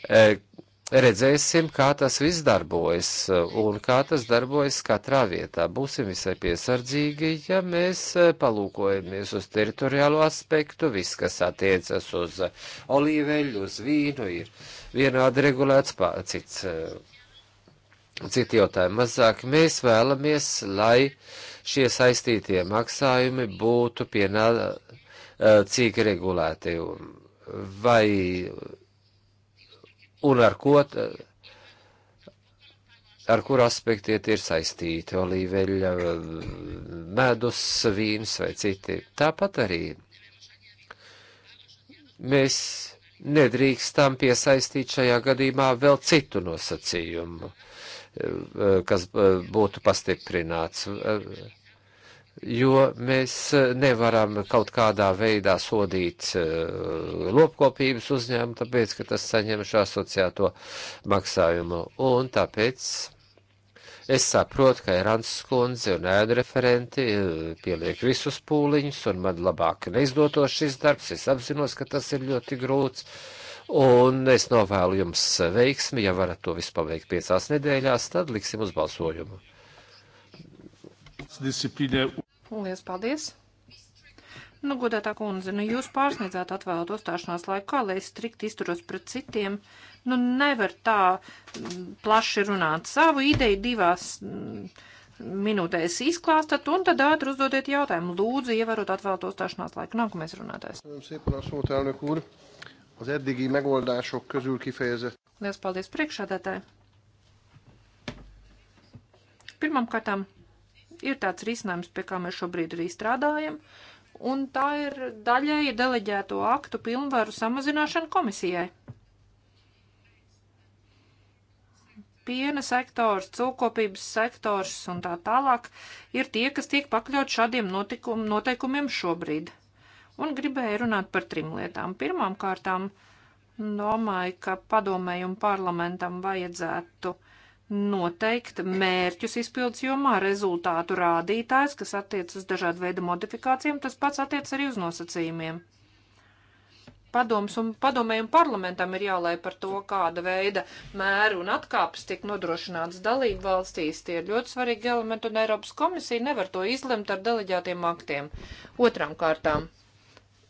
eh, redzēsim, kā tas viss darbojas uh, un kā tas darbojas katrā vietā. Būsim visai piesardzīgi, ja mēs uh, palūkojamies uz teritoriālo aspektu. Viss, kas attiecas uz uh, olīveļu, uz vīnu, ir vienādi regulēts pār cits. Citi jautājumi mazāk. Mēs vēlamies, lai šie saistītie maksājumi būtu pienācīgi regulēti. Vai un ar ko, ar kuru aspektu tie ir saistīti, olīveļa, medus, vīns vai citi. Tāpat arī mēs nedrīkstam piesaistīt šajā gadījumā vēl citu nosacījumu, kas eh, būtu pastiprināts jo mēs eh, nevaram kaut kādā veidā sodīt eh, lopkopības uzņēmumu, tāpēc, ka tas saņem šo asociēto maksājumu. Un tāpēc es saprotu, ka Erants Skundze un ēnu referenti eh, pieliek visus pūliņus, un man labāk neizdotos šis darbs, es apzinos, ka tas ir ļoti grūts. Un es novēlu jums veiksmi, ja varat to visu paveikt piecās nedēļās, tad liksim uz balsojumu. Disciplīnē. Lielas paldies! Nu, godētā kundze, nu jūs pārsniedzāt atvēlēt uzstāšanās laiku, kā lai es strikt izturos pret citiem. Nu, nevar tā mm, plaši runāt savu ideju divās mm, minūtēs izklāstat un tad ātri uzdodiet jautājumu. Lūdzu, ievarot atvēlēt uzstāšanās laiku. Nākamais runātājs. Az eddigi megoldások közül kifejezett. Liels paldies priekšādātāji! Pirmam kārtām Ir tāds risinājums, pie kā mēs šobrīd arī strādājam, un tā ir daļēji deleģēto aktu pilnvaru samazināšana komisijai. piena sektors, cūkopības sektors un tā tālāk ir tie, kas tiek pakļaut šādiem notikum, noteikumiem šobrīd. Un gribēju runāt par trim lietām. Pirmām kārtām domāju, ka padomēju un parlamentam vajadzētu noteikt mērķus izpildus jomā, rezultātu rādītājs, kas attiecas uz dažādu veidu modifikācijām, tas pats attiec arī uz nosacījumiem. Padoms un padomēju un parlamentam ir jālai par to, kāda veida mēru un atkāpes tiek nodrošināts dalību valstīs. Tie ir ļoti svarīgi elementi, un Eiropas komisija nevar to izlemt ar deleģētiem aktiem. Otram kārtām.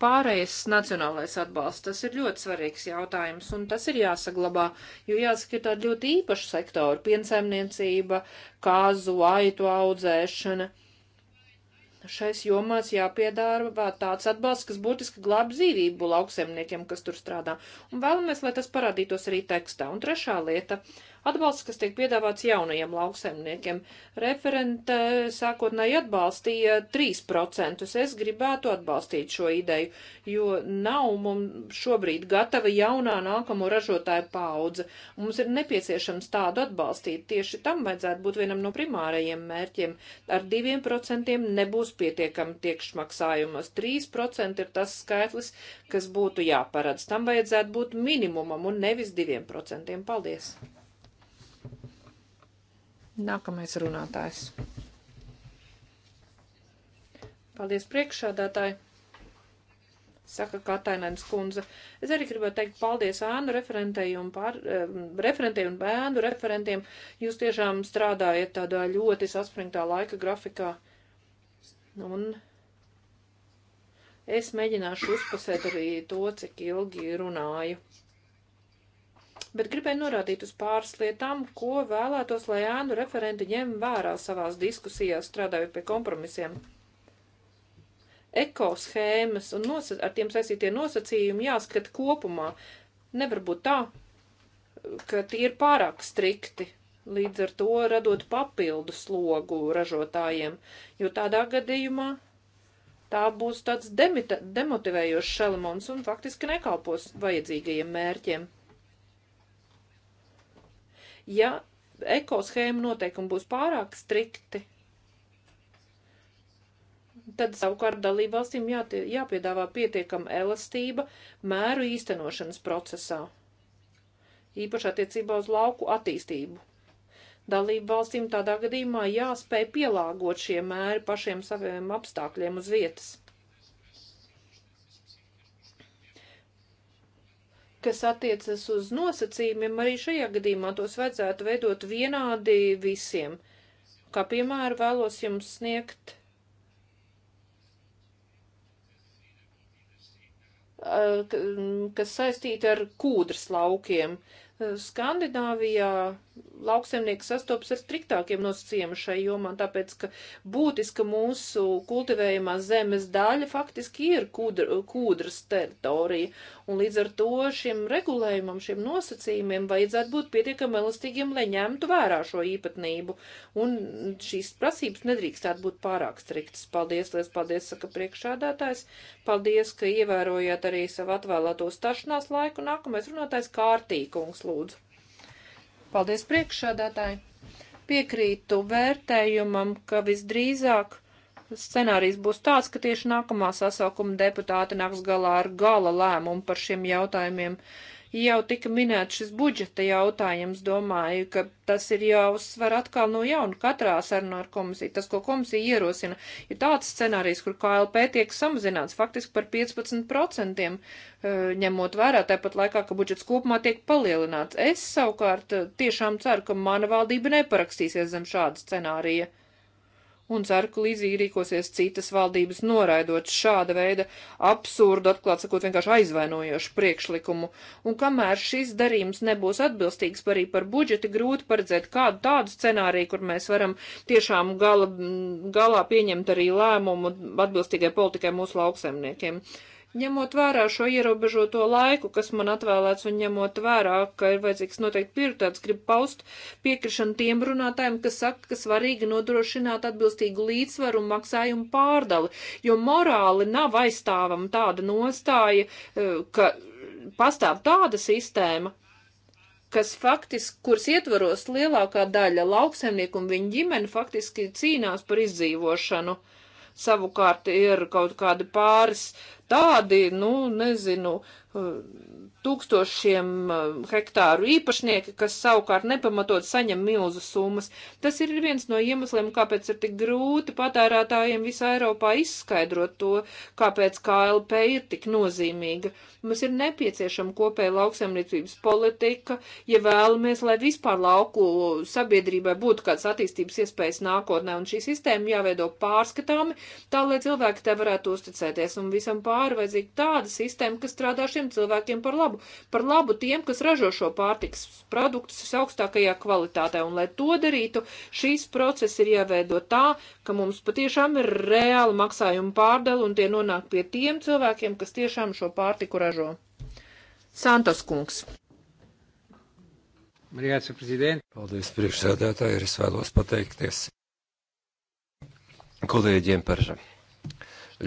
Pārējais nacionālais atbalsts, tas ir ļoti svarīgs jautājums, un tas ir jāsaglabā, jo jāsaka, ir tādi ļoti īpaši sektori - piensaimniecība, kāzu, aitu audzēšana. Šais jomās jāpiedāvā tāds atbalsts, kas būtiski glāb dzīvību lauksemniekiem, kas tur strādā, un vēlamies, lai tas parādītos arī tekstā. Un trešā lieta Atbalsts, kas tiek piedāvāts jaunajiem lauksaimniekiem. Referente sākotnēji atbalstīja 3%. Es gribētu atbalstīt šo ideju, jo nav mums šobrīd gatava jaunā nākamo ražotāju paudze. Mums ir nepieciešams tādu atbalstīt. Tieši tam vajadzētu būt vienam no primārajiem mērķiem. Ar 2% nebūs pietiekami tiekšmaksājumos. 3% ir tas skaitlis, kas būtu jāparedz. Tam vajadzētu būt minimumam un nevis 2%. Paldies! Nākamais runātājs. Paldies priekšādātāji, saka Katainēns kundze. Es arī gribētu teikt paldies ēnu referentēju un, pār, referentēju un bēnu referentiem. Jūs tiešām strādājat tādā ļoti saspringtā laika grafikā. Un es mēģināšu uzpasēt arī to, cik ilgi runāju bet gribēju norādīt uz pāris lietām, ko vēlētos, lai ēnu referenti ņem vērā savās diskusijās, strādājot pie kompromisiem. Ekoshēmas un nosa ar tiem saistītie nosacījumi jāskat kopumā. Nevar būt tā, ka tie ir pārāk strikti, līdz ar to radot papildu slogu ražotājiem, jo tādā gadījumā tā būs tāds demita, demotivējošs elements un faktiski nekalpos vajadzīgajiem mērķiem. Ja ekoshēma noteikumi būs pārāk strikti, tad savukārt dalībvalstīm jātie, jāpiedāvā pietiekama elastība mēru īstenošanas procesā, īpaši attiecībā uz lauku attīstību. Dalībvalstīm tādā gadījumā jāspēj pielāgot šie mēri pašiem saviem apstākļiem uz vietas. kas attiecas uz nosacījumiem, arī šajā gadījumā tos vajadzētu veidot vienādi visiem. Kā piemēru vēlos jums sniegt eh, kas saistīti ar kūdras laukiem. Skandināvijā lauksemnieki sastopas ar striktākiem nosacījumiem šai jomā, tāpēc, ka būtiska mūsu kultivējumā zemes daļa faktiski ir kūdra, kūdras teritorija, un līdz ar to šim regulējumam, šiem nosacījumiem vajadzētu būt pietiekami elastīgiem, lai ņemtu vērā šo īpatnību, un šīs prasības nedrīkstētu būt pārāk striktas. Paldies, liels paldies, saka priekšādātājs, paldies, ka ievērojāt arī savu atvēlēto stašanās laiku, nākamais runātājs Kārtīkungs, lūdzu. Paldies priekšādātāji. Piekrītu vērtējumam, ka visdrīzāk scenārijs būs tāds, ka tieši nākamā sasaukuma deputāti nāks galā ar gala lēmumu par šiem jautājumiem. Uh, Jau tika minēts šis budžeta jautājums, domāju, ka tas ir jāuzsver atkal no jauna katrā sarunā ar komisiju. Tas, ko komisija ierosina, ir tāds scenārijs, kur KLP tiek samazināts faktiski par 15%, eh, ņemot vērā tāpat laikā, ka budžets kopumā tiek palielināts. Es savukārt eh, tiešām ceru, ka mana valdība neparakstīsies zem šāda scenārija un ceru, ka līdzīgi rīkosies citas valdības noraidot šāda veida absurdu, atklāt sakot, vienkārši aizvainojošu priekšlikumu. Un kamēr šis darījums nebūs atbilstīgs arī par budžeti, grūti paredzēt kādu tādu scenāriju, kur mēs varam tiešām gala, galā pieņemt arī lēmumu atbilstīgai politikai mūsu lauksaimniekiem. Ņemot vērā šo ierobežoto laiku, kas man atvēlēts, un ņemot vērā, ka ir vajadzīgs noteikti prioritātes, gribu paust piekrišanu tiem runātājiem, kas saka, ka svarīgi nodrošināt atbilstīgu līdzsvaru un maksājumu pārdali, jo morāli nav aizstāvama tāda nostāja, eh, ka pastāv tāda sistēma, kas faktiski, kuras ietvaros lielākā daļa lauksaimnieku un viņa ģimene faktiski cīnās par izdzīvošanu. Uh, Savukārt ir kaut kādi pāris tādi, nu, nezinu, tūkstošiem eh, hektāru īpašnieki, kas savukārt nepamatot saņem milzu summas. Tas ir viens no iemesliem, kāpēc ir tik grūti patērētājiem visā Eiropā izskaidrot to, kāpēc KLP ir tik nozīmīga. Mums ir nepieciešama kopēja lauksaimniecības politika, ja vēlamies, lai vispār lauku sabiedrībai būtu kāds attīstības iespējas nākotnē, un šī sistēma jāveido pārskatāmi, tā lai cilvēki te varētu uzticēties, un visam pāri vajadzīga tāda sistēma, kas strādā šiem cilvēkiem par labu labu, par labu tiem, kas ražo šo pārtiks produktus visaugstākajā kvalitātē. Un, lai to darītu, šīs procesi ir jāveido tā, ka mums patiešām ir reāli maksājumi pārdala un tie nonāk pie tiem cilvēkiem, kas tiešām šo pārtiku ražo. Santos kungs. Brigāts prezidents. Paldies priekšsēdētāji, es vēlos pateikties kolēģiem par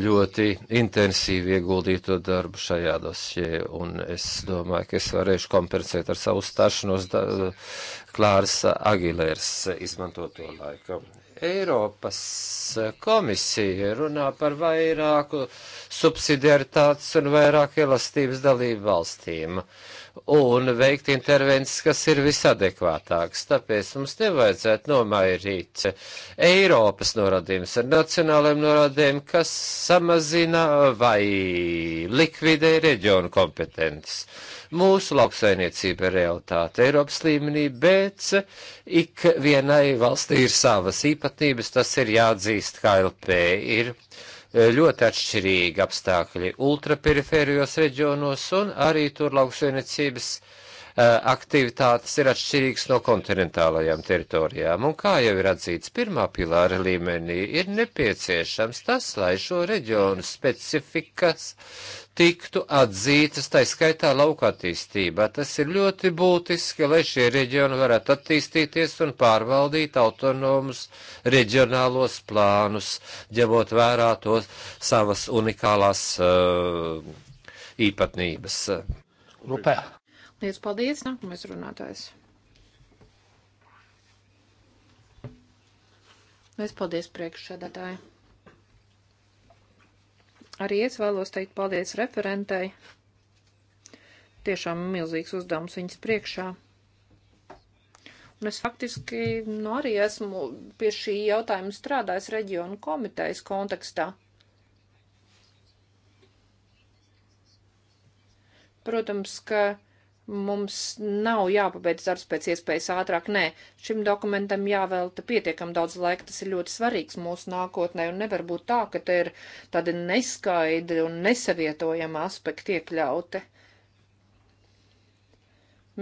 ļoti intensīvi ieguldīto darbu šajā dosjē, un es domāju, ka es varēšu kompensēt ar savu stāšanos Klāras Agilērs izmantoto laiku. Eiropas komisija runā par vairāku subsidiaritātes un vairāk elastības dalību valstīm. Uh, un veikt intervences, kas ir visadekvātākas. Tāpēc mums nevajadzētu nomairīt Eiropas norādījumus ar nacionālajiem norādījumiem, kas samazina vai likvidē reģionu kompetences. Mūsu lauksainiecība ir realitāte Eiropas līmenī, bet ik vienai valstī ir savas īpatnības, tas ir jāatzīst KLP. Ir ļoti atšķirīgi apstākļi ultraperiferijos reģionos un arī tur lauksvienicības eh, aktivitātes ir atšķirīgas no kontinentālajām teritorijām, un kā jau ir atzīts pirmā pilāra līmenī, ir nepieciešams tas, lai šo reģionu specifikas, tiktu atzītas, tā skaitā lauka attīstībā. Tas ir ļoti būtiski, lai šie reģioni varētu attīstīties un pārvaldīt autonomus reģionālos plānus, ņemot vērā to savas unikālās uh, īpatnības. Rupē. Liels paldies, nākamais runātājs. Liels paldies priekšsēdētāji. Arī es vēlos teikt paldies referentei. Tiešām milzīgs uzdevums viņas priekšā. Un es faktiski nu, arī esmu pie šī jautājuma strādājis reģionu komitejas kontekstā. Protams, ka Mums nav jāpabeidz darbs pēc iespējas ātrāk, nē. Šim dokumentam jāvelta pietiekam daudz laika, tas ir ļoti svarīgs mūsu nākotnē, un nevar būt tā, ka te ir tādi neskaidri un nesavietojami aspekti iekļauti.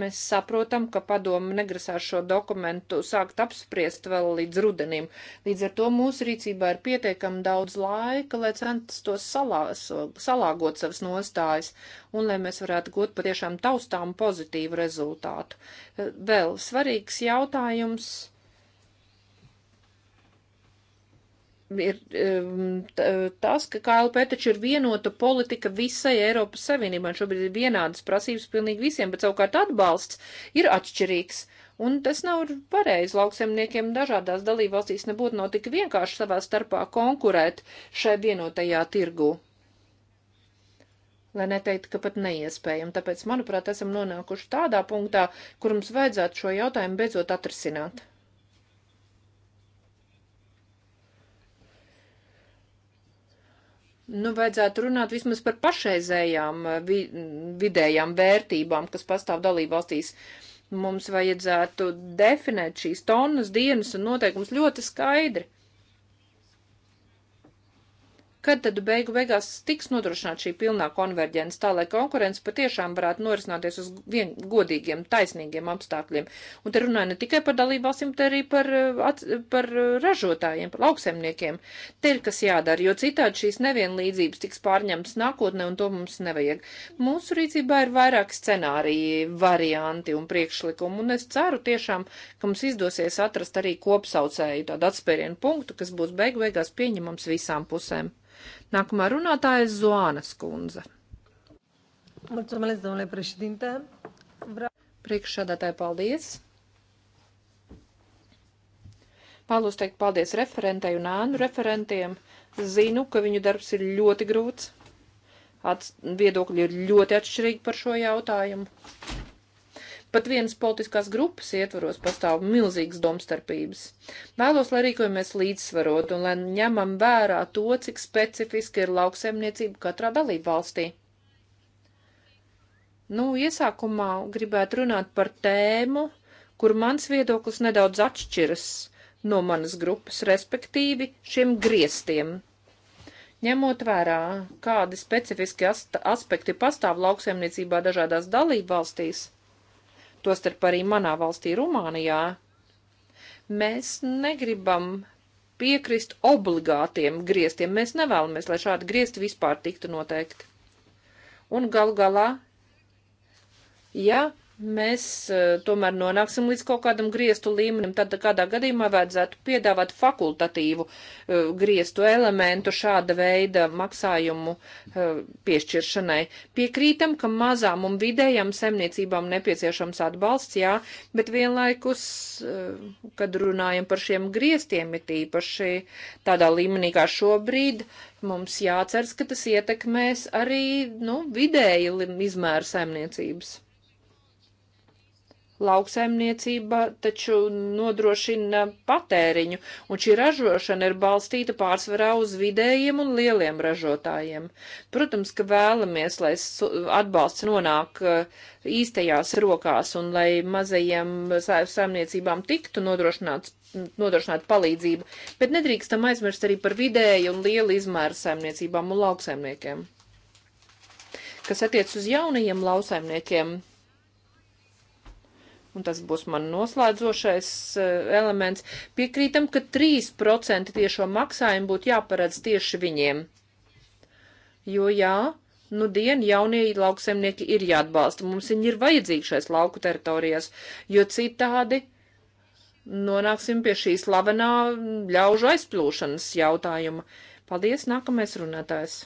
Mēs saprotam, ka padomu negrasās šo dokumentu sākt apspriest vēl līdz rudenim. Līdz ar to mūsu rīcībā ir pietiekami daudz laika, lai censtos salās, salāgot savas nostājas un lai mēs varētu gūt patiešām taustām pozitīvu rezultātu. Vēl svarīgs jautājums ir um, tas, ka KLP taču ir vienota politika visai Eiropas Savienībai. Šobrīd ir vienādas prasības pilnīgi visiem, bet savukārt atbalsts ir atšķirīgs. Un tas nav pareizi. Lauksemniekiem dažādās dalībvalstīs nebūtu nav tik vienkārši savā starpā konkurēt šai vienotajā tirgu. Lai neteiktu, ka pat neiespējami. Tāpēc, manuprāt, esam nonākuši tādā punktā, kur mums vajadzētu šo jautājumu beidzot atrisināt. nu, vajadzētu runāt vismaz par pašreizējām eh, vi, vidējām vērtībām, kas pastāv dalībvalstīs. Mums vajadzētu definēt šīs tonnas dienas un noteikums ļoti skaidri. Kad tad beigu beigās tiks nodrošināta šī pilnā konverģence, tā lai konkurence patiešām varētu norisināties uz vien, godīgiem, taisnīgiem apstākļiem? Un te runāju ne tikai par dalībvalstīm, bet arī par, eh, par ražotājiem, par lauksemniekiem. Te ir kas jādara, jo citādi šīs nevienlīdzības tiks pārņemtas nākotnē, un to mums nevajag. Mūsu rīcībā ir vairāk scenāriju, varianti un priekšlikumi, un es ceru tiešām, ka mums izdosies atrast arī kopsaucēju tādu atspērienu punktu, kas būs beigu beigās pieņemams visām pusēm. Nākamā runātāja Zoānas kundze. Mulțumesc, domnule președinte. Vreau... Priekšsādātāji, paldies. Vēlos teikt paldies referentei un ēnu referentiem. Zinu, ka viņu darbs ir ļoti grūts. At, viedokļi ir ļoti atšķirīgi par šo jautājumu. Pat vienas politiskās grupas ietvaros pastāv milzīgas domstarpības. Vēlos, lai rīkojamies līdzsvarot un lai ņemam vērā to, cik specifiski ir lauksaimniecība katrā dalību valstī. Nu, iesākumā gribētu runāt par tēmu, kur mans viedoklis nedaudz atšķiras no manas grupas, respektīvi šiem griestiem. Ņemot vērā, kādi specifiski aspekti pastāv lauksaimniecībā dažādās dalībvalstīs, tostarp arī manā valstī Rumānijā, mēs negribam piekrist obligātiem griestiem. Mēs nevēlamies, lai šādi griesti vispār tiktu noteikti. Un gal galā, ja mēs uh, tomēr nonāksim līdz kaut kādam griestu līmenim, tad kādā gadījumā vajadzētu piedāvāt fakultatīvu uh, griestu elementu šāda veida maksājumu uh, piešķiršanai. Piekrītam, ka mazām un vidējām saimniecībām nepieciešams atbalsts, jā, bet vienlaikus, kad runājam par šiem griestiem, ir tīpaši tādā līmenī kā šobrīd, mums jāceras, ka tas ietekmēs arī, nu, vidēji izmēru saimniecības. Lauksaimniecība taču nodrošina patēriņu, un šī ražošana ir balstīta pārsvarā uz vidējiem un lieliem ražotājiem. Protams, ka vēlamies, lai atbalsts nonāk eh, īstajās rokās un lai mazajiem saimniecībām tiktu nodrošināts nodrošināt palīdzību, bet nedrīkstam aizmirst arī par vidēju un lielu izmēru saimniecībām un lauksaimniekiem. Kas attiec uz jaunajiem lauksaimniekiem, un tas būs man noslēdzošais eh, elements, piekrītam, ka 3% tiešo maksājumu būtu jāparedz tieši viņiem. Jo jā, nu dien jaunie lauksemnieki ir jāatbalsta, mums viņi ir vajadzīgi šais lauku teritorijās, jo citādi nonāksim pie šī slavenā ļaužu aizplūšanas jautājuma. Paldies, nākamais runātājs.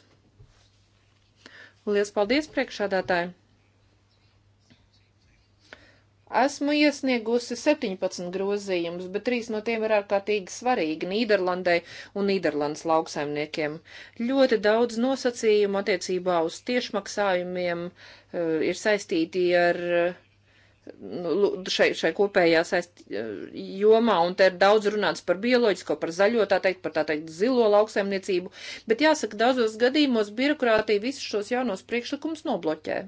Lielas paldies priekšādātājai! Esmu iesniegusi 17 grozījumus, bet trīs no tiem ir ārkārtīgi svarīgi Nīderlandai un Nīderlandes lauksaimniekiem. Ļoti daudz nosacījumu attiecībā uz tiešmaksājumiem eh, ir saistīti ar nu, šai, šai kopējā saist, eh, jomā, un te ir daudz runāts par bioloģisko, par zaļo, tā teikt, par tā teikt zilo lauksaimniecību, bet jāsaka, daudzos gadījumos birokrātija visus šos jaunos priekšlikumus nobloķē.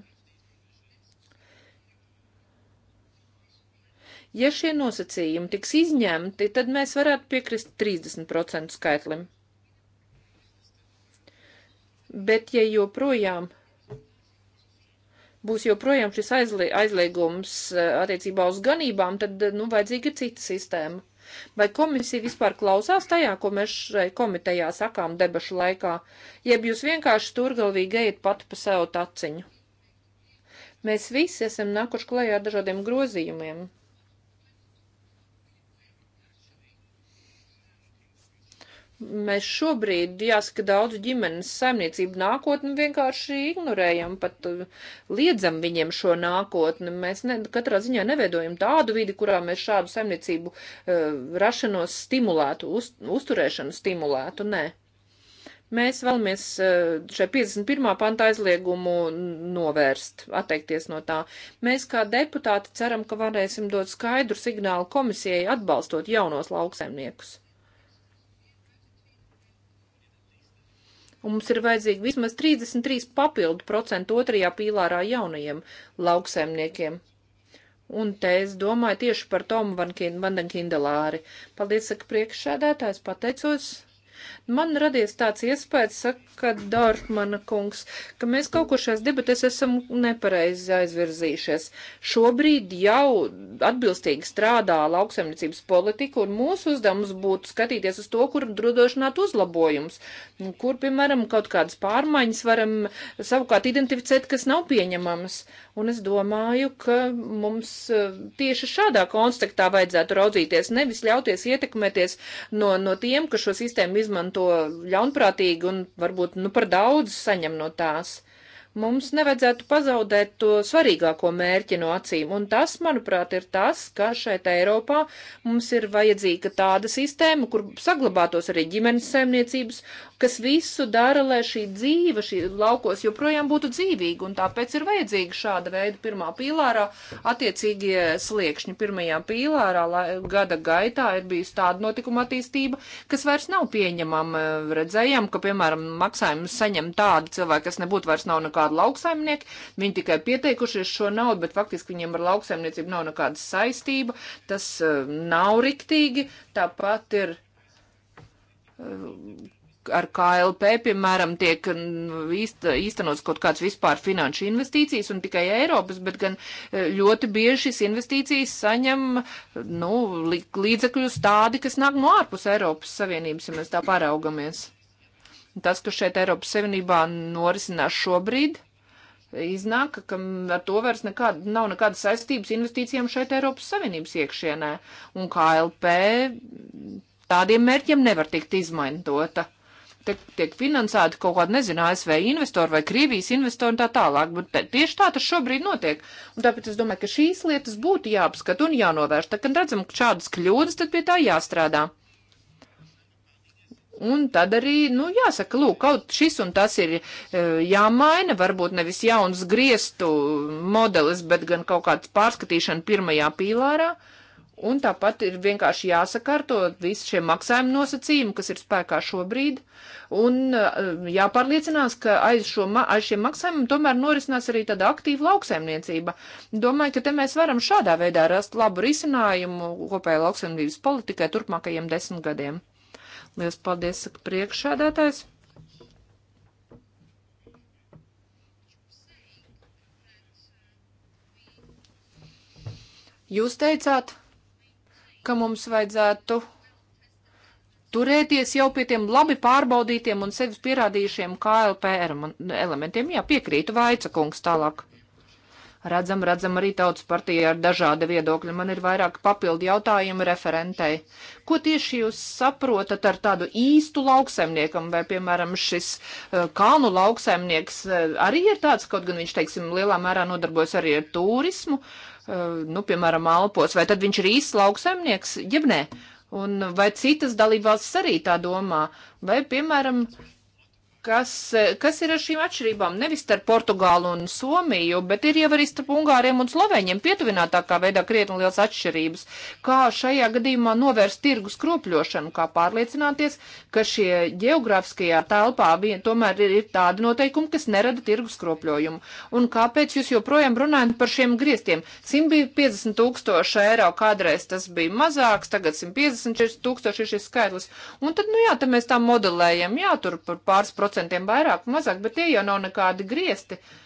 Ja šie nosacījumi tiks izņemti, tad mēs varētu piekrist 30% skaitlim. Bet, ja joprojām būs joprojām šis aizlie, aizliegums eh, attiecībā uz ganībām, tad, eh, nu, vajadzīga ir cita sistēma. Vai komisija vispār klausās tajā, ko mēs šai komitejā sakām debašu laikā, jeb jūs vienkārši turgalvīgi ejat pat pa sev taciņu? Mēs visi esam nākuši klajā dažādiem grozījumiem, Mēs šobrīd, jāsaka, daudz ģimenes saimniecību nākotni vienkārši ignorējam, pat uh, liedzam viņiem šo nākotni. Mēs ne, katrā ziņā neveidojam tādu vidi, kurā mēs šādu saimniecību uh, rašanos stimulētu, uz, uzturēšanu stimulētu, nē mēs vēlamies uh, šai 51. panta aizliegumu novērst, atteikties no tā. Mēs kā deputāti ceram, ka varēsim dot skaidru signālu komisijai atbalstot jaunos lauksaimniekus. un mums ir vajadzīgi vismaz 33 papildu procentu otrajā pīlārā jaunajiem lauksaimniekiem. Un te es domāju tieši par Tomu Vandenkindelāri. Paldies, saka priekšsēdētājs, pateicos Man radies tāds iespējas, saka Dārtmana kungs, ka mēs kaut kur šajās debatēs esam nepareizi aizvirzījušies. Šobrīd jau atbilstīgi strādā lauksaimniecības politika, un mūsu uzdevums būtu skatīties uz to, kur drodošanāt uzlabojums, kur, piemēram, kaut kādas pārmaiņas varam savukārt identificēt, kas nav pieņemamas. Un es domāju, ka mums e, tieši šādā kontekstā vajadzētu raudzīties, nevis ļauties ietekmēties no, no tiem, ka šo sistēmu izmanto izmanto ļaunprātīgi un varbūt nu, par daudz saņem no tās. Mums nevajadzētu pazaudēt to svarīgāko mērķi no acīm, un tas, manuprāt, ir tas, ka šeit Eiropā mums ir vajadzīga tāda sistēma, kur saglabātos arī ģimenes saimniecības kas visu dara, lai šī dzīve šī laukos joprojām būtu dzīvīga, un tāpēc ir vajadzīga šāda veida pirmā pīlārā attiecīgie sliekšņi. Pirmajā pīlārā lai, gada gaitā ir bijusi tāda notikuma attīstība, kas vairs nav pieņemama. Redzējām, ka, piemēram, maksājumus saņem tādi cilvēki, kas nebūtu vairs nav nekādi lauksaimnieki, viņi tikai pieteikušies šo naudu, bet faktiski viņiem ar lauksaimniecību nav nekāda saistība, tas uh, nav riktīgi, tāpat ir uh, ar KLP, piemēram, tiek īsta, īstenots kaut kāds vispār finanšu investīcijas un tikai Eiropas, bet gan e, ļoti bieži šīs investīcijas saņem nu, līdzekļus tādi, kas nāk no ārpus Eiropas Savienības, ja mēs tā paraugamies. Tas, kas šeit Eiropas Savienībā norisinās šobrīd, iznāk, ka ar to vairs nekāda, nav nekādas saistības investīcijām šeit Eiropas Savienības iekšienē. Un KLP tādiem mērķiem nevar tikt izmantota. Uh, tiek, tiek finansēti kaut kādi, nezinu, ASV investori vai Krievijas investori un tā tālāk, bet tā, tieši tā tas šobrīd notiek. Un tāpēc es domāju, ka šīs lietas būtu jāapskata un jānovērš. Tad, kad redzam šādas kļūdas, tad pie tā jāstrādā. Un tad arī, nu, jāsaka, lūk, kaut šis un tas ir e, jāmaina, varbūt nevis jauns griestu modelis, bet gan kaut kāds pārskatīšana pirmajā pīlārā. Uh, Un tāpat ir vienkārši jāsakārto visi šie maksājuma nosacījumi, kas ir spēkā šobrīd, un eh, jāpārliecinās, ka aiz, šo, aiz šiem maksājumiem tomēr norisinās arī tāda aktīva lauksaimniecība. Domāju, ka te mēs varam šādā veidā rast labu risinājumu kopējai lauksaimniecības politikai turpmākajiem desmit gadiem. Lielas paldies, saka priekšādātājs. Jūs teicāt, ka mums vajadzētu turēties jau pie tiem labi pārbaudītiem un sevis pierādījušiem KLP elementiem. Jā, piekrītu Vaica kungs tālāk. Redzam, redzam arī tautas partija ar dažāda viedokļa. Man ir vairāk papildu jautājumu referentei. Ko tieši jūs saprotat ar tādu īstu lauksaimniekam, vai, piemēram, šis uh, kalnu lauksaimnieks uh, arī ir tāds, kaut gan viņš, teiksim, lielā mērā nodarbojas arī ar turismu, uh, Eh, nu, piemēram, alpos, vai tad viņš ir īsts lauksaimnieks, jeb nē. Un vai citas dalībvalstis arī tā domā? Vai, piemēram, Kas, kas ir ar šīm atšķirībām? Nevis starp Portugālu un Somiju, bet ir jau arī starp Ungāriem un Sloveņiem pietuvinātākā veidā krietni liels atšķirības. Kā šajā gadījumā novērst tirgus kropļošanu, kā pārliecināties, ka šie geogrāfiskajā telpā vien, tomēr ir, ir tādi noteikumi, kas nerada tirgus kropļojumu. Un kāpēc jūs joprojām runājat par šiem griestiem? 150 tūkstoši eiro kādreiz tas bija mazāks, tagad 150 tūkstoši ir šis skaitlis. Un tad, nu jā, tad mēs tā modelējam, jā, tur par pāris procentu procentiem vairāk, mazāk, bet tie jau nav nekādi griesti. Uh,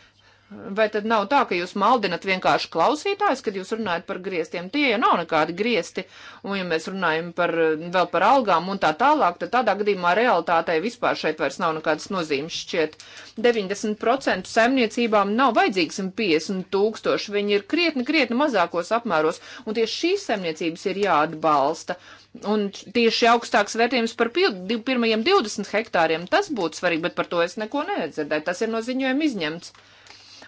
Vai tad nav tā, ka jūs maldinat vienkārši klausītājs, kad jūs runājat par griestiem? Tie jau nav nekādi griesti, un ja mēs runājam par, vēl par algām un tā tālāk, tad tādā gadījumā realitātei vispār šeit vairs nav nekādas nozīmes šķiet. 90% saimniecībām nav vajadzīgs 150 tūkstoši, viņi ir krietni, krietni mazākos apmēros, un tieši šīs saimniecības ir jāatbalsta. Un tieši augstāks vērtējums par pirmajiem 20 hektāriem, tas būtu svarīgi, bet par to es neko nedzirdēju. Tas ir no ziņojuma izņemts.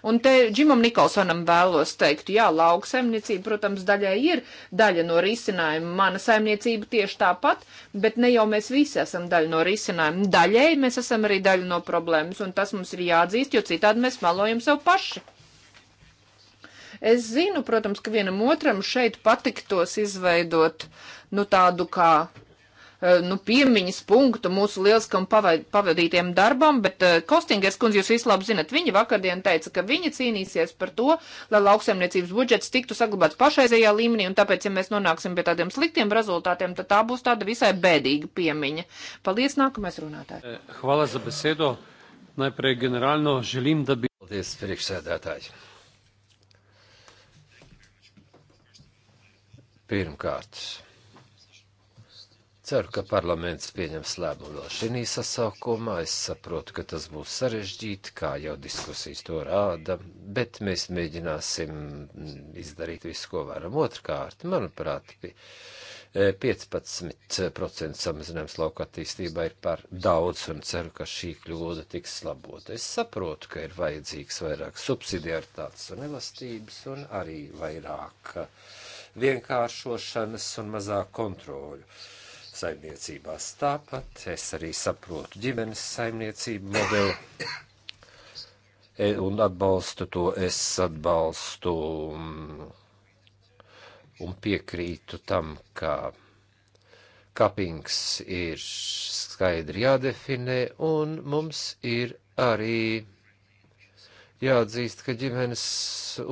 Un te Džimam Nikolsonam vēlos teikt, jā, lauksaimniecība, protams, daļai ir daļa no risinājuma. Mana saimniecība tieši tāpat, bet ne jau mēs visi esam daļa no risinājuma. Daļai mēs esam arī daļa no problēmas, un tas mums ir jāatzīst, jo citādi mēs malojam sev paši. Es zinu, protams, ka vienam otram šeit patiktos izveidot, nu, tādu kā Eh, nu, piemiņas punktu mūsu lieliskam pavadītiem darbam, bet eh, Kostingers kundze jūs visu labi zinat, viņa vakardien teica, ka viņa cīnīsies par to, lai lauksaimniecības budžets tiktu saglabāts pašreizējā līmenī, un tāpēc, ja mēs nonāksim pie tādiem sliktiem rezultātiem, tad tā būs tāda visai bēdīga piemiņa. Paldies, nākamais runātājs. Eh, hvala za besedo. Najprej generalno želim, da bi. Paldies, priekšsēdētāji. Pirmkārt. Ceru, ka parlaments pieņems lēmumu vēl šī sasaukumā. Es saprotu, ka tas būs sarežģīti, kā jau diskusijas to rāda, bet mēs mēģināsim izdarīt visu, ko varam. Otrkārt, manuprāt, 15% e, samazinājums lauka attīstībā ir par daudz, un ceru, ka šī kļūda tiks labota. Es saprotu, ka ir vajadzīgs vairāk subsidiaritātes un elastības, un arī vairāk vienkāršošanas un mazāk kontroļu saimniecībās. Tāpat es arī saprotu ģimenes saimniecību modeli. E, un atbalstu to, es atbalstu um, un piekrītu tam, ka kapings ir skaidri jādefinē, un mums ir arī jāatzīst, ka ģimenes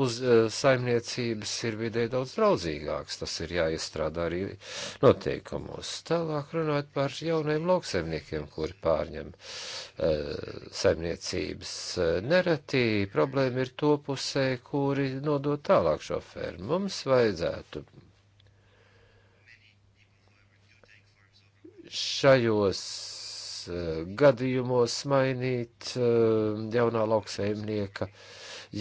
uz, eh, saimniecības ir vidē daudz draudzīgāks. Tas ir jāiestrādā arī noteikumos. Tālāk runājot par jauniem lauksaimniekiem, kuri pārņem uh, saimniecības. Nereti problēma ir to pusē, kuri nodot tālāk šo fermu. Mums vajadzētu šajos Eh, gadījumos mainīt eh, jaunā lauksaimnieka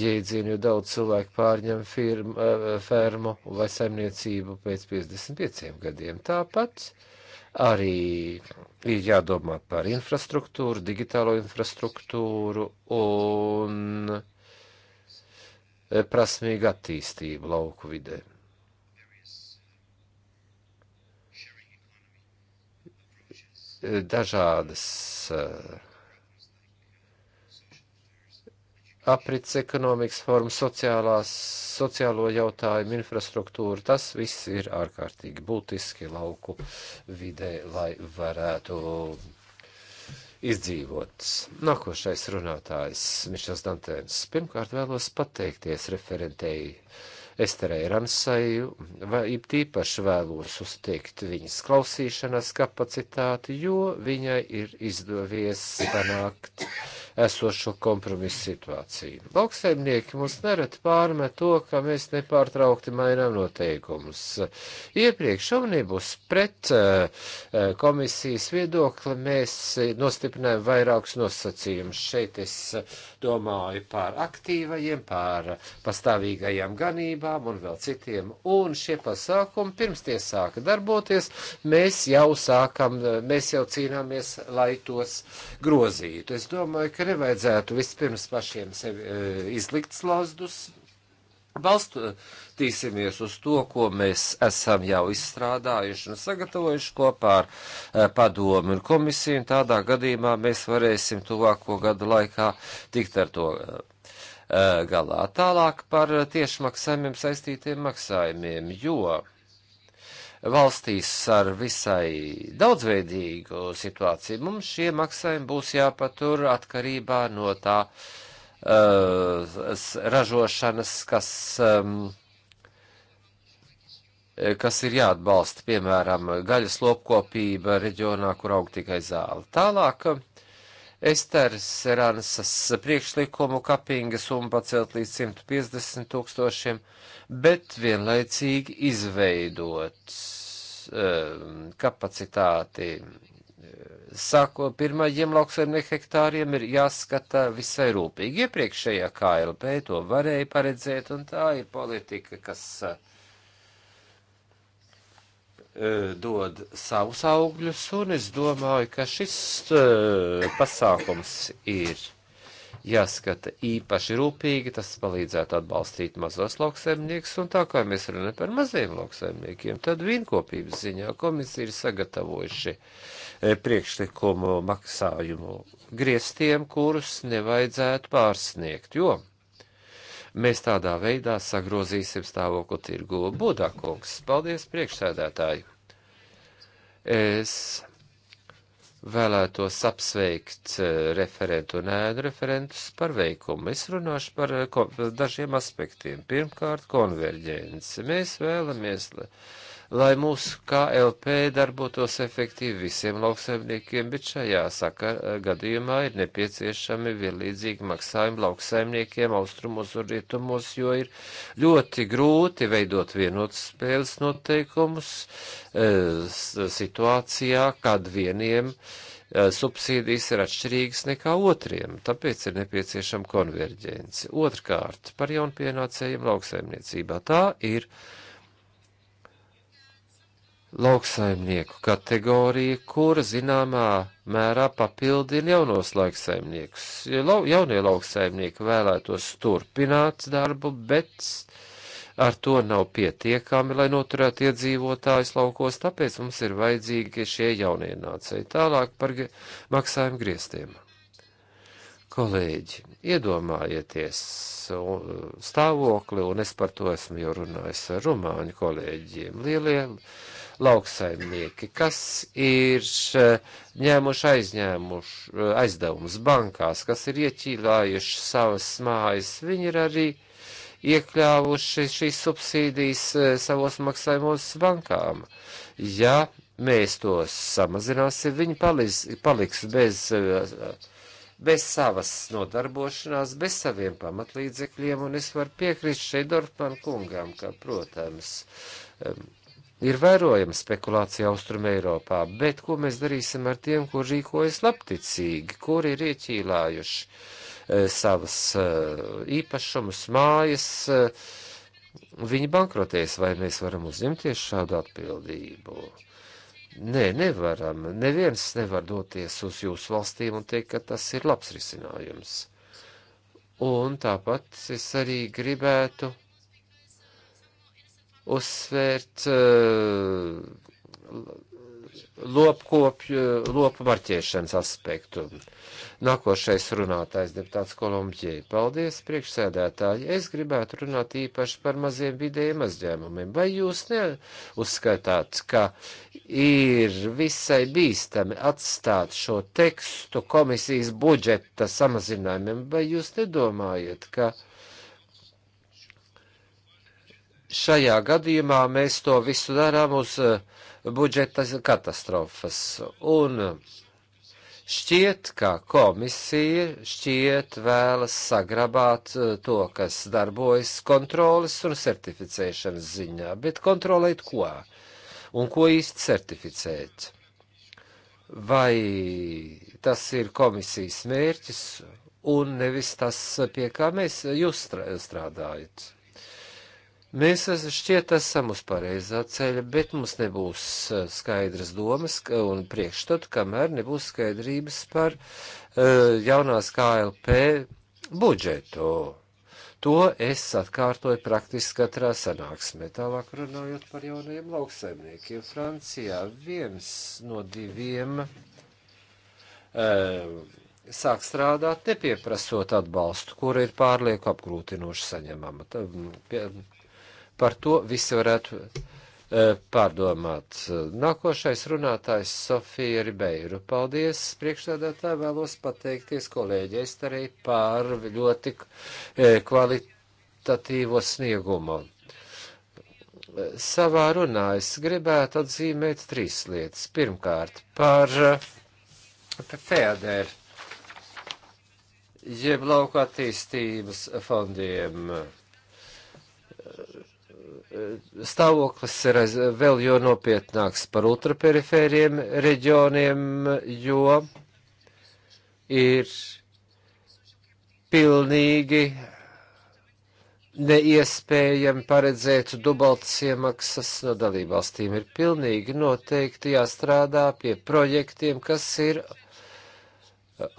jēdzienu, jo daudz cilvēku pārņem firmu, eh, fermu vai saimniecību pēc 55 gadiem. Tāpat arī ir jādomā par infrastruktūru, digitālo infrastruktūru un prasmīgu attīstību lauku vidēm. dažādas eh, aprits ekonomikas formas, sociālās, sociālo jautājumu, infrastruktūru. Tas viss ir ārkārtīgi būtiski lauku vidē, lai varētu izdzīvots. Nākošais runātājs Mišels Dantēns. Pirmkārt vēlos pateikties referentēji Esterei Ramsai, vai tīpaši vēlos uzteikt viņas klausīšanas kapacitāti, jo viņai ir izdevies panākt esošo kompromisu situāciju. Lauksaimnieki mums nereti pārmet to, ka mēs nepārtraukti mainām noteikumus. Iepriekš omnibus pret eh, eh, komisijas viedokli mēs nostiprinājām vairākus nosacījumus. Šeit es domāju par aktīvajiem, par pastāvīgajām ganībām un vēl citiem. Un šie pasākumi pirms tie sāka darboties, mēs jau sākam, eh, mēs jau cīnāmies, lai tos grozītu. Es domāju, ka nevajadzētu vispirms pašiem sevi e, izlikt slazdus. Balstīsimies uz to, ko mēs esam jau izstrādājuši un sagatavojuši kopā ar e, padomu un komisiju, un tādā gadījumā mēs varēsim tuvāko gadu laikā tikt ar to e, e galā. Tālāk par tiešmaksājumiem saistītiem maksājumiem, jo valstīs ar visai daudzveidīgu situāciju, mums šie maksājumi būs jāpatur atkarībā no tā uh, ražošanas, kas, um, kas ir jāatbalsta, piemēram, gaļas lopkopība reģionā, kur aug tikai zāle. Tālāk. Uh, Esters Ransas priekšlikumu kapinga summa pacelt līdz 150 tūkstošiem, bet vienlaicīgi izveidot um, ehm, kapacitāti. Ehm, sako, pirmajiem lauksaimnieku hektāriem ir jāskata visai rūpīgi. Iepriekšējā KLP to varēja paredzēt, un tā ir politika, kas uh, Eh, dod savus augļus, un es domāju, ka šis eh, pasākums ir jāskata īpaši rūpīgi, tas palīdzētu atbalstīt mazos lauksaimniekus, un tā kā mēs runājam par maziem lauksaimniekiem, tad vīnkopības ziņā komisija ir sagatavojuši eh, priekšlikumu maksājumu griestiem, kurus nevajadzētu pārsniegt, jo Mēs tādā veidā sagrozīsim stāvokli tirgu. Budakungs, paldies priekšsēdētāji! Es vēlētos apsveikt eh, referentu un ēdu referentus par veikumu. Es runāšu par eh, dažiem aspektiem. Pirmkārt, konverģence. Mēs vēlamies, lai lai mūsu KLP darbotos efektīvi visiem lauksaimniekiem, bet šajā saka, eh, gadījumā ir nepieciešami vienlīdzīgi maksājumi lauksaimniekiem austrumos un rietumos, jo ir ļoti grūti veidot vienotas spēles noteikumus eh, situācijā, kad vieniem eh, subsīdijas ir atšķirīgas nekā otriem, tāpēc ir nepieciešama konverģence. Otrkārt, par jaunpienācējiem lauksaimniecībā tā ir lauksaimnieku kategorija, kura zināmā mērā papildina jaunos lauksaimniekus. Jaunie lauksaimnieki vēlētos turpināt darbu, bet ar to nav pietiekami, lai noturētu iedzīvotājus laukos, tāpēc mums ir vajadzīgi šie jaunienācēji. Tālāk par maksājumu griestiem. Kolēģi, iedomājieties stāvokli, un es par to esmu jau runājis ar rumāņu kolēģiem. Lielie lauksaimnieki, kas ir eh, ņēmuši aizņēmuši eh, aizdevumus bankās, kas ir ieķīlājuši savas mājas, viņi ir arī iekļāvuši šīs subsīdijas eh, savos maksājumos bankām. Ja mēs tos samazināsim, viņi paliks, paliks bez, bez savas nodarbošanās, bez saviem pamatlīdzekļiem, un es varu piekrist šeit Dorfman kungam, ka, protams, um, Ir vērojama spekulācija Austrum Eiropā, bet ko mēs darīsim ar tiem, kur rīkojas labticīgi, kuri ir ieķīlājuši e, savas e, īpašumus, mājas, e, viņi bankrotēs, vai mēs varam uzņemties šādu atbildību? Nē, nevaram. Neviens nevar doties uz jūsu valstīm un teikt, ka tas ir labs risinājums. Un tāpat es arī gribētu uzsvērt eh, lopkopju, lopu marķēšanas aspektu. Nākošais runātājs deputāts Kolumbijai. Paldies, priekšsēdētāji. Es gribētu runāt īpaši par maziem vidējiem aizņēmumiem. Vai jūs neuzskatāt, ka ir visai bīstami atstāt šo tekstu komisijas budžeta samazinājumiem? Vai jūs nedomājat, ka šajā gadījumā mēs to visu darām uz eh, budžeta katastrofas. Un eh, šķiet, ka komisija šķiet vēlas sagrabāt eh, to, kas darbojas kontrolas un certificēšanas ziņā, bet kontrolēt ko? Un ko īsti certificēt? Vai tas ir komisijas mērķis un nevis tas, pie kā mēs jūs strādājat? Mēs šķiet esam uz pareizā ceļa, bet mums nebūs eh, skaidras domas un priekšstatu, kamēr nebūs skaidrības par uh, jaunās KLP budžetu. To es atkārtoju praktiski katrā sanāksmē. Tālāk runājot par jaunajiem lauksaimniekiem. Francijā viens no diviem uh, sāk strādāt, nepieprasot atbalstu, kura ir pārlieku apgrūtinoši saņemama. Tā, mm, pie, par to visi varētu e, pārdomāt. Nākošais runātājs Sofija Ribeiru. Paldies, priekšsēdētāji, vēlos pateikties kolēģi Esterei par ļoti e, kvalitatīvo sniegumu. Savā runā es gribētu atzīmēt trīs lietas. Pirmkārt, par FEADER, jeb lauka attīstības fondiem stāvoklis ir vēl jo nopietnāks par ultraperifēriem reģioniem, jo ir pilnīgi neiespējami paredzēt dubaltas iemaksas no dalībvalstīm. Ir pilnīgi noteikti jāstrādā pie projektiem, kas ir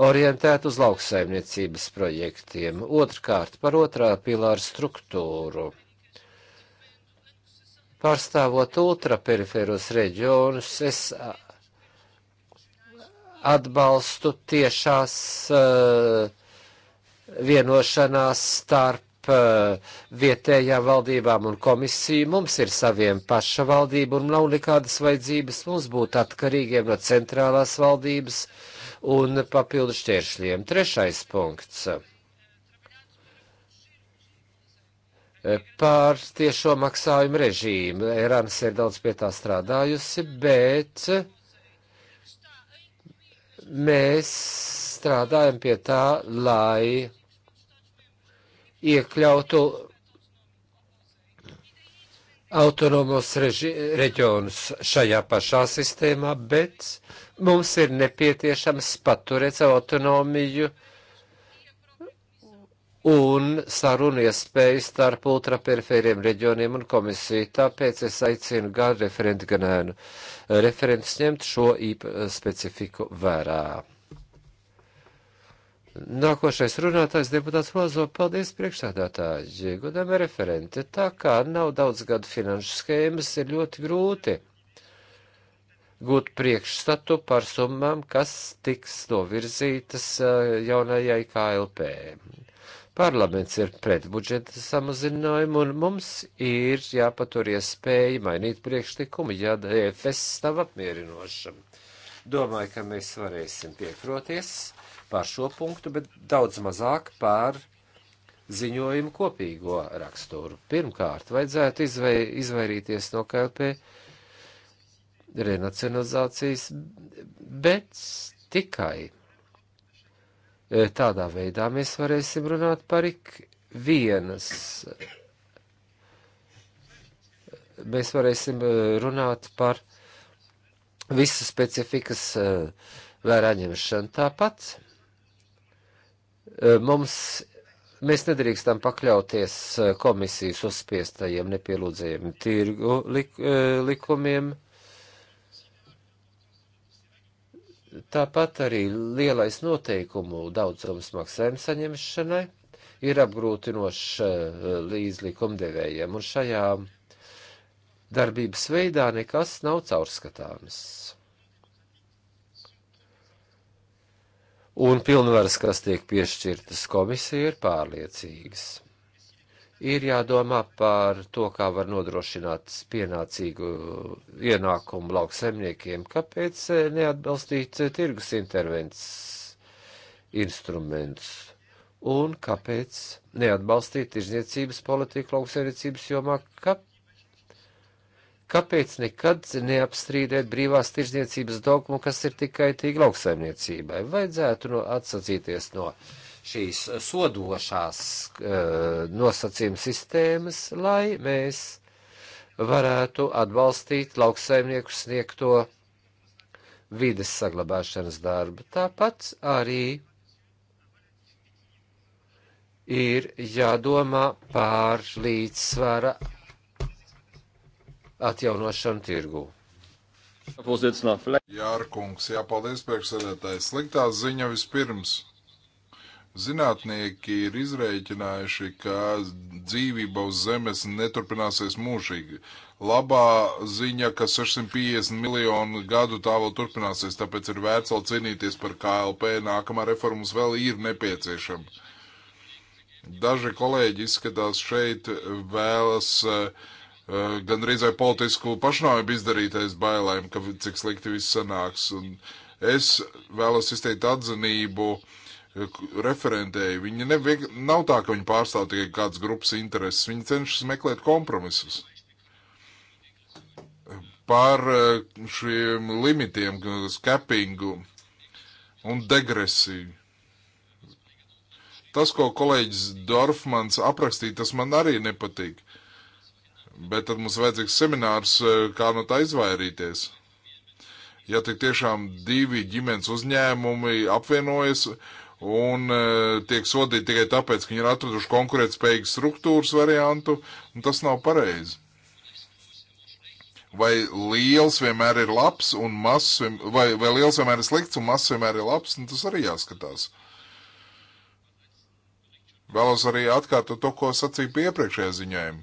orientēti uz lauksaimniecības projektiem. Otrkārt, par otrā pilāra struktūru. Pārstāvot ultraperiferos reģionus, es atbalstu tiešās uh, vienošanās starp uh, vietējām valdībām un komisiju. Mums ir saviem paša valdība un nav nekādas vajadzības mums būt atkarīgiem no centrālās valdības un papildu šķēršļiem. Trešais punkts. Uh, Eh, pār tiešo maksājumu režīmu. Erāns ir daudz pie tā strādājusi, bet eh, mēs strādājam pie tā, lai iekļautu autonomos reži, reģionus šajā pašā sistēmā, bet mums ir nepieciešams paturēt savu autonomiju uh, un sarunu iespēju starp ultraperifēriem reģioniem un komisiju. Tāpēc es aicinu gan referenti, gan ēnu referents ņemt šo īpa specifiku vērā. Nākošais runātājs deputāts Lozo, paldies priekšsādātāji, godam referenti. Tā kā nav daudz gadu finanšu schēmas, ir ļoti grūti gūt priekšstatu par summām, kas tiks novirzītas jaunajai KLP. Parlaments ir pret budžeta samazinājumu, un mums ir jāpatur iespēja mainīt priekšlikumu, ja DFS nav apmierinoša. Domāju, ka mēs varēsim piekroties par šo punktu, bet daudz mazāk par ziņojumu kopīgo raksturu. Pirmkārt, vajadzētu izvai, izvairīties no KLP renacionalizācijas, bet tikai Eh, tādā veidā mēs varēsim runāt par ik vienas. Mēs varēsim eh, runāt par visu specifikas eh, vērā ņemšanu. Tāpat mums mēs nedrīkstam pakļauties komisijas uzspiestajiem nepielūdzējiem tirgu lik, likumiem. Tāpat arī lielais noteikumu daudzums maksājuma saņemšanai ir apgrūtinošs eh, līdz likumdevējiem, un šajā darbības veidā nekas nav caurskatāms. Un pilnvaras, kas tiek piešķirtas komisija, ir pārliecīgas ir jādomā par to, kā var nodrošināt pienācīgu ienākumu lauksemniekiem, kāpēc eh, neatbalstīt eh, tirgus intervences instrumentus un kāpēc neatbalstīt tirzniecības politiku lauksemniecības jomā, kāpēc. Kāpēc nekad neapstrīdēt brīvās tirzniecības dogmu, kas ir tikai tīk lauksaimniecībai? Vajadzētu no, atsacīties no uh, šīs sodošās eh, nosacījuma sistēmas, lai mēs varētu atbalstīt lauksaimnieku sniegto vides saglabāšanas darbu. Tāpat arī ir jādomā pār līdzsvara atjaunošanu tirgū. Jārkungs, jāpaldies priekšsēdētājs. Sliktā ziņa vispirms Zinātnieki ir izrēķinājuši, ka dzīvība uz Zemes neturpināsies mūžīgi. Labā ziņa, ka 650 miljonu gadu tā vēl turpināsies, tāpēc ir vērts vēl cīnīties par KLP. Nākamā reforma mums vēl ir nepieciešama. Daži kolēģi izskatās šeit vēlas uh, Uh, gandrīz vai politisku pašnāvību izdarītais bailēm, ka cik slikti viss sanāks. Un es vēlos izteikt atzinību referentēji, viņi neviek, nav tā, ka viņi pārstāv tikai kādas grupas intereses, viņi cenšas meklēt kompromisus par eh, šiem limitiem, skepingu un degresiju. Tas, ko kolēģis Dorfmans aprakstīja, tas man arī nepatīk. Bet tad mums vajadzīgs seminārs, eh, kā no tā izvairīties ja tik tiešām divi ģimenes uzņēmumi apvienojas un e, tiek sodīti tikai tāpēc, ka viņi ir atraduši konkurētspējīgu struktūras variantu, un tas nav pareizi. Vai liels vienmēr ir labs un mazs, vai, vai liels vienmēr ir slikts un mazs vienmēr ir labs, un nu, tas arī jāskatās. Vēlos arī atkārtot to, ko sacīju pie iepriekšējā ziņojuma.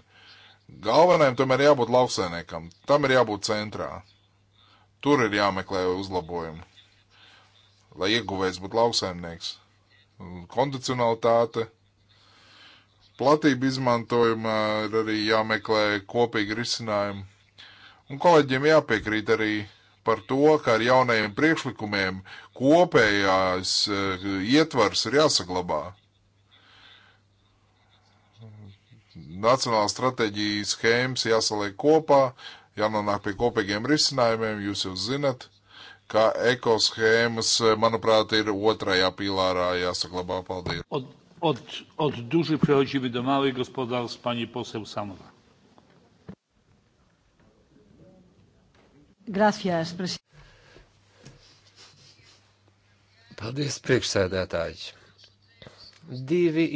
Galvenajam tomēr jābūt lauksainiekam, tam ir jābūt centrā. Tur ir jāmeklē uzlabojumi, lai ieguvējs būtu lauksaimnieks kondicionalitāte. Platība izmantojumā ir arī jāmeklē kopīgi risinājumi. Un kolēģiem jāpiekrīt arī par to, ka ar jaunajiem priekšlikumiem kopējās eh, ietvars ir jāsaglabā. Nacionāla stratēģija schēmas jāsaliek kopā, jānonāk pie kopīgiem risinājumiem, jūs jau zinat ka ekoshēmas, eh, manuprāt, ir otrajā pīlārā jāsaglabā. Paldies! Od, od, od duži prehodzimy do małych gospodarstw, pani poseł Sanowa. Gracias, presidente. Paldies, priekšsēdētāji. Divi,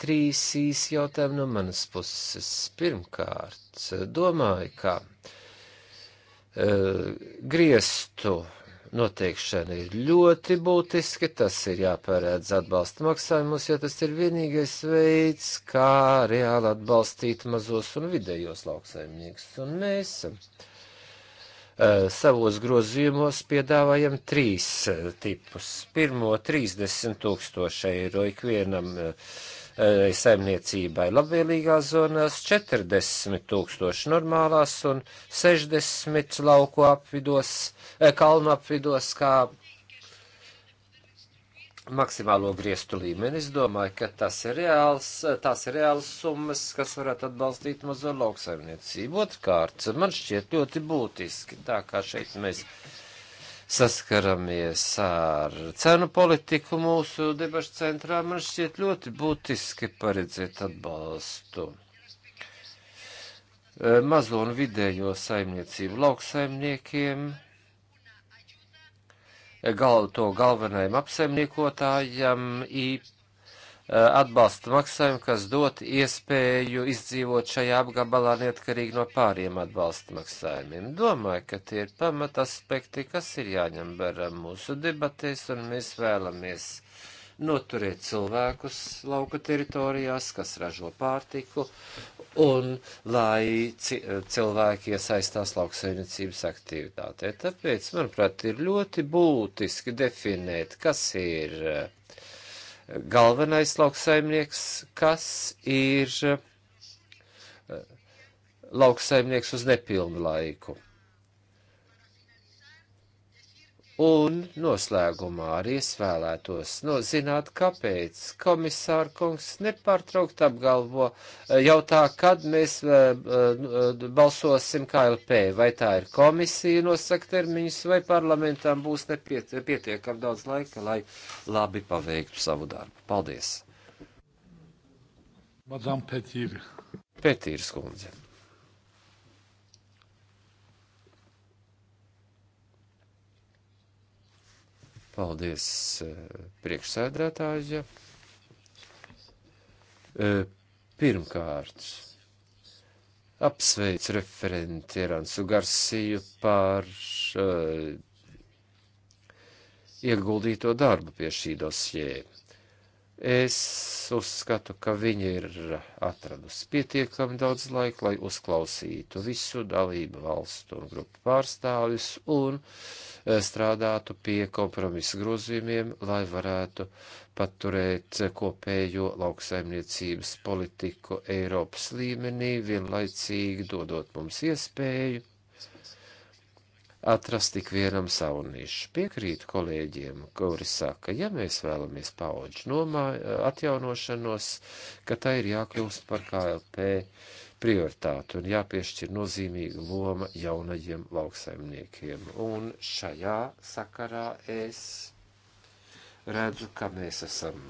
trīs īsi jautājumi no manas puses. Pirmkārt, domāju, ka uh, griestu uh, noteikšana ir ļoti būtiski, tas ir jāpērēdz atbalsta maksājumus, jo tas ir vienīgais veids, kā reāli atbalstīt mazos un vidējos lauksaimniekus. Un mēs uh, savos grozījumos piedāvājam trīs eh, tipus. Pirmo 30 tūkstoši eiro ikvienam. Uh, Eh, saimniecībai labvēlīgās zonās, 40 tūkstoši normālās un 60 lauku apvidos, eh, kalnu apvidos, kā maksimālo griestu līmeni. Es domāju, ka tas ir reāls, tās ir reāls summas, kas varētu atbalstīt mazo lauksaimniecību. Otrkārt, man šķiet ļoti būtiski, tā kā šeit mēs. Uh, saskaramies ar cenu politiku mūsu debašu centrā, man šķiet ļoti būtiski paredzēt atbalstu e, mazo un vidējo saimniecību lauksaimniekiem, e, gal, to galvenajam apsaimniekotājam, īpaši Eh, atbalsta maksājumu, kas dot iespēju izdzīvot šajā apgabalā neatkarīgi no pāriem atbalsta maksājumiem. Domāju, ka tie ir pamata aspekti, kas ir jāņem vērā mūsu debatēs, un mēs vēlamies noturēt cilvēkus lauka teritorijās, kas ražo pārtiku, un lai eh, cilvēki iesaistās lauksainicības aktivitātē. Tāpēc, manuprāt, ir ļoti būtiski definēt, kas ir uh, galvenais lauksaimnieks, kas ir eh, lauksaimnieks uz nepilnu laiku. Un noslēgumā arī es vēlētos nozināt, kāpēc komisāra kungs nepārtraukt apgalvo eh, jautā, kad mēs eh, eh, nu, balsosim KLP, vai tā ir komisija nosaka termiņus, vai parlamentam būs nepietiekam daudz laika, lai labi paveiktu savu darbu. Paldies! Madame Petīra. Petīra skundze. Paldies, eh, priekšsēdētāja. Eh, pirmkārt, apsveic referenti Eransu Garsiju par uh, ieguldīto darbu pie šī dosjē. Es uzskatu, ka viņa ir atradusi pietiekami daudz laika, lai uzklausītu visu dalību valstu un grupu pārstāvjus un e, strādātu pie kompromisa grozījumiem, lai varētu paturēt kopējo lauksaimniecības politiku Eiropas līmenī, vienlaicīgi dodot mums iespēju atrast tik vienam savu nišu. Piekrītu kolēģiem, kuri saka, ja mēs vēlamies paudžu nomā atjaunošanos, ka tā ir jākļūst par KLP prioritāti un jāpiešķir nozīmīga loma jaunajiem lauksaimniekiem. Un šajā sakarā es redzu, ka mēs esam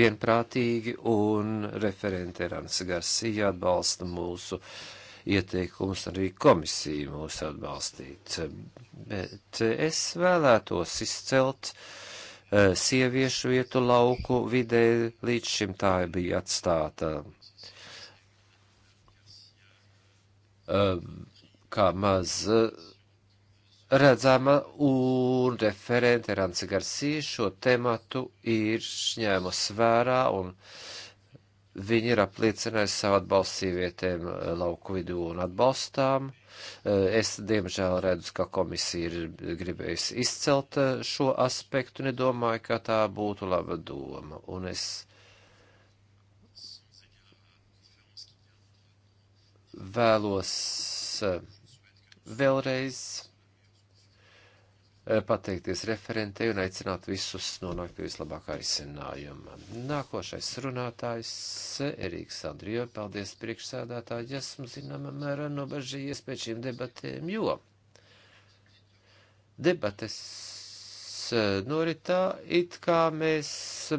vienprātīgi un referente Rans Garcija atbalsta mūsu uh, ieteikumus arī komisiju mūs atbalstīt. Bet es vēlētos izcelt eh, sieviešu vietu lauku vidē, līdz šim tā bija atstāta. Ehm, kā maz eh, redzama un referente Ranci Garsī šo tematu ir ņēmusi vērā un uh, Viņi ir apliecinājuši savu atbalstu sievietēm eh, lauku vidū un atbalstām. Eh, es, diemžēl, redzu, ka komisija ir gribējusi izcelt eh, šo aspektu, nedomāju, ka tā būtu laba doma. Un es vēlos vēlreiz Eh, pateikties referentei un aicināt visus nonākt pie vislabākā risinājuma. Nākošais runātājs eh, Erīks Andrijo, paldies priekšsēdētāji, esmu zināmā mērā nobežījies pēc šīm debatēm, jo debates Eh, noritā, it kā mēs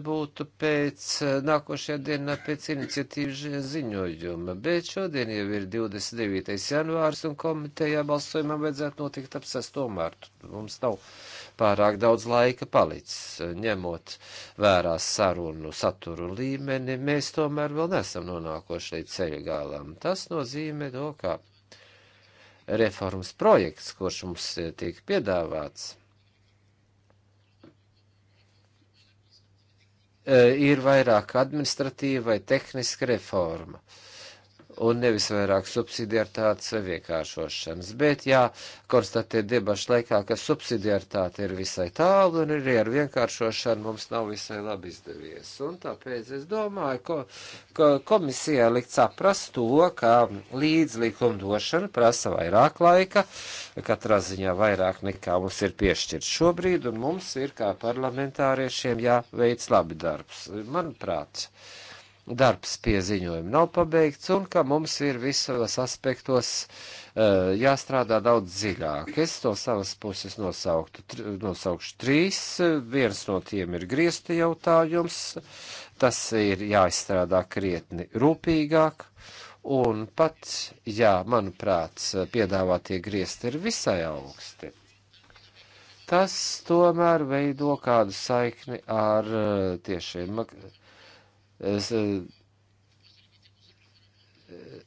būtu pēc eh, nākošajā dienā pēc iniciatīvas ziņojuma, bet šodien jau ir 29. janvārs un komitejā balsojumam vajadzētu notikt ap 6. martu. Mums nav pārāk daudz laika palicis, eh, ņemot vērā sarunu saturu līmeni, mēs tomēr vēl nesam nonākoši līdz ceļa galam. Tas nozīmē to, ka reformas projekts, kurš mums tiek piedāvāts, Eh, ir vairāk administratīva vai tehniska reforma un nevis vairāk subsidiartātes vai vienkāršošanas. Bet jākonstatē debašu laikā, ka subsidiartāte ir visai tālu un arī ar vienkāršošanu mums nav visai labi izdevies. Un tāpēc es domāju, ka ko, ko komisijā likt saprast to, ka līdzlikumdošana prasa vairāk laika, katrā ziņā vairāk nekā mums ir piešķirts šobrīd, un mums ir kā parlamentāriešiem jāveic labi darbs. Manuprāt, uh, darbs pie ziņojuma nav pabeigts un ka mums ir visos aspektos uh, jāstrādā daudz dziļāk. Es no savas puses nosauktu, tr nosaukšu trīs. Viens no tiem ir griezti jautājums. Tas ir jāizstrādā krietni rūpīgāk. Un pat, jā, manuprāt, piedāvātie griezti ir visai augsti. Tas tomēr veido kādu saikni ar uh, tiešiem maksājumiem Eh, eh,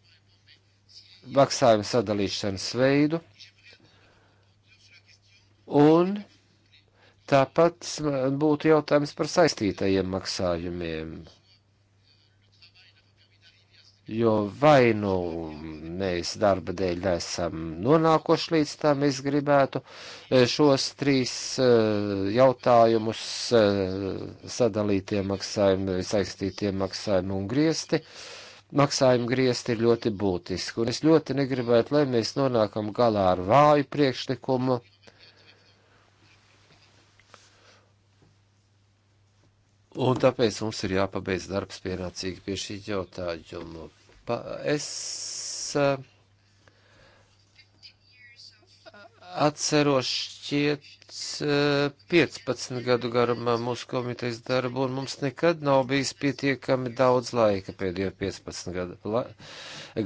maksājumu sadalīšanas veidu. Un tāpat būtu jautājums par saistītajiem maksājumiem jo vai nu mēs darba dēļ neesam nonākuši līdz tam, es gribētu eh, šos trīs eh, jautājumus eh, sadalītie maksājumi, saistītie maksājumi un griesti. Maksājumi griesti ir ļoti būtiski, un es ļoti negribētu, lai mēs nonākam galā ar vāju priekšlikumu. Un tāpēc mums ir jāpabeidz darbs pienācīgi pie šī jautājuma. Es eh, atceros šķiet 15 eh, gadu garumā mūsu komitejas darbu, un mums nekad nav bijis pietiekami daudz laika pēdējo 15 gadu la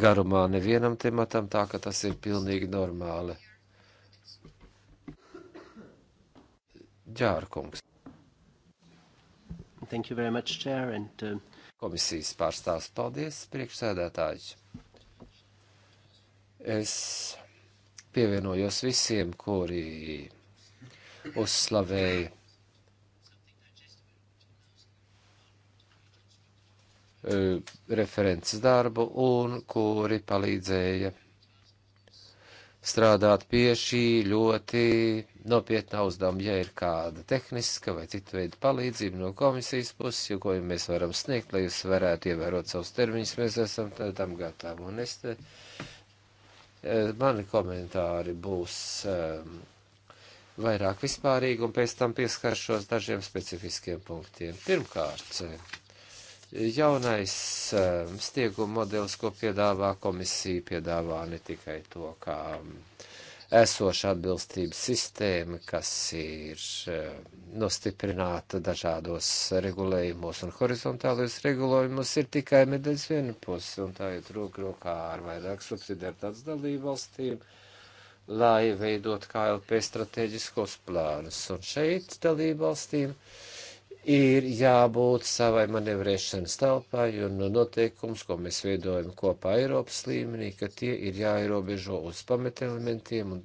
garumā nevienam tematam, tā ka tas ir pilnīgi normāli. Ģērkungs. Thank you very much, Chair, and uh, komisijas pārstāvs. Paldies, priekšsēdētāji! Es pievienojos visiem, kuri uzslavēja referents darbu un kuri palīdzēja strādāt pie šī ļoti nopietnā uzdevuma, ja ir kāda tehniska vai citu veidu palīdzība no komisijas puses, jo ko mēs varam sniegt, lai jūs varētu ievērot savus termiņus, mēs esam tam gatavi. Un es te, e, mani komentāri būs um, vairāk vispārīgi un pēc tam pieskaršos dažiem specifiskiem punktiem. Pirmkārt, Jaunais eh, stieguma modelis, ko piedāvā komisija, piedāvā ne tikai to, kā mm, esoša atbilstības sistēma, kas ir eh, nostiprināta dažādos regulējumos un horizontālajos regulējumos, ir tikai medaļas viena puse, un tā iet roku rokā ar vairāk subsidiaritātes dalību valstīm, lai veidot KLP strateģiskos plānus. Un šeit dalību valstīm. Uh, ir jābūt savai manevrēšanas telpai un noteikums, ko mēs veidojam kopā Eiropas līmenī, ka tie ir jāierobežo uz pamatelementiem un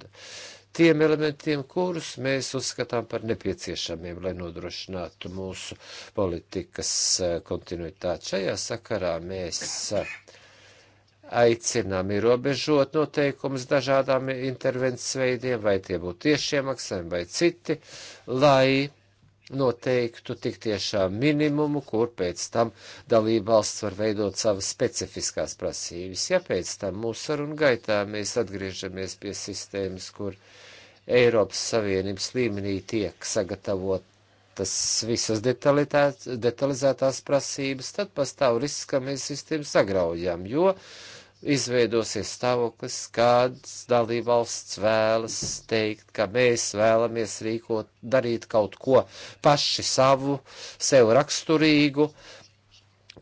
tiem elementiem, kurus mēs uzskatām par nepieciešamiem, lai nodrošinātu mūsu politikas eh, kontinuitāti. Šajā sakarā mēs eh, aicinām ierobežot noteikumus dažādām intervences veidiem, vai tie būtu tiešie maksājumi vai citi, lai noteiktu tik tiešām minimumu, kur pēc tam dalībvalsts var veidot savas specifiskās prasības. Ja pēc tam mūsu sarunu gaitā mēs atgriežamies pie sistēmas, kur Eiropas Savienības līmenī tiek sagatavotas visas detalizētās prasības, tad pastāv risks, ka mēs sistēmu sagraujam, jo uh, izveidosies stāvoklis, kāds dalībvalsts vēlas teikt, ka mēs vēlamies rīkot, darīt kaut ko paši savu, sev raksturīgu, uh,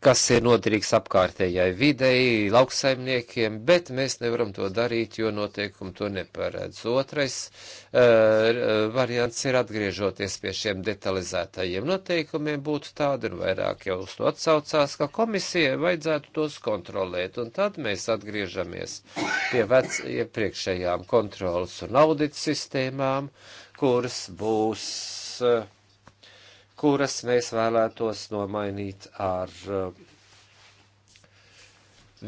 kas ir noderīgs apkārtējai videi, lauksaimniekiem, bet mēs nevaram to darīt, jo noteikumi to neparedz. Otrais uh, variants ir atgriežoties pie šiem detalizētajiem noteikumiem, būtu tāda un nu, vairāk jau uz to atsaucās, ka komisijai vajadzētu tos kontrolēt, un tad mēs atgriežamies pie vec iepriekšējām kontrolas un audits sistēmām, kuras būs. Uh, kuras mēs vēlētos nomainīt ar eh,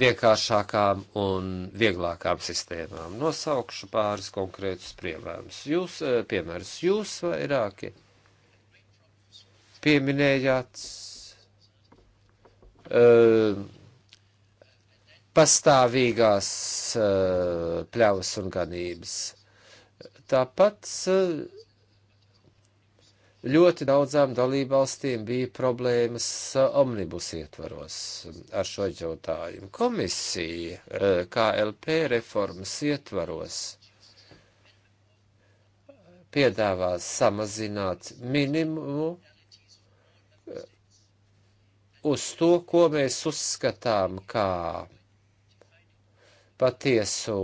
vienkāršākām un vieglākām sistēmām. Nosaukšu pāris konkrētus piemērus. Jūs, eh, piemērus, jūs vairāki pieminējāt uh, pastāvīgās uh, pļavas un ganības. Tāpat uh, Ļoti daudzām dalībvalstīm bija problēmas uh, omnibus ietvaros um, ar šo jautājumu. Komisija uh, KLP reformas ietvaros piedāvā samazināt minimumu uh, uz to, ko mēs uzskatām kā patiesu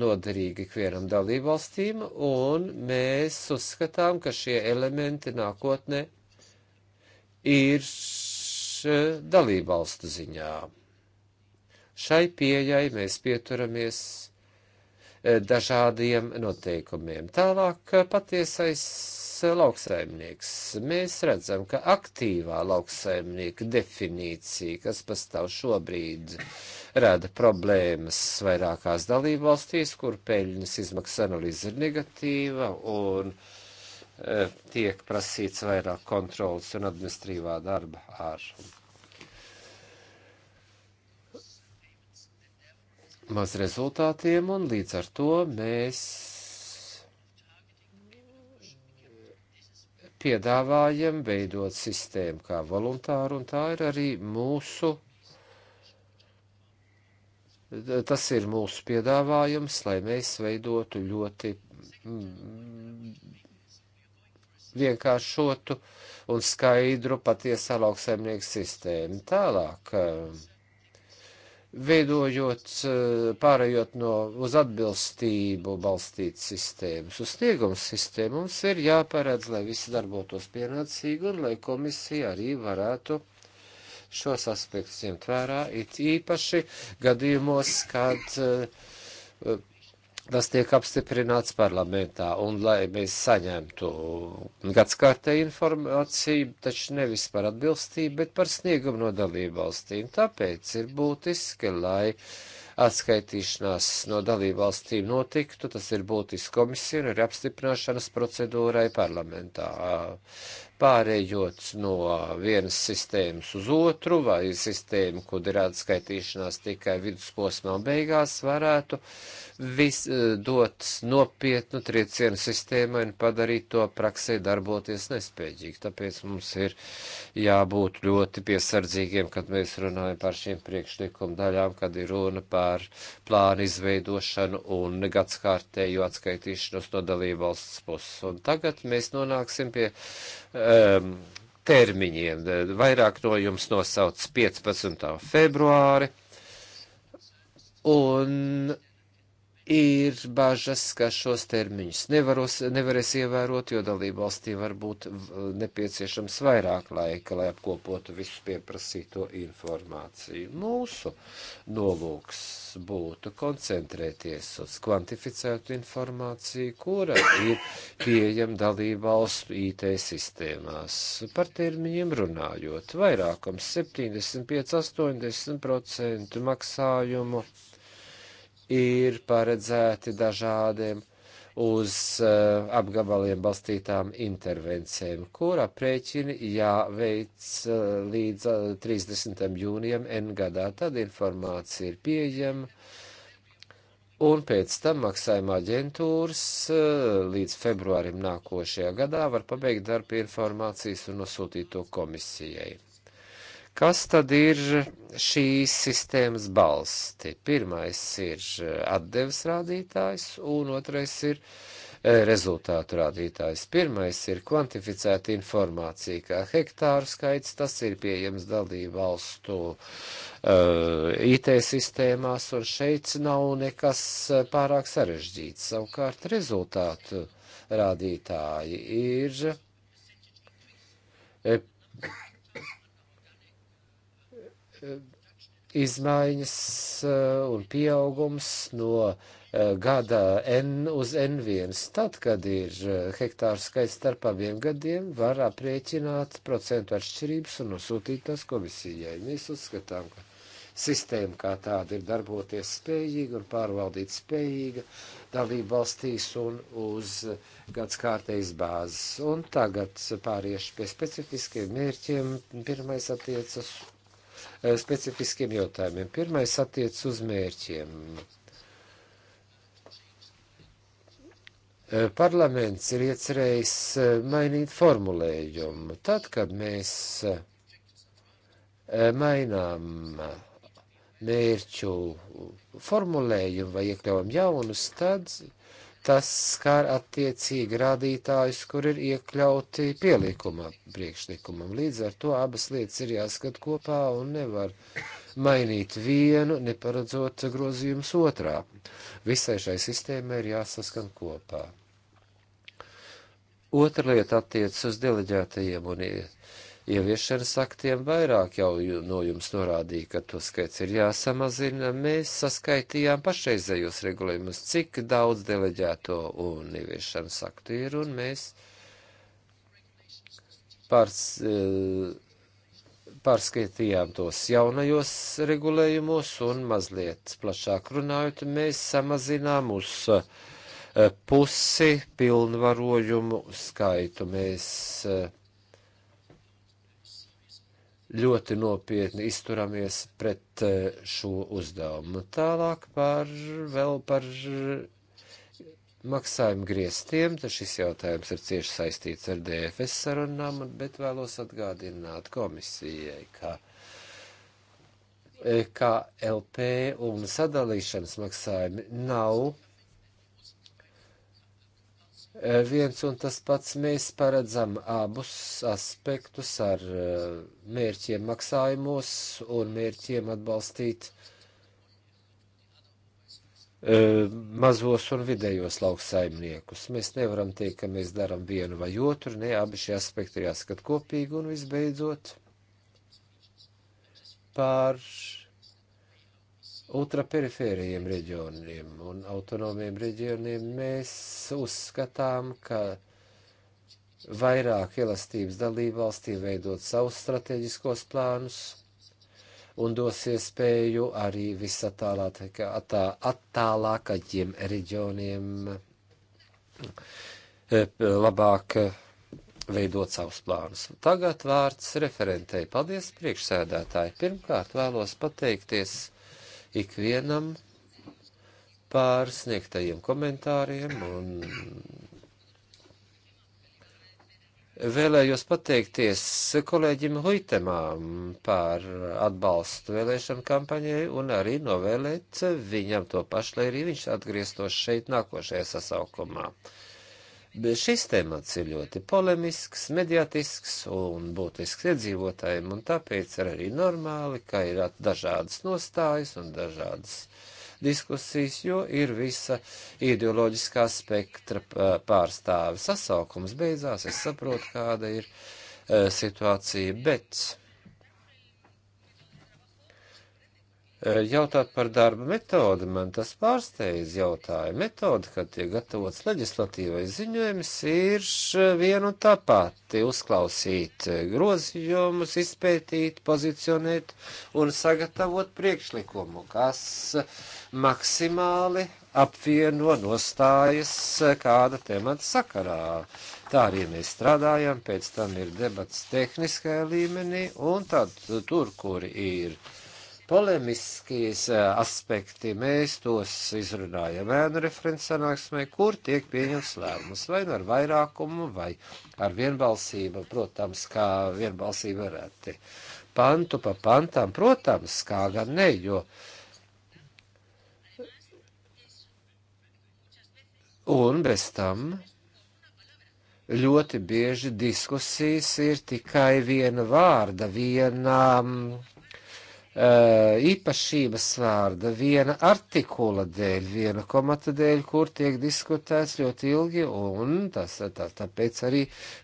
noderīgi ikvienam dalībvalstīm, un mēs uzskatām, ka šie elementi nākotnē ir dalībvalstu ziņā. Šai pieejai mēs pieturamies e, dažādiem noteikumiem. Tālāk e, patiesais lauksaimnieks. Mēs redzam, ka aktīvā lauksaimnieka definīcija, kas pastāv šobrīd, rada problēmas vairākās dalībvalstīs, kur peļņas izmaksas analīze ir negatīva un e, tiek prasīts vairāk kontrolas un administrīvā darba ar maz rezultātiem, un līdz ar to mēs piedāvājam veidot sistēmu kā voluntāru, un tā ir arī mūsu, tas ir mūsu piedāvājums, lai mēs veidotu ļoti mm, vienkāršotu un skaidru patiesā lauksaimnieku sistēmu. Tālāk. Uh, veidojot, eh, pārējot no uz atbilstību balstītas sistēmas, uz snieguma sistēmu, mums ir jāparedz, lai visi darbotos pienācīgi un lai komisija arī varētu šos aspektus ņemt vērā, it īpaši gadījumos, kad uh, tas tiek apstiprināts parlamentā, un lai mēs saņemtu gadskārtē informāciju, taču nevis par atbilstību, bet par sniegumu no dalību valstīm. Tāpēc ir būtiski, lai atskaitīšanās no dalību valstīm notiktu, tas ir būtiski komisija un ir apstiprināšanas procedūrai parlamentā pārējot no vienas sistēmas uz otru, vai sistēmu, kur ir atskaitīšanās tikai vidusposmā un beigās, varētu vis, eh, dot nopietnu triecienu sistēmai un padarīt to praksē darboties nespējīgi. Tāpēc mums ir jābūt ļoti piesardzīgiem, kad mēs runājam par šīm priekšlikumu daļām, kad ir runa par plānu izveidošanu un gadskārtēju atskaitīšanos no dalībvalsts puses. Un tagad mēs nonāksim pie um, termiņiem. Vairāk no jums nosauc 15. februāri. Un ir bažas, ka šos termiņus nevaros, nevarēs ievērot, jo dalību valstī var būt nepieciešams vairāk laika, lai apkopotu visu pieprasīto informāciju. Mūsu nolūks būtu koncentrēties uz kvantificētu informāciju, kura ir pieejama dalību valstu IT sistēmās. Par termiņiem runājot, vairākums 75-80% maksājumu ir paredzēti dažādiem uz uh, apgabaliem balstītām intervencēm, kur aprēķini jāveic uh, līdz uh, eh, 30. jūnijam N gadā. Tad informācija ir pieejama. Un pēc tam maksājuma aģentūras līdz februārim nākošajā gadā var pabeigt darbu informācijas un nosūtīt to komisijai. Kas tad ir šīs sistēmas balsti? Pirmais ir eh, atdeves rādītājs, un otrais ir eh, rezultātu rādītājs. Pirmais ir kvantificēta informācija, kā hektāru skaits, tas ir pieejams dalību valstu uh, eh, IT sistēmās, un šeit nav nekas pārāk sarežģīts. Savukārt rezultātu rādītāji ir. Uh, Eh, izmaiņas eh, un pieaugums no eh, gada N uz N1. Tad, kad ir hektāru skaits starp abiem gadiem, var aprēķināt procentu atšķirības un nosūtīt tas komisijai. Mēs uzskatām, ka sistēma kā tāda ir darboties spējīga un pārvaldīt spējīga dalību valstīs un uz gads kārtējas bāzes. Un tagad pāriešu pie specifiskiem mērķiem. Pirmais attiecas Eh, specifiskiem jautājumiem. Pirmais attiec uz mērķiem. Eh, parlaments ir iecerējis eh, mainīt formulējumu. Tad, kad mēs mainām mērķu formulējumu vai iekļaujam jaunus, tad tas skar attiecīgi rādītājus, kur ir iekļauti pieliekumā priekšlikumam. Līdz ar to abas lietas ir jāskat kopā un nevar mainīt vienu, neparedzot grozījumus otrā. Visai šai sistēmai ir jāsaskan kopā. Otra lieta attiecas uz deleģētajiem un ieviešanas aktiem vairāk jau no jums norādīja, ka to skaits ir jāsamazina. Mēs saskaitījām pašreizējos regulējumus, cik daudz deleģēto un ieviešanas aktu ir, un mēs pārs, eh, pārskaitījām tos jaunajos regulējumos un mazliet plašāk runājot, mēs samazinām uz eh, pusi pilnvarojumu skaitu. Mēs uh, ļoti nopietni izturamies pret eh, šo uzdevumu. Tālāk par vēl par maksājumu griestiem, tad šis jautājums ir cieši saistīts ar DFS sarunām, bet vēlos atgādināt komisijai, ka eh, kā LP un sadalīšanas maksājumi nav viens un tas pats. Mēs paredzam abus aspektus ar eh, mērķiem maksājumos un mērķiem atbalstīt eh, mazos un vidējos lauksaimniekus. Mēs nevaram teikt, ka mēs darām vienu vai otru, ne, abi šie aspekti ir jāskat kopīgi un visbeidzot pār ultraperifēriem reģioniem un autonomiem reģioniem mēs uzskatām, ka vairāk elastības dalībvalstīm veidot savus strateģiskos plānus un dos iespēju arī visatālākajiem reģioniem eh, labāk eh, veidot savus plānus. Tagad vārds referentei. Paldies, priekšsēdētāji. Pirmkārt vēlos pateikties ikvienam par sniegtajiem komentāriem un vēlējos pateikties kolēģim Huitemām par atbalstu vēlēšanu kampaņai un arī novēlēt viņam to pašu, lai arī viņš atgrieztos šeit nākošajā sasaukumā. Uh, Šis temats ir ļoti polemisks, mediatisks un būtisks iedzīvotājiem, un tāpēc ir arī normāli, ka ir dažādas nostājas un dažādas diskusijas, jo ir visa ideoloģiskā spektra pārstāve sasaukums beidzās. Es saprotu, kāda ir eh, situācija, bet Eh, jautāt par darba metodi, man tas pārsteidz jautāja. Metode, kad tiek gatavots leģislatīvais ziņojums, ir viena un tā pati - uzklausīt eh, grozījumus, izpētīt, pozicionēt un sagatavot priekšlikumu, kas maksimāli apvieno nostājas eh, kāda temata sakarā. Tā arī mēs strādājam, pēc tam ir debats tehniskajā līmenī un tad tur, kur ir polemiskīs eh, aspekti, mēs tos izrunājam ēnu referents sanāksmē, kur tiek pieņems lēmums, vai nu ar vairākumu, vai ar vienbalsību, protams, kā vienbalsība reti. Pantu pa pantām, protams, kā gan ne, jo. Un bez tam ļoti bieži diskusijas ir tikai viena vārda, viena Eh, īpašības vārda viena artikula dēļ, viena komata dēļ, kur tiek diskutēts ļoti ilgi, un tas tā, tāpēc arī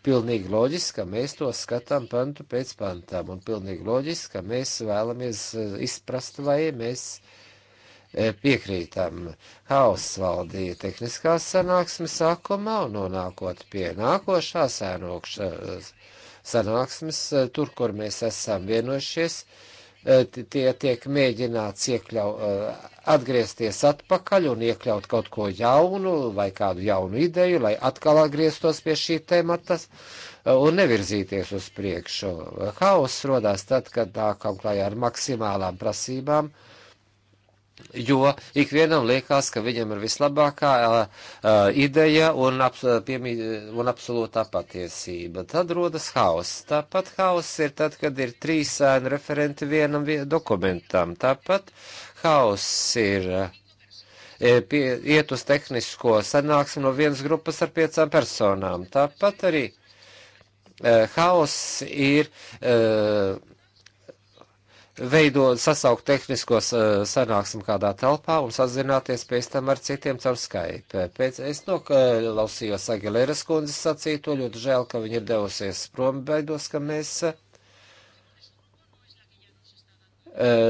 pilnīgi loģiski, ka mēs to skatām pantu pēc pantām, un pilnīgi loģiski, ka mēs vēlamies eh, izprast, vai mēs eh, piekrītam hauss valdīja tehniskās sanāksmes sākumā un nonākot pie nākošā sēnokša sanāksmes, tur, kur mēs esam vienojušies, uh, Eh, tie tiek mēģināts iekļau, eh, atgriezties atpakaļ un iekļaut kaut ko jaunu vai kādu jaunu ideju, lai atkal atgrieztos pie šī tematas eh, un nevirzīties uz priekšu. Haoss rodās tad, kad tā kaut klājā ar maksimālām prasībām. Uh, jo ikvienam liekas, ka viņam ir vislabākā uh, ideja un, abs piemī, un absolūtā patiesība. Tad rodas hauss. Tāpat hauss ir tad, kad ir trīs sēnu referenti vienam vien dokumentam. Tāpat hauss ir. Pie, iet uz tehnisko sanāksmi no vienas grupas ar piecām personām. Tāpat arī uh, haoss ir uh, veidot, sasaukt tehniskos sanāksmi kādā telpā un sazināties pēc tam ar citiem caur Skype. Pēc es noklausījos Agilēras kundzes sacīto, ļoti žēl, ka viņa ir devusies prom, baidos, ka mēs e,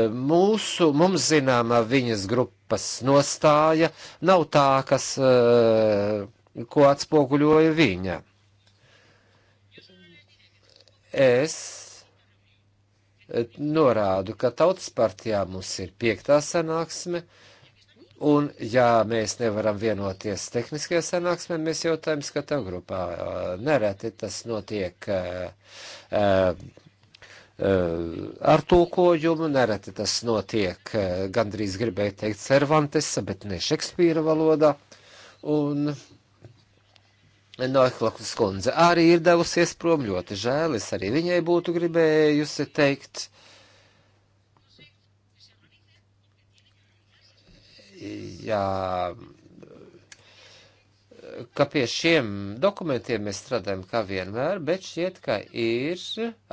mūsu, mums zināmā viņas grupas nostāja nav tā, kas, e, ko atspoguļoja viņa. Es norādu, ka tautas partijā mums ir piektā sanāksme, un ja mēs nevaram vienoties tehniskajā sanāksmē, mēs jautājam skatām grupā. Nereti tas notiek uh, uh, ar tulkojumu, nereti tas notiek uh, gandrīz gribēju teikt Cervantesa, bet ne Šekspīra valodā. Un uh, Norklakas kundze arī ir devusies prom, ļoti žēl, es arī viņai būtu gribējusi teikt. Jā, ka pie šiem dokumentiem mēs strādājam kā vienmēr, bet šķiet, ka ir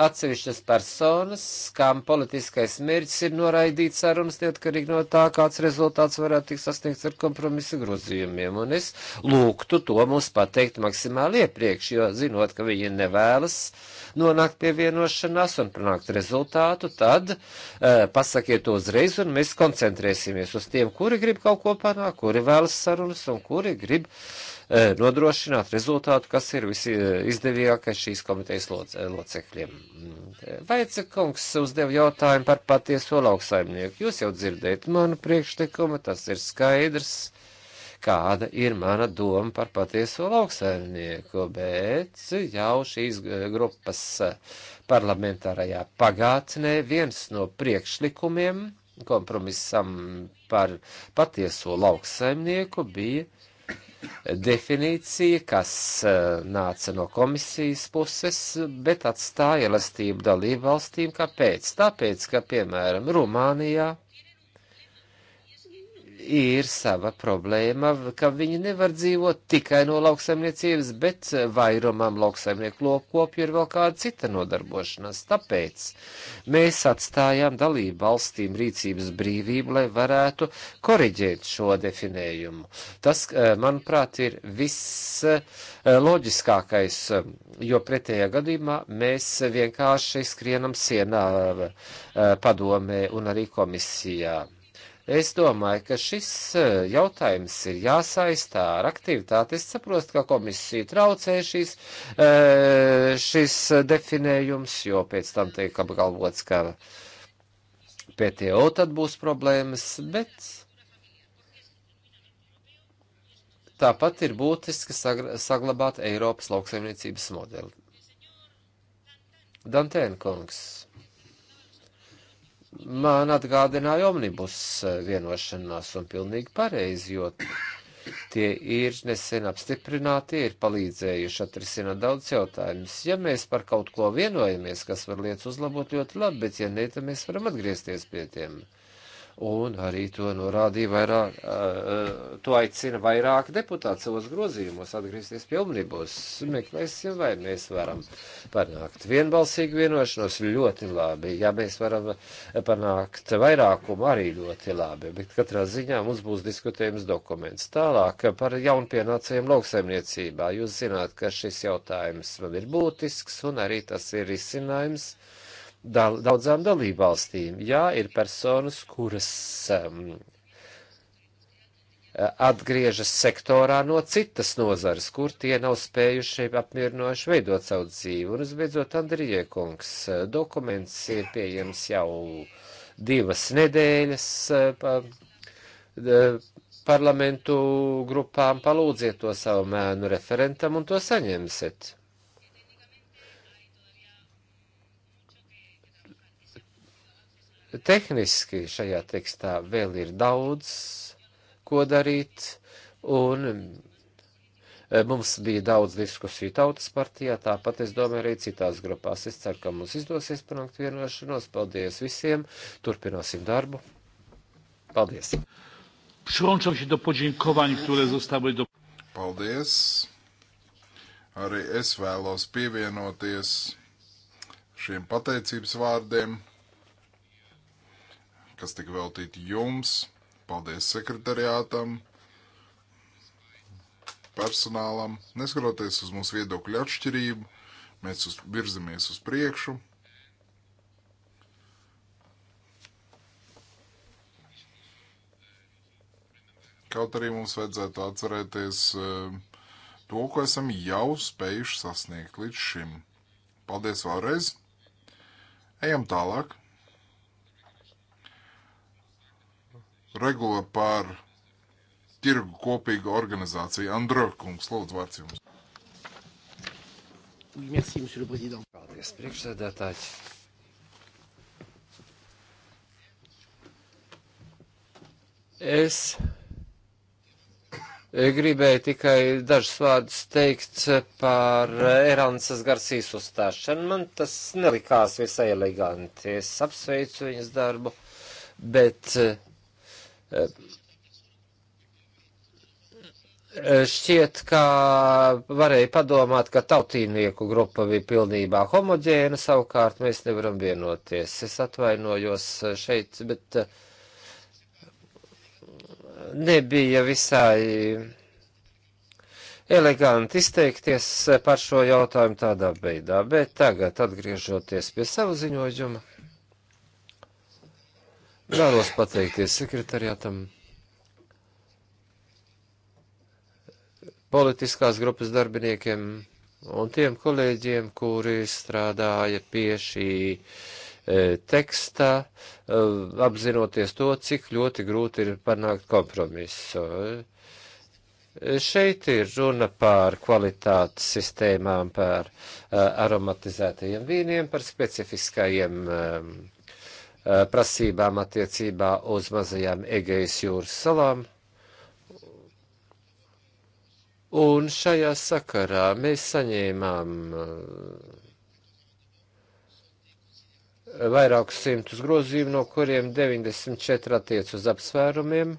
atsevišķas personas, kam politiskais mērķis ir noraidīt sarunas, neatkarīgi no tā, kāds rezultāts varētu tikt sasniegts ar kompromisa grozījumiem. Un es lūgtu to mums pateikt maksimāli iepriekš, jo zinot, ka viņi nevēlas nonākt pie vienošanās un panākt rezultātu, tad e, pasakiet to uzreiz un mēs koncentrēsimies uz tiem, kuri grib kaut ko panākt, kuri vēlas sarunas un kuri grib uh, E, nodrošināt rezultātu, kas ir visizdevīgākais e, šīs komitejas e, locekļiem. Vaica kungs uzdeva jautājumu par patieso lauksaimnieku. Jūs jau dzirdējat manu priekšlikumu, tas ir skaidrs, kāda ir mana doma par patieso lauksaimnieku, bet jau šīs grupas parlamentārajā pagātnē viens no priekšlikumiem kompromisam par patieso lauksaimnieku bija definīcija, kas eh, nāca no komisijas puses, bet atstāja elastību dalību valstīm. Kāpēc? Tāpēc, ka, piemēram, Rumānijā ir sava problēma, ka viņi nevar dzīvot tikai no lauksaimniecības, bet vairumam lauksaimnieku lopkopju ir vēl kāda cita nodarbošanās. Tāpēc mēs atstājām dalību valstīm rīcības brīvību, lai varētu koriģēt šo definējumu. Tas, eh, manuprāt, ir viss eh, loģiskākais, eh, jo pretējā gadījumā mēs vienkārši skrienam sienā padomē un arī komisijā. Es domāju, ka šis eh, jautājums ir jāsaistā ar aktivitāti. Es saprotu, ka komisija traucē šīs, eh, šis definējums, jo pēc tam tiek apgalvots, ka PTO tad būs problēmas, bet tāpat ir būtiski saglabāt Eiropas lauksaimniecības modeli. Dantēnkungs man atgādināja omnibus eh, vienošanās un pilnīgi pareizi, jo tie ir nesen apstiprināti, ir palīdzējuši atrisināt daudz jautājumus. Ja mēs par kaut ko vienojamies, kas var lietas uzlabot ļoti labi, bet ja ne, tad mēs varam atgriezties pie tiem. Uh, un arī to norādīja vairāk, to aicina vairāk deputāti savos grozījumos atgriezties pilnībos. Meklēsim, vai mēs varam panākt vienbalsīgu vienošanos ļoti labi, ja mēs varam panākt vairākumu arī ļoti labi, bet katrā ziņā mums būs diskutējums dokuments. Tālāk par jaunpienācējiem lauksaimniecībā. Jūs zināt, ka šis jautājums man ir būtisks un arī tas ir izcinājums dal, daudzām dalībvalstīm. Jā, ir personas, kuras um, atgriežas sektorā no citas nozares, kur tie nav spējuši apmierinoši veidot savu dzīvi. Un, visbeidzot, Andrija kungs, dokuments ir pieejams jau divas nedēļas eh, pa, eh, parlamentu grupām. Palūdziet to savu mēnu referentam un to saņemsiet. Tehniski šajā tekstā vēl ir daudz, ko darīt, un e, mums bija daudz diskusiju tautas partijā, tāpat es domāju arī citās grupās. Es ceru, ka mums izdosies panākt vienošanos. Paldies visiem, turpināsim darbu. Paldies! Przyłączam się do podziękowań, które zostały do. Paldies! Arī es vēlos pievienoties šiem pateicības vārdiem kas tika veltīti jums. Paldies sekretariātam, personālam. Neskatoties uz mūsu viedokļu atšķirību, mēs uz, virzamies uz priekšu. Kaut arī mums vajadzētu atcerēties eh, to, ko esam jau spējuši sasniegt līdz šim. Paldies vēlreiz! Ejam tālāk! regula par tirgu kopīgu organizāciju. Andro kungs, lūdzu, vārds jums. Oui, merci, monsieur le président. Paldies, priekšsēdētājs. Es eh, gribēju tikai dažus vārdus teikt eh, par eh, Eransas Garcijas uzstāšanu. Man tas nelikās visai eleganti. Es apsveicu viņas darbu, bet uh, Eh, eh, šķiet, ka varēja padomāt, ka tautīnieku grupa bija pilnībā homoģēna, savukārt mēs nevaram vienoties. Es atvainojos šeit, bet eh, nebija visai eleganti izteikties par šo jautājumu tādā veidā, bet tagad atgriežoties pie savu ziņojumu. Vēlos pateikties sekretariātam. politiskās grupas darbiniekiem un tiem kolēģiem, kuri strādāja pie šī e, teksta, e, apzinoties to, cik ļoti grūti ir panākt kompromisu. E, šeit ir runa par kvalitātes sistēmām, par e, aromatizētajiem vīniem, par specifiskajiem e, Eh, prasībām attiecībā uz mazajām Egejas jūras salām. Un šajā sakarā mēs saņēmām eh, vairākus simtus grozījumu, no kuriem 94 attiec uz apsvērumiem.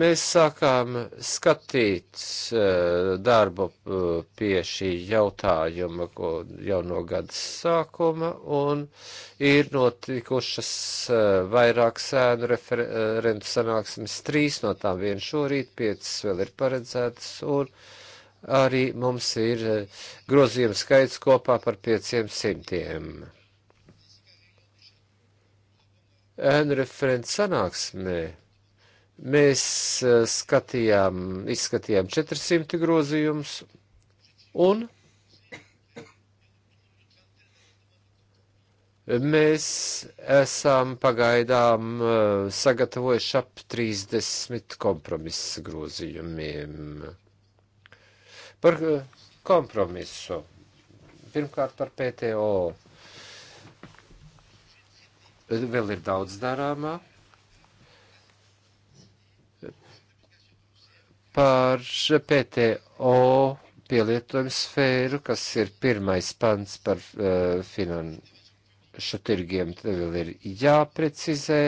Mēs sākām skatīt eh, darbu eh, pie šī jautājuma jau no gada sākuma, un ir notikušas eh, vairāk sēnu referentu sanāksmes, trīs no tām vien šorīt, piecas vēl ir paredzētas, un arī mums ir grozījuma skaits kopā par pieciem simtiem. Ēnu referentu sanāksmē Mēs eh, skatījām, izskatījām 400 grozījumus un mēs esam pagaidām eh, sagatavojuši ap 30 kompromisa grozījumiem. Par eh, kompromisu. Pirmkārt par PTO. Vēl ir daudz darāmā. par PTO pielietojumu sfēru, kas ir pirmais pants par uh, finanšu tirgiem, te vēl ir jāprecizē.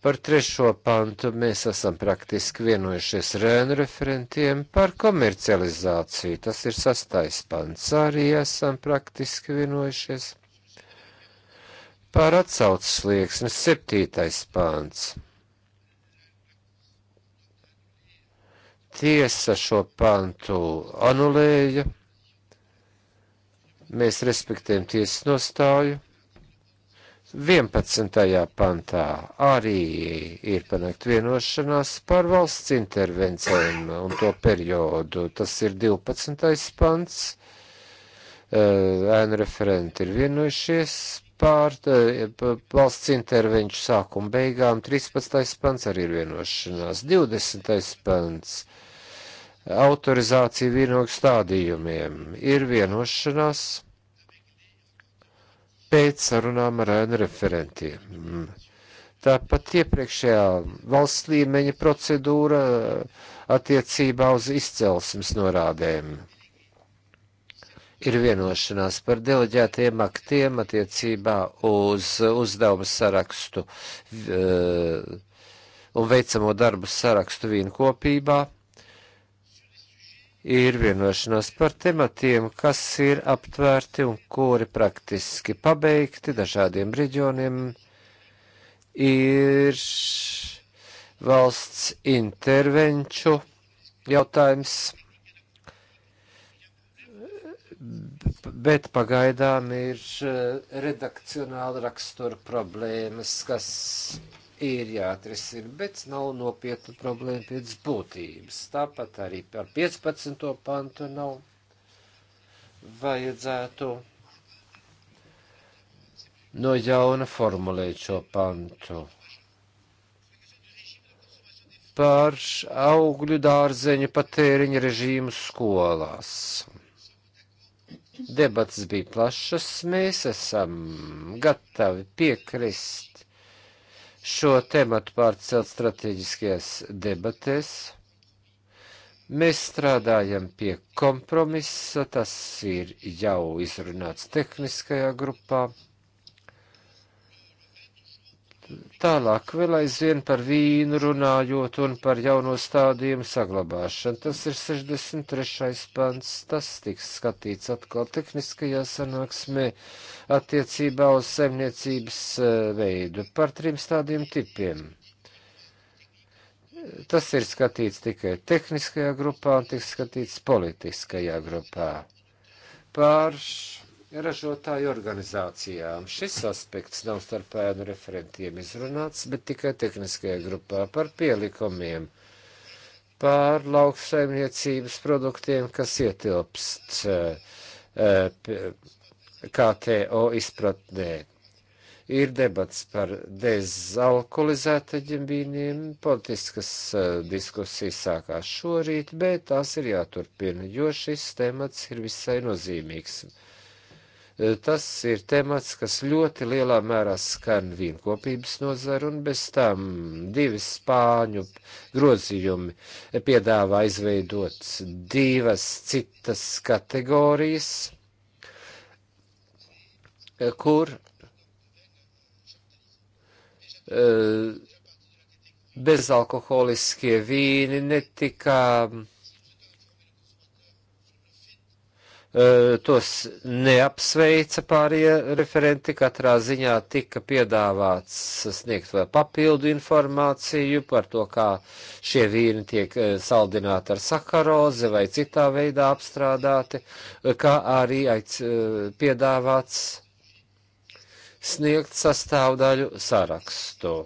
Par trešo pantu mēs esam praktiski vienojušies rēnu referentiem par komercializāciju. Tas ir sastais pants. Arī esam praktiski vienojušies par atsaucas slieksni. Septītais pants. tiesa šo pantu anulēja. Mēs respektējam tiesas nostāju. 11. pantā arī ir panākt vienošanās par valsts intervencijām un to periodu. Tas ir 12. pants. Ēnu referenti ir vienojušies par valsts intervenču sākumu beigām. 13. pants arī ir vienošanās. 20. pants autorizācija vienokļu stādījumiem ir vienošanās pēc sarunām ar ēnu referentiem. Tāpat iepriekšējā valsts līmeņa procedūra attiecībā uz izcelsmes norādēm ir vienošanās par deleģētiem aktiem attiecībā uz uzdevumu sarakstu eh, un veicamo darbu sarakstu vīnkopībā. Ir vienošanās par tematiem, kas ir aptvērti un kuri praktiski pabeigti dažādiem reģioniem. Ir valsts intervenču jautājums bet pagaidām ir eh, redakcionāla rakstura problēmas, kas ir jāatrisina, bet nav nopietna problēma pēc būtības. Tāpat arī par 15. pantu nav vajadzētu no jauna formulēt šo pantu. Par augļu dārzeņu patēriņa režīmu skolās. Debats bija plašas, mēs esam gatavi piekrist šo tematu pārcelt strateģiskajās debatēs. Mēs strādājam pie kompromisa, tas ir jau izrunāts tehniskajā grupā. Tālāk vēl aizvien par vīnu runājot un par jauno stādījumu saglabāšanu. Tas ir 63. pants, tas tiks skatīts atkal tehniskajā sanāksmē attiecībā uz saimniecības eh, veidu par trim stādījumu tipiem. Tas ir skatīts tikai tehniskajā grupā un tiks skatīts politiskajā grupā. Pārš ražotāju organizācijām. Šis aspekts nav starp ēnu referentiem izrunāts, bet tikai tehniskajā grupā par pielikumiem, pār lauksaimniecības produktiem, kas ietilpst eh, eh, KTO izpratnē. Ir debats par dezalkoholizētajiem vīniem, politiskas eh, diskusijas sākās šorīt, bet tās ir jāturpina, jo šis temats ir visai nozīmīgs. Tas ir temats, kas ļoti lielā mērā skan vienkopības nozaru, un bez tam divi spāņu grozījumi piedāvā izveidot divas citas kategorijas, kur eh, bezalkoholiskie vīni netika Eh, tos neapsveica pārējie referenti. Katrā ziņā tika piedāvāts sniegt vēl papildu informāciju par to, kā šie vīni tiek eh, saldināti ar sakarozi vai citā veidā apstrādāti, eh, kā arī aic, piedāvāts sniegt sastāvdaļu sarakstu.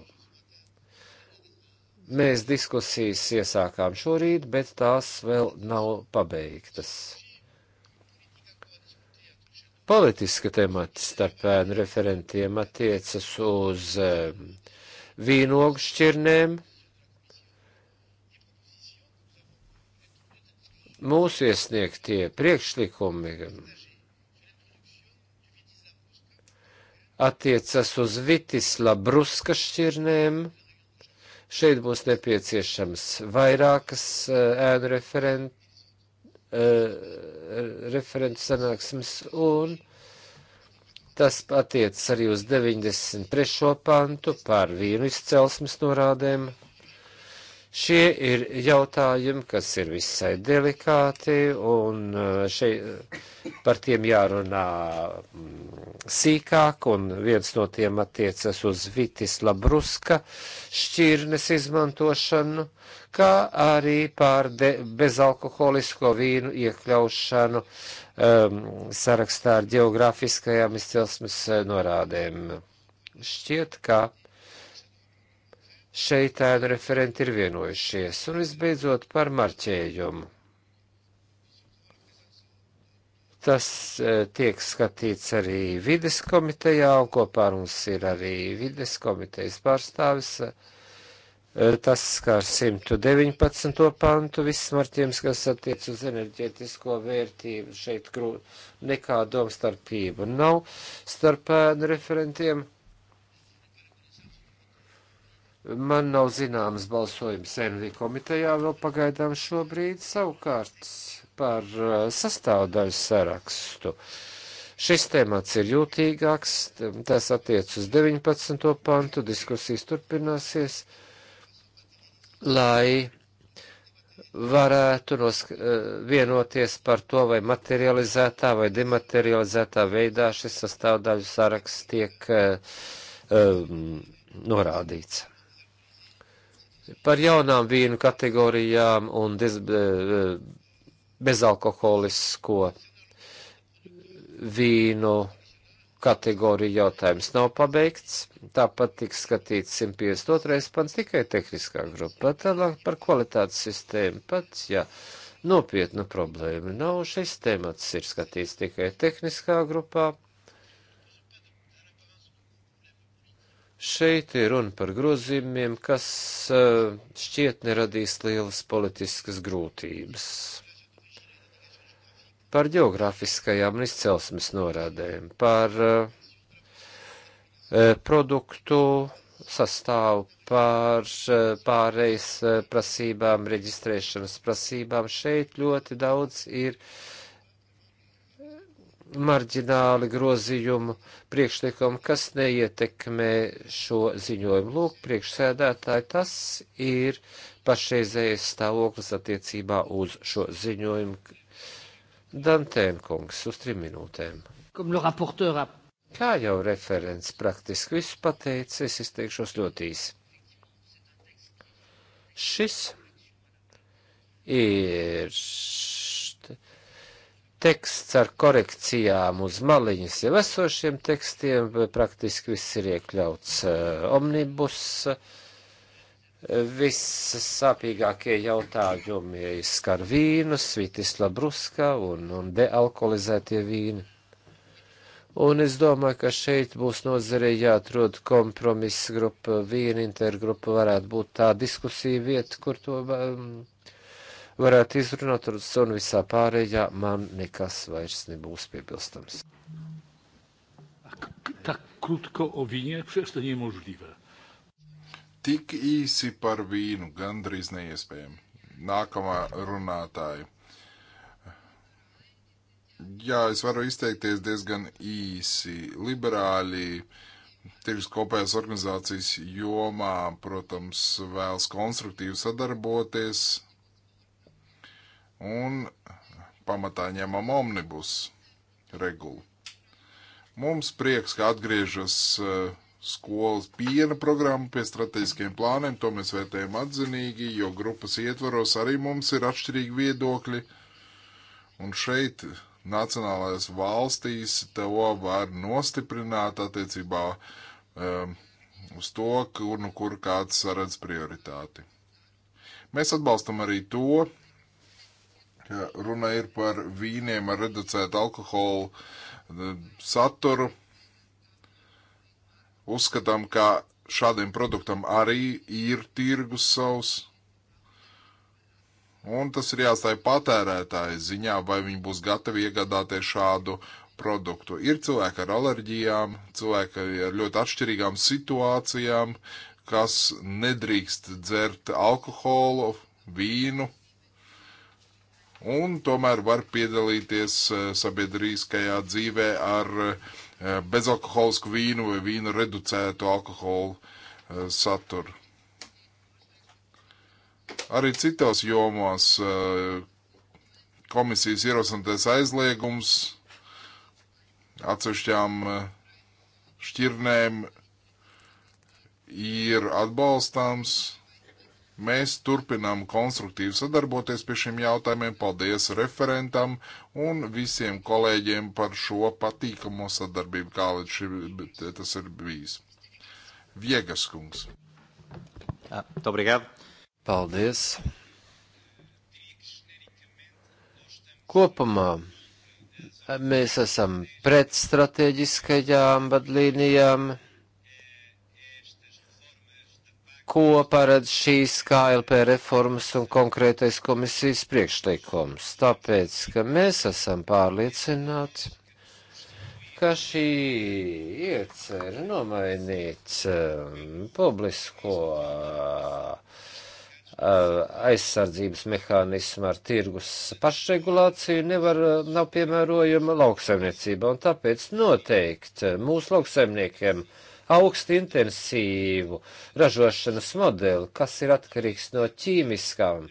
Mēs diskusijas iesākām šorīt, bet tās vēl nav pabeigtas Politiska temata starp ēnu referentiem attiecas uz vīnogu šķirnēm. Mūsu iesniegtie priekšlikumi attiecas uz vitisla bruska šķirnēm. Šeit būs nepieciešams vairākas eh, ēnu referentu Eh, referents sanāksmes un tas attiecas arī uz 93. pantu par vīnu izcelsmes norādēm. Šie ir jautājumi, kas ir visai delikāti, un eh, šeit eh, par tiem jārunā mm, sīkāk, un viens no tiem attiecas uz Vitis Labruska šķirnes izmantošanu, kā arī par bezalkoholisko vīnu iekļaušanu um, sarakstā ar geogrāfiskajām izcelsmes eh, norādēm. Šķiet, ka šeit ēnu referenti ir vienojušies, un visbeidzot par marķējumu. Tas eh, tiek skatīts arī vides komitejā, un kopā mums ir arī vides komitejas pārstāvis. Uh, Eh, tas skar 119. pantu, viss marķējums, kas attiec uz enerģētisko vērtību. Šeit grūti nekā domstarpība nav starp ēnu referentiem. Man nav zināms balsojums NV komitejā vēl pagaidām šobrīd savukārt par eh, sastāvdaļu sarakstu. Šis temats ir jūtīgāks, tas attiec uz 19. pantu, diskusijas turpināsies lai varētu nosk eh, vienoties par to, vai materializētā vai dematerializētā veidā šis sastāvdaļu saraksts tiek um, norādīts. Par jaunām vīnu kategorijām un diz, bezalkoholisko vīnu kategoriju jautājums nav pabeigts. Tāpat tiks skatīts 152. pants tikai tehniskā grupa. Tālāk par kvalitātes sistēmu pats, ja nopietna problēma nav, šis temats ir skatīts tikai tehniskā grupā. Šeit ir runa par grozījumiem, kas eh, šķiet neradīs lielas politiskas grūtības par geogrāfiskajām un izcelsmes norādēm, par eh, eh, produktu sastāvu, par eh, pārejas prasībām, reģistrēšanas prasībām. Šeit ļoti daudz ir marģināli grozījumu priekšlikumu, kas neietekmē šo ziņojumu. Lūk, priekšsēdētāji, tas ir pašreizējais stāvoklis attiecībā uz šo ziņojumu, Dantēnkungs uz trim minūtēm. Kā jau referents praktiski visu pateica, es izteikšos ļoti īsi. Šis ir teksts ar korekcijām uz maliņas jau esošiem tekstiem, praktiski viss ir iekļauts uh, omnibus. Uh, Vissāpīgākie jautājumi skar vīnus, vitisla bruska un, un dealkoholizētie vīni. Un es domāju, ka šeit būs nozarē jāatrod kompromiss grupa, viena intergrupa varētu būt tā diskusija vieta, kur to um, varētu izrunāt, un visā pārējā man nekas vairs nebūs piebilstams. Tak, tak krótko o winie, przecież to niemożliwe. Tik īsi par vīnu, gandrīz neiespējami. Nākamā runātāja. Jā, es varu izteikties diezgan īsi. Liberāļi tirgus kopējās organizācijas jomā, protams, vēlas konstruktīvi sadarboties un pamatā ņemam omnibus regulu. Mums prieks, ka atgriežas uh, skolas piena programmu pie strateģiskiem plāniem, to mēs vērtējam atzinīgi, jo grupas ietvaros arī mums ir atšķirīgi viedokļi. Un šeit nacionālajās valstīs to var nostiprināt attiecībā um, uz to, kur nu kur kāds redz prioritāti. Mēs atbalstam arī to, ka runa ir par vīniem ar reducētu alkoholu uh, saturu Uzskatām, ka šādiem produktam arī ir tirgus savs. Un tas ir jāstāja patērētāja ziņā, vai viņi būs gatavi iegādāties šādu produktu. Ir cilvēki ar alerģijām, cilvēki ar ļoti atšķirīgām situācijām, kas nedrīkst dzert alkoholu, vīnu, un tomēr var piedalīties eh, sabiedrīskajā dzīvē ar uh, Eh, bezalkoholisku vīnu vai vīnu reducētu alkoholu eh, saturu. Arī citās jomās eh, komisijas ierosinātais aizliegums atsevišķām šķirnēm ir atbalstāms Mēs turpinām konstruktīvi sadarboties pie šiem jautājumiem. Paldies referentam un visiem kolēģiem par šo patīkamo sadarbību, kā līdz šim tas ir bijis. Viegas kungs. Dobrīgāt. Paldies. Kopumā mēs esam pret strateģiskajām vadlīnijām ko paredz šīs KLP reformas un konkrētais komisijas priekšlikums, tāpēc, ka mēs esam pārliecināti, ka šī iecer nomainīt um, publisko uh, aizsardzības mehānismu ar tirgus pašregulāciju nevar, uh, nav piemērojama lauksaimniecībā, un tāpēc noteikti uh, mūsu lauksaimniekiem uh, augstu intensīvu ražošanas modeli, kas ir atkarīgs no ķīmiskām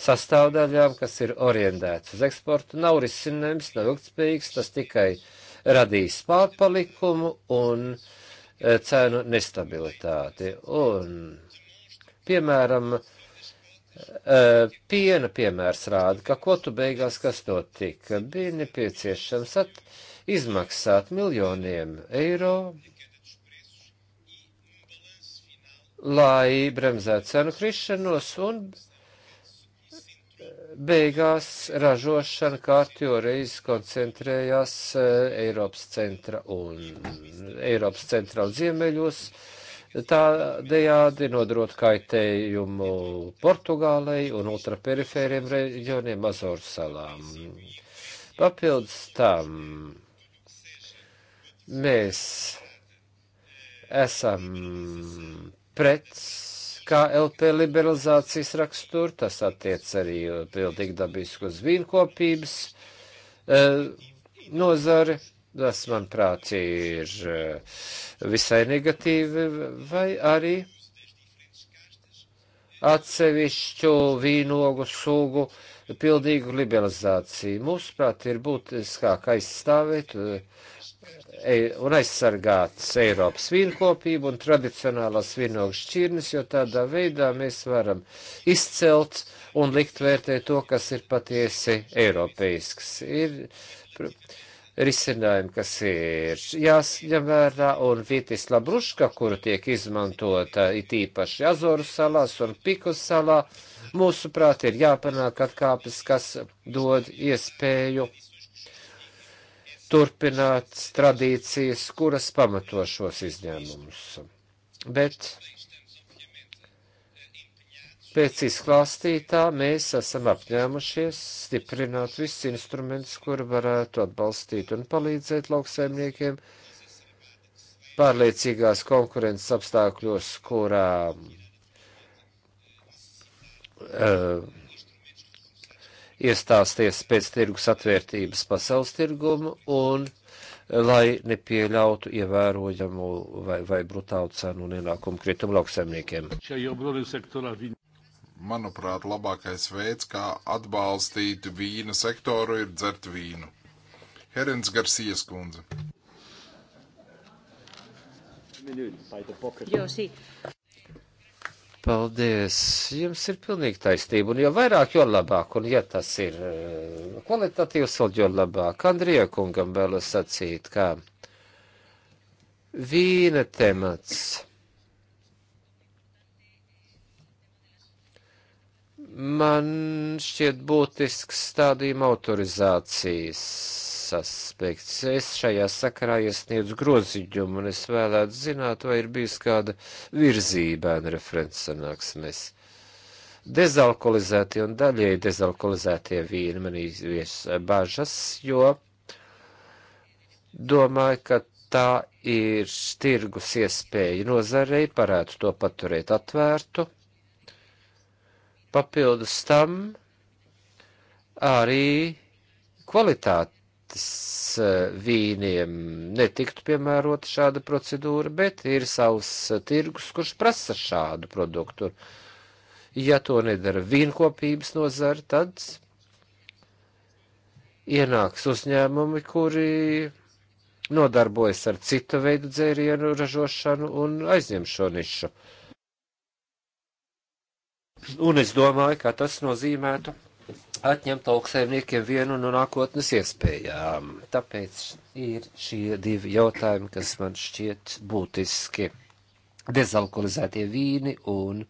sastāvdaļām, kas ir orientēts uz eksportu, nav risinājums, nav ilgspējīgs, tas tikai radīs pārpalikumu un e, cenu nestabilitāti. Un, piemēram, e, piena piemērs rāda, ka ko tu beigās, kas notika, bija nepieciešams at, izmaksāt miljoniem eiro lai bremzētu cenu krišanos un beigās ražošana kārtjoreiz koncentrējās eh, Eiropas centra un Eiropas centra un ziemeļos. Tādējādi nodrot kaitējumu Portugālei un ultraperifēriem reģioniem Azoru salām. Papildus tam mēs esam pret KLP liberalizācijas raksturu, tas attiec arī pilnīgi dabiski uz vīnkopības eh, nozari. Tas, manuprāt, ir eh, visai negatīvi, vai arī atsevišķu vīnogu sugu pildīgu liberalizāciju. Mūsuprāt, ir būtiskāk aizstāvēt uh, un aizsargāt Eiropas vīnkopību un tradicionālās vienokļu šķirnes, jo tādā veidā mēs varam izcelt un likt vērtē to, kas ir patiesi eiropeisks. Ir risinājumi, kas ir jāsņem vērā, un vītis labruška, kura tiek izmantota it īpaši Azoru salās un Piku salā, mūsuprāt, ir jāpanāk atkāpes, kas dod iespēju turpināt tradīcijas, kuras pamato šos izņēmumus. Bet pēc izklāstītā mēs esam apņēmušies stiprināt visus instrumentus, kuri varētu atbalstīt un palīdzēt lauksaimniekiem pārliecīgās konkurences apstākļos, kurā uh, iestāsties pēc tirgus atvērtības pasaules tirgumu un eh, lai nepieļautu ievērojamu vai, vai brutālu cenu un ienākumu kritumu lauksaimniekiem. Manuprāt, labākais veids, kā atbalstīt vīna sektoru, ir dzert vīnu. Herens Garcijas kundze. Jo, sí. Paldies! Jums ir pilnīgi taisnība, un jo vairāk, jo labāk, un ja tas ir eh, kvalitatīvs, vēl jo labāk. Andrija kungam vēlas sacīt, kā vīna temats Man šķiet būtisks stādījuma autorizācijas aspekts. Es šajā sakarā iesniedzu groziņumu, un es vēlētu zināt, vai ir bijusi kāda virzība referents sanāksmēs. Dezalkoholizētie un daļēji dezalkoholizētie vīni man izvies bažas, jo domāju, ka tā ir tirgus iespēja nozarei, varētu to paturēt atvērtu Papildus tam arī kvalitātes e, vīniem netiktu piemērota šāda procedūra, bet ir savs tirgus, kurš prasa šādu produktu. Ja to nedara vīnkopības nozara, tad ienāks uzņēmumi, kuri nodarbojas ar citu veidu dzērienu ražošanu un aizņem šo nišu. Uh, Un es domāju, ka tas nozīmētu atņemt lauksaimniekiem vienu no nākotnes iespējām. Tāpēc ir šie divi jautājumi, kas man šķiet būtiski. Dezalkoholizētie vīni un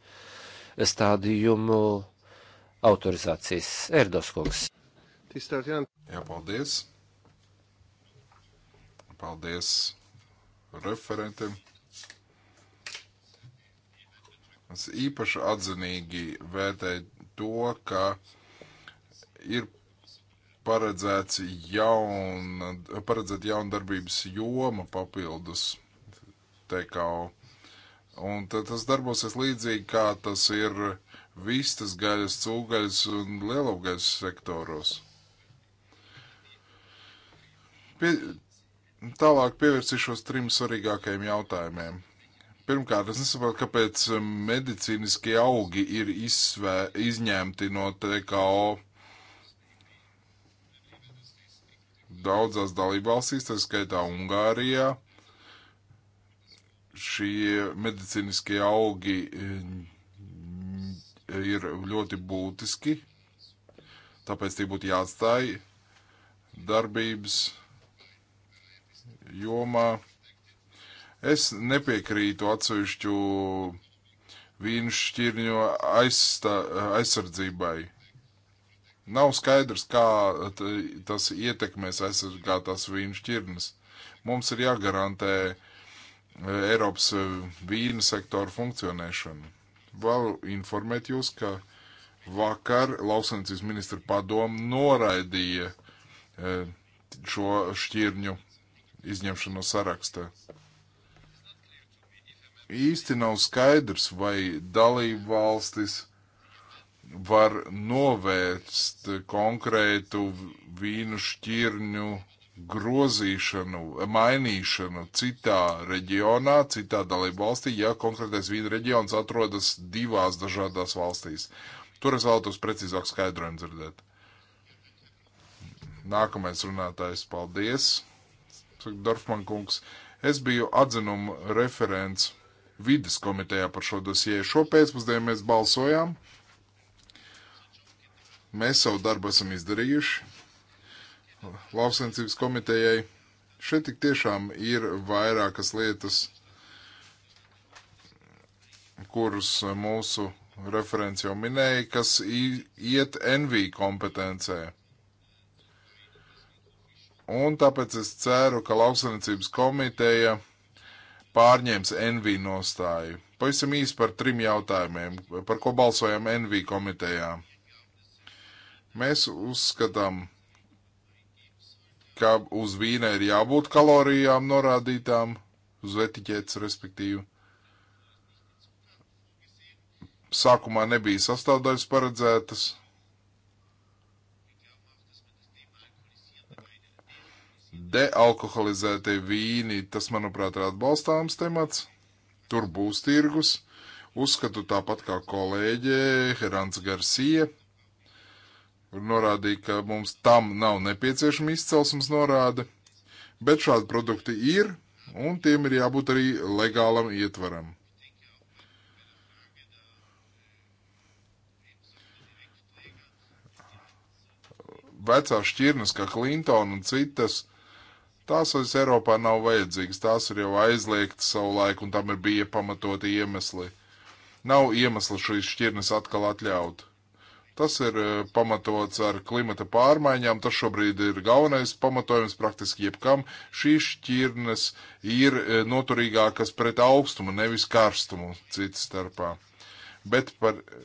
stādījumu autorizācijas. Erdoskungs. Jā, paldies. Paldies referentiem. Es īpaši atzinīgi vērtēju to, ka ir paredzēts jauna, paredzēt jauna darbības joma papildus TKO. Un tad tas darbosies līdzīgi, kā tas ir vistas gaļas, cūgaļas un lielaugaļas sektoros. Pie, tālāk pievērsīšos trim svarīgākajiem jautājumiem. Pirmkārt, es nesaprotu, kāpēc um, medicīniskie augi ir izsvē, izņemti no TKO. Daudzās dalībvalstīs, tā skaitā Ungārijā, šie medicīniskie augi eh, ir ļoti būtiski, tāpēc tie būtu jāatstāj darbības jomā Es nepiekrītu atsevišķu vīnu šķirņu aizsta, aizsardzībai. Nav skaidrs, kā tas ietekmēs aizsargātās vīnu šķirnes. Mums ir jāgarantē e, Eiropas e, vīna sektora funkcionēšanu. Varu informēt jūs, ka vakar lauksaimniecības ministra padomu noraidīja e, šo šķirņu izņemšanu no saraksta īsti nav skaidrs, vai dalību valstis var novērst konkrētu vīnu šķirņu grozīšanu, mainīšanu citā reģionā, citā dalību valstī, ja konkrētais vīna reģions atrodas divās dažādās valstīs. Tur es vēlētos precīzāk skaidrojumu dzirdēt. Nākamais runātājs, paldies. Dorfman kungs, es biju atzinuma referents vidas komitejā par šo dosieju. Šo pēcpusdienu mēs balsojām. Mēs savu darbu esam izdarījuši. Lauksaimniecības komitejai šeit tik tiešām ir vairākas lietas, kuras mūsu referents jau minēja, kas iet NV kompetencē. Un tāpēc es ceru, ka lauksaimniecības komiteja pārņēmis NV nostāju. Pavisam īsi par trim jautājumiem, par ko balsojam NV komitejā. Mēs uzskatām, ka uz vīna ir jābūt kalorijām norādītām, uz etiķetes respektīvi. Sākumā nebija sastāvdaļas paredzētas dealkoholizētie vīni, tas, manuprāt, ir atbalstāms temats. Tur būs tirgus. Uzskatu tāpat kā kolēģe Herants Garcia. Norādīja, ka mums tam nav nepieciešama izcelsmes norāde, bet šādi produkti ir, un tiem ir jābūt arī legālam ietvaram. vecās šķirnes, kā Klintona un citas, Tās vairs Eiropā nav vajadzīgas, tās ir jau aizliegtas savu laiku, un tam ir bija pamatoti iemesli. Nav iemesla šīs šķirnes atkal atļaut. Tas ir eh, pamatots ar klimata pārmaiņām. Tas šobrīd ir galvenais pamatojums praktiski jebkam. Šīs šķirnes ir eh, noturīgākas pret augstumu, nevis karstumu citas starpā. Bet par eh,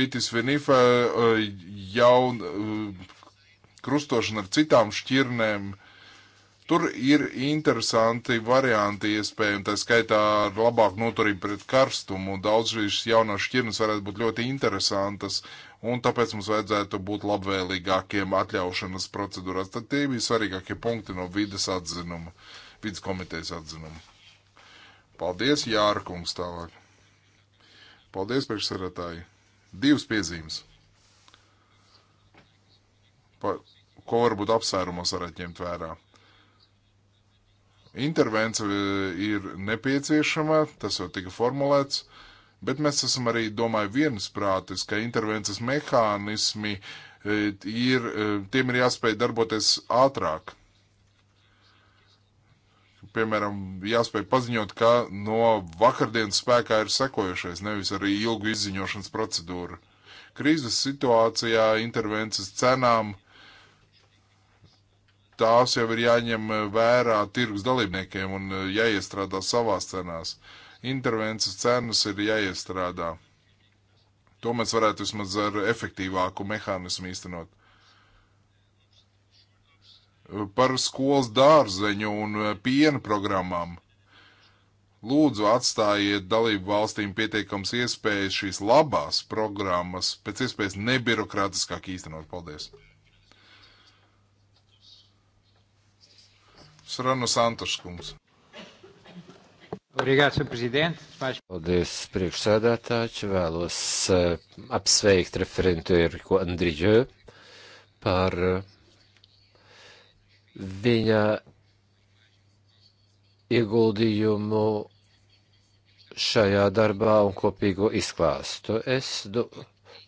Vitis Vinifa jau krustošana ar citām šķirnēm Tur ir interesanti varianti iespējami, tā skaitā ar labāku noturību pret karstumu. Daudz šīs jaunās šķirnes varētu būt ļoti interesantas, un tāpēc mums vajadzētu būt labvēlīgākiem atļaušanas procedūrās. Tad tie bija svarīgākie punkti no vides atzinuma, vides komitejas atzinuma. Paldies, Jārkungs, tālāk. Paldies, priekšsarētāji. Divas piezīmes. Pa, ko varbūt apsvērumos varētu ņemt vērā. Intervence eh, ir nepieciešama, tas jau tika formulēts, bet mēs esam arī, domāju, viensprātis, ka intervences mehānismi eh, ir, eh, tiem ir jāspēj darboties ātrāk piemēram, jāspēj paziņot, ka no vakardienas spēkā ir sekojušais, nevis arī ilgu izziņošanas procedūra. Krīzes situācijā intervences cenām tās jau ir jāņem eh, vērā tirgus dalībniekiem un eh, jāiestrādā savās cenās. Intervences cenas ir jāiestrādā. To mēs varētu vismaz ar efektīvāku mehānismu īstenot. Par skolas dārzeņu un eh, piena programmām. Lūdzu, atstājiet dalību valstīm pietiekams iespējas šīs labās programmas pēc iespējas nebirokrātiskāk īstenot. Paldies! Sarano Santos kungs. Obrigāts, prezident. Paldies, priekšsēdētāji. Vēlos uh, apsveikt referentu Eriko Andriģu par uh, viņa ieguldījumu šajā darbā un kopīgo izklāstu. Es do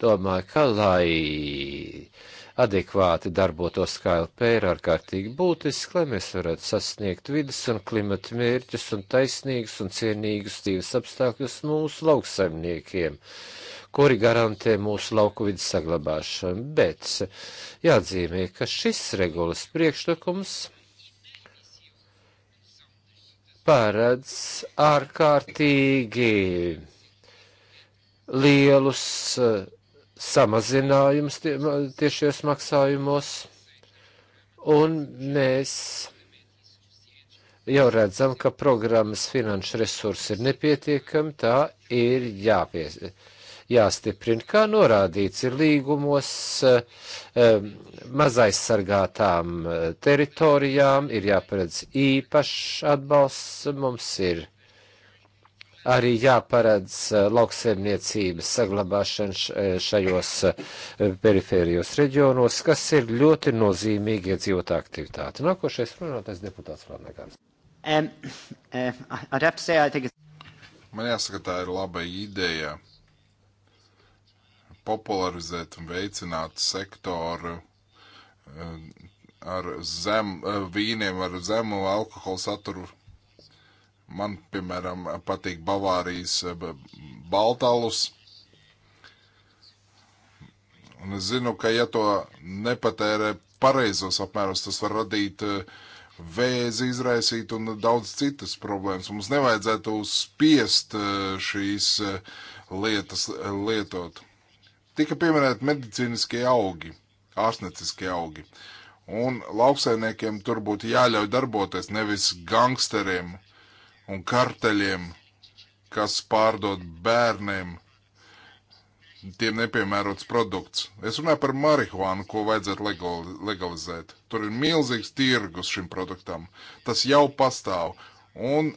domāju, ka lai adekvāti darbotos KLP ir ārkārtīgi būtiski, lai mēs varētu sasniegt vidas un klimata mērķus un taisnīgus un cienīgus dzīves apstākļus mūsu lauksaimniekiem kuri garantē mūsu lauku vidas saglabāšanu, bet jāatzīmē, ka šis regulas priekšlikums paredz ārkārtīgi lielus uh, samazinājums tie, tiešies maksājumos, un mēs jau redzam, ka programmas finanšu resursi ir nepietiekami, tā ir jāpies, jāstiprina. Kā norādīts, ir līgumos eh, eh, mazaizsargātām eh, teritorijām, ir jāparedz īpašs atbalsts, mums ir arī jāparedz eh, lauksaimniecības saglabāšana eh, šajos eh, perifērijos reģionos, kas ir ļoti nozīmīgi iedzīvotā aktivitāte. Nākošais runātais deputāts Flanagan. Um, um, Man jāsaka, tā ir laba ideja popularizēt un veicināt sektoru ar zem, vīniem ar zemu alkohola saturu Man, piemēram, patīk Bavārijas eh, baltalus. Un es zinu, ka ja to nepatērē pareizos apmēros, tas var radīt eh, vēzi izraisīt un daudz citas problēmas. Mums nevajadzētu spiest eh, šīs lietas lietot. Tika pieminēti medicīniskie augi, ārstnieciskie augi. Un lauksaimniekiem tur būtu jāļauj darboties, nevis gangsteriem un karteļiem, kas pārdod bērniem tiem nepiemērots produkts. Es runāju par marihuānu, ko vajadzētu legalizēt. Tur ir milzīgs tirgus šim produktam. Tas jau pastāv, un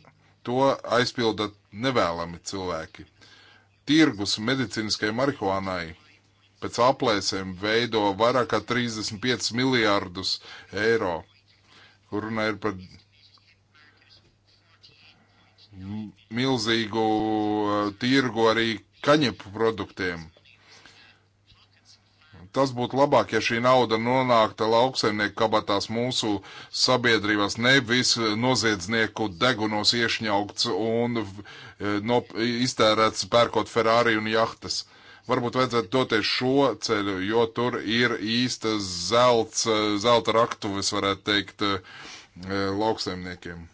to aizpilda nevēlami cilvēki. Tirgus medicīniskai marihuānai pēc aplēsēm veido vairāk kā 35 miljārdus eiro, kur runa ir par milzīgu uh, tirgu arī kaņepu produktiem. Tas būtu labāk, ja šī nauda nonākta lauksaimnieku kabatās mūsu sabiedrībās, nevis noziedznieku degunos iešņaugts un uh, no, iztērēts pērkot Ferrari un jahtas. Varbūt vajadzētu doties šo ceļu, jo tur ir īsta zelts, uh, zelta raktuves, varētu teikt, lauksaimniekiem.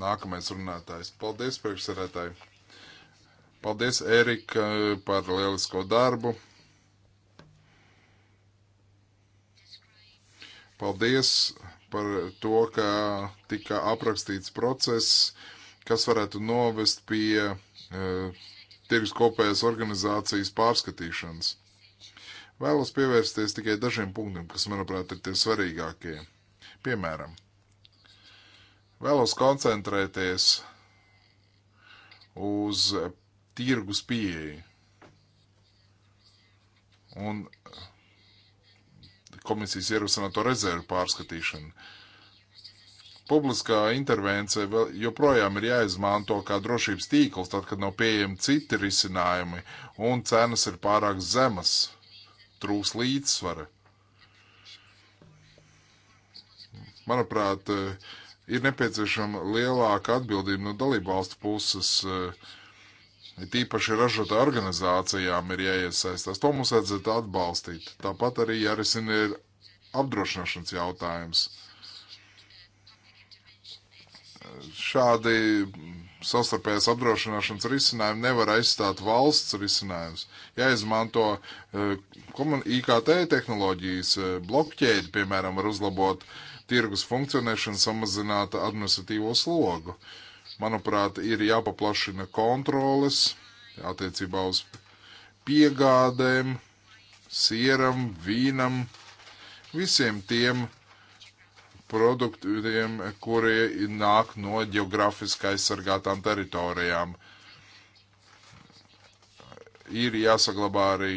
Nākamais runātājs. Paldies, priekšsarētāji. Paldies, Erika, par lielisko darbu. Paldies par to, ka tika aprakstīts process, kas varētu novest pie uh, tirgus kopējās organizācijas pārskatīšanas. Vēlos pievērsties tikai dažiem punktiem, kas, manuprāt, ir tie svarīgākie. Piemēram, Vēlos koncentrēties uz tirgus pieeju. Un komisijas ierosināto rezervu pārskatīšanu. Publiskā intervence joprojām ir jāizmanto kā drošības tīkls, tad, kad nav pieejami citi risinājumi un cenas ir pārāk zemas, trūks līdzsvara. Manuprāt, uh, ir nepieciešama lielāka atbildība no dalību valstu puses. Eh, Tīpaši ražota organizācijām ir jāiesaistās. To mums vajadzētu atbalstīt. Tāpat arī jārisina ir apdrošināšanas jautājums. Šādi sastarpējās apdrošināšanas risinājumi nevar aizstāt valsts risinājumus. Jāizmanto eh, IKT tehnoloģijas, eh, blokķēdi, piemēram, var uzlabot uh, tirgus funkcionēšanu samazinātu administratīvo slogu. Manuprāt, ir jāpaplašina kontroles attiecībā uz piegādēm, sieram, vīnam, visiem tiem produktiem, kuri nāk no geogrāfiski aizsargātām teritorijām. Ir jāsaglabā arī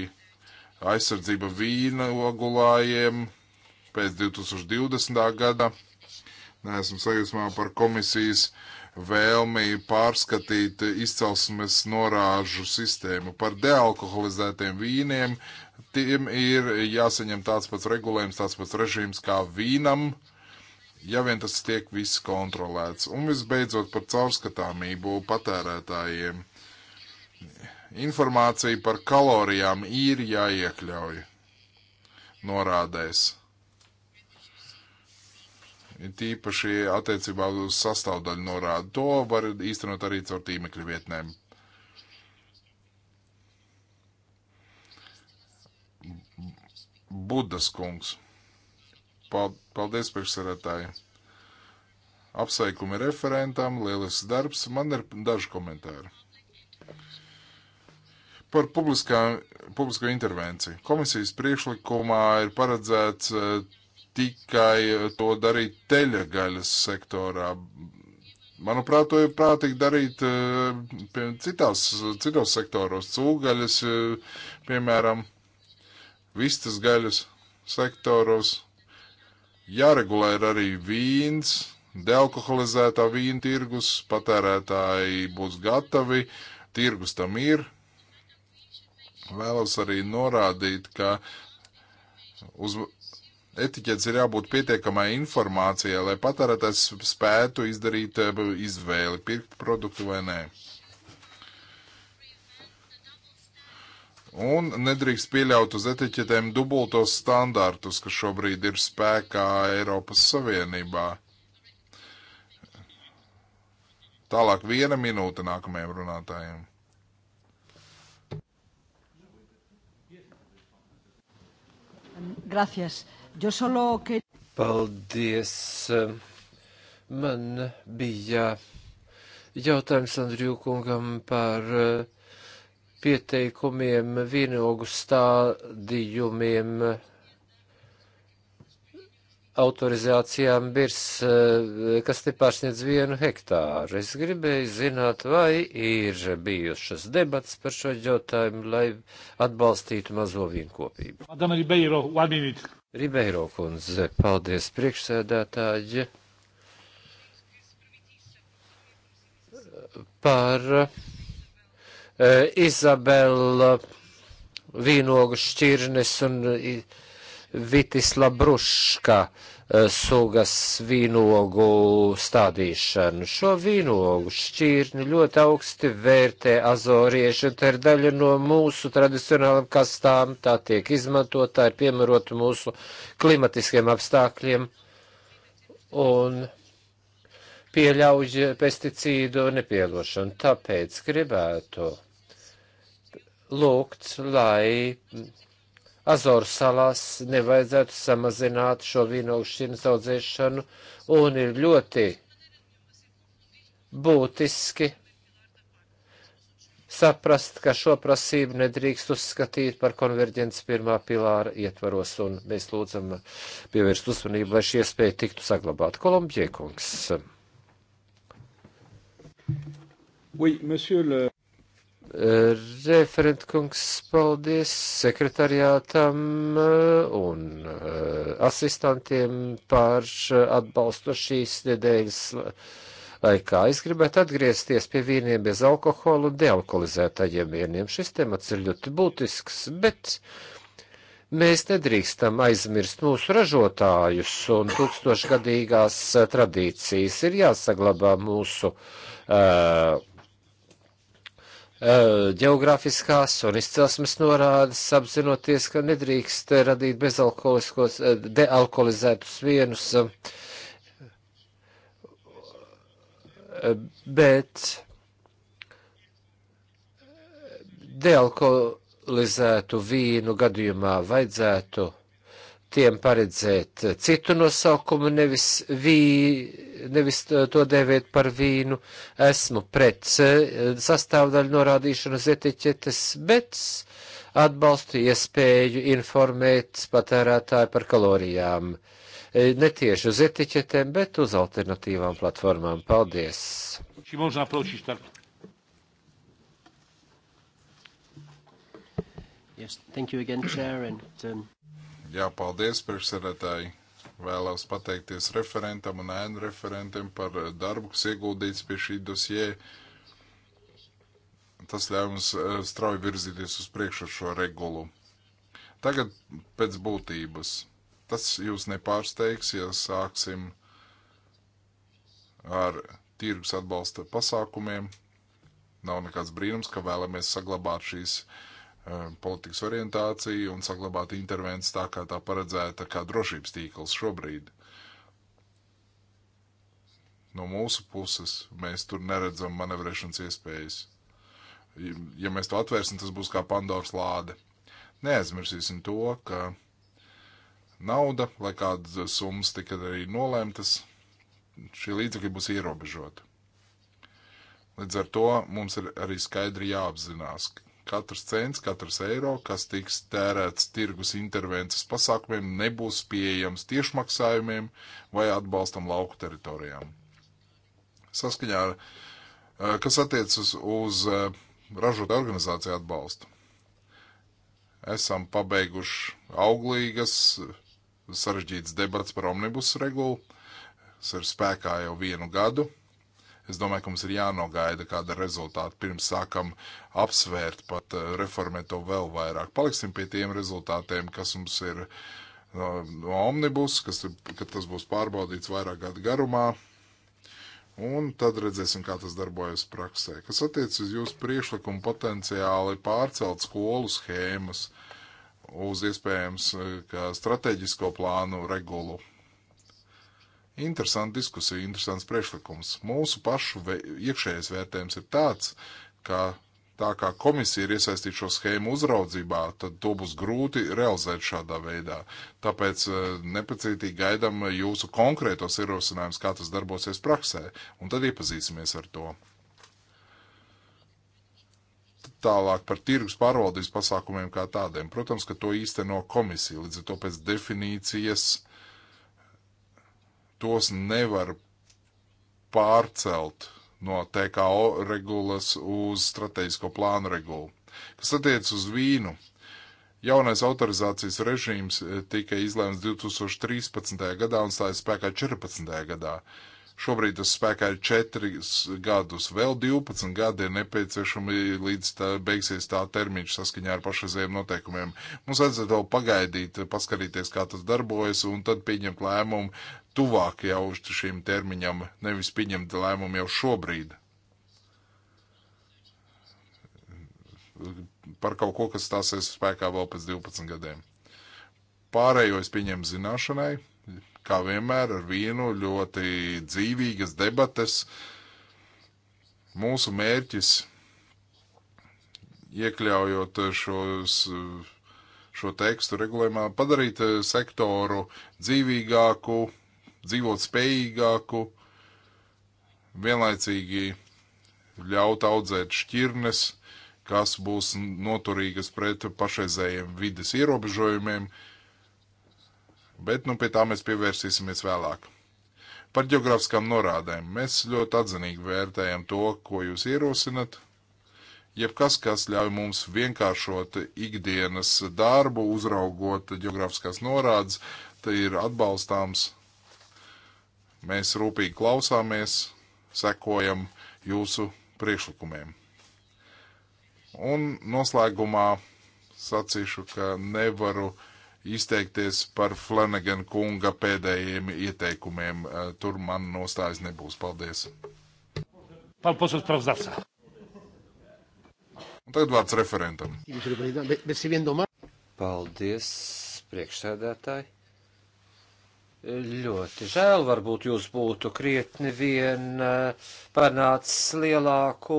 aizsardzība vīna ogulājiem, pēc 2020. gada. Esmu sajūsmā par komisijas vēlmi pārskatīt izcelsmes norāžu sistēmu par dealkoholizētiem vīniem. Tiem ir jāsaņem tāds pats regulējums, tāds pats režīms kā vīnam, ja vien tas tiek viss kontrolēts. Un visbeidzot par caurskatāmību patērētājiem. Informācija par kalorijām ir jāiekļauj norādēs tīpaši attiecībā uz sastāvdaļu norādu. To var īstenot arī caur tīmekļa vietnēm. Budas kungs. Paldies, priekšsarētāji. Apsveikumi referentam, lielisks darbs. Man ir daži komentāri. Par publiskā, publisko intervenciju. Komisijas priekšlikumā ir paredzēts eh, tikai to darīt teļgaļas sektorā. Manuprāt, to ir prātīgi darīt eh, pie, citās, citos sektoros. Cūgaļas, eh, piemēram, vistas gaļas sektoros. Jāregulē ir arī vīns, dealkoholizētā vīna tirgus, patērētāji būs gatavi, tirgus tam ir. Vēlos arī norādīt, ka uz etiķets ir jābūt pietiekamai informācijai, lai patērētājs spētu izdarīt eh, izvēli, pirkt produktu vai nē. Un nedrīkst pieļaut uz etiķetēm dubultos standartus, kas šobrīd ir spēkā Eiropas Savienībā. Tālāk viena minūte nākamajam runātājiem. Gracias. Uh, Paldies! Man bija jautājums Andriju kungam par eh, pieteikumiem vienogu stādījumiem autorizācijām birs, eh, kas nepārsniedz vienu hektāru. Es gribēju zināt, vai ir bijušas debats par šo jautājumu, lai atbalstītu mazo vienkopību. Madame Ribeiro, one minute. Ribeiro kundze, paldies priekšsēdētāji par uh, Izabela vīnogu šķirnes un Vitisla Bruška uh, Eh, sugas vīnogu stādīšanu. Šo vīnogu šķirni ļoti augsti vērtē azorieši, un tā ir daļa no mūsu tradicionālām kastām, tā tiek izmantot, tā ir piemērota mūsu klimatiskiem apstākļiem, un pieļauj pesticīdu nepielošanu. Tāpēc gribētu lūgt, lai Azoru salās nevajadzētu samazināt šo vīnogšķinu audzēšanu un ir ļoti būtiski saprast, ka šo prasību nedrīkst uzskatīt par konverģences pirmā pilāra ietvaros, un mēs lūdzam pievērst uzmanību, lai šī iespēja tiktu saglabāta. Kolumbijē kungs. Oui, le... Referentkungs, paldies sekretariātam eh, un eh, asistantiem par eh, atbalstu šīs nedēļas laikā. Es gribētu atgriezties pie vīniem bez alkohola un dealkoholizētajiem vīniem. Šis temats ir ļoti būtisks, bet mēs nedrīkstam aizmirst mūsu ražotājus un tūkstošgadīgās tradīcijas. Ir jāsaglabā mūsu. Uh, ģeogrāfiskās eh, un izcelsmes norādes, apzinoties, ka nedrīkst radīt bezalkoholiskos, eh, dealkoholizētus vienus, eh, bet dealkoholizētu vīnu gadījumā vajadzētu tiem paredzēt citu nosaukumu, nevis, vī, nevis to dēvēt par vīnu. Esmu pret eh, sastāvdaļu norādīšanas etiķetes, bet atbalstu iespēju informēt patērētāju par kalorijām. E, ne tieši uz etiķetēm, bet uz alternatīvām platformām. Paldies! Yes, thank you again, Chair, and um... Jā, paldies priekšsēdētāji. Vēlos pateikties referentam un ēnu referentiem par darbu, kas ieguldīts pie šī dosie. Tas ļauj mums e, strauji virzīties uz priekšu ar šo regulu. Tagad pēc būtības. Tas jūs nepārsteigs, ja sāksim ar tirgus atbalsta pasākumiem. Nav nekāds brīnums, ka vēlamies saglabāt šīs uh, Um, politikas orientāciju un saglabāt intervences tā, kā tā paredzēta, kā drošības tīkls šobrīd. No mūsu puses mēs tur neredzam manevrēšanas iespējas. Ja mēs to atvērsim, tas būs kā Pandoras lāde. Neaizmirsīsim to, ka nauda, lai kādas summas tika arī nolēmtas, šie līdzekļi būs ierobežoti. Līdz ar to mums ir arī skaidri jāapzinās, Katrs cents, katrs eiro, kas tiks tērēts tirgus intervences pasākumiem, nebūs pieejams tiešmaksājumiem vai atbalstam lauku teritorijām. Saskaņā, eh, kas attiecas uz eh, ražot organizāciju atbalstu, esam pabeiguši auglīgas sarežģītas debats par omnibus regulu. Tas ir spēkā jau vienu gadu. Es domāju, ka mums ir jānogaida kāda rezultāta pirms sākam apsvērt, pat eh, reformēt to vēl vairāk. Paliksim pie tiem rezultātiem, kas mums ir no, no omnibus, kas, kad tas būs pārbaudīts vairāk gadu garumā. Un tad redzēsim, kā tas darbojas praksē. Kas attiecas uz jūsu priekšlikumu potenciāli pārcelt skolu schēmas uz iespējams eh, strateģisko plānu regulu. Interesanta diskusija, interesants priekšlikums. Mūsu pašu vē, iekšējais vērtējums ir tāds, ka tā kā komisija ir iesaistīta šo schēmu uzraudzībā, tad to būs grūti realizēt šādā veidā. Tāpēc e, nepacietīgi gaidām jūsu konkrētos ierosinājumus, kā tas darbosies praksē, un tad iepazīsimies ar to tālāk par tirgus pārvaldības pasākumiem kā tādiem. Protams, ka to īsteno komisija, līdz ar to pēc definīcijas tos nevar pārcelt no TKO regulas uz strateģisko plānu regulu. Kas attiec uz vīnu, jaunais autorizācijas režīms eh, tika izlēmts 2013. gadā un stājas spēkā 14. gadā. Šobrīd tas spēkā ir 4 gadus, vēl 12 gadi ir nepieciešami, līdz tā beigsies tā termiņš saskaņā ar pašreizējiem noteikumiem. Mums vajadzētu vēl pagaidīt, paskatīties, kā tas darbojas, un tad pieņemt lēmumu tuvāk jau šim termiņam, nevis pieņemt lēmumu jau šobrīd. Par kaut ko, kas stāsies spēkā vēl pēc 12 gadiem. Pārējo es pieņemu zināšanai, kā vienmēr ar vienu ļoti dzīvīgas debates. Mūsu mērķis iekļaujot šos šo tekstu regulējumā, padarīt sektoru dzīvīgāku, dzīvot spējīgāku, vienlaicīgi ļaut audzēt šķirnes, kas būs noturīgas pret pašreizējiem vides ierobežojumiem, bet nu, pie tā mēs pievērsīsimies vēlāk. Par geogrāfiskām norādēm mēs ļoti atzinīgi vērtējam to, ko jūs ierosinat. Jebkas, kas ļauj mums vienkāršot ikdienas darbu, uzraugot geogrāfiskās norādes, ir atbalstāms Mēs rūpīgi klausāmies, sekojam jūsu priekšlikumiem. Un noslēgumā sacīšu, ka nevaru izteikties par Flanagan kunga pēdējiem ieteikumiem. Eh, tur man nostājas nebūs. Paldies! Palposot pravzdavca. Un tagad vārds referentam. Paldies, priekšsēdētāji ļoti žēl, varbūt jūs būtu krietni vien eh, panācis lielāku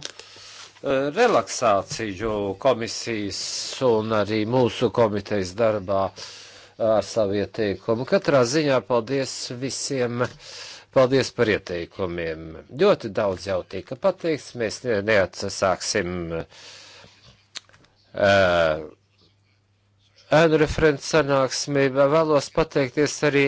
eh, relaksāciju komisijas un arī mūsu komitejas darbā eh, ar savu ieteikumu. Katrā ziņā paldies visiem. Paldies par ieteikumiem. Ļoti daudz jau tika pateikts. Mēs neatsāksim uh, ēnu referents sanāksmi. Vēlos pateikties arī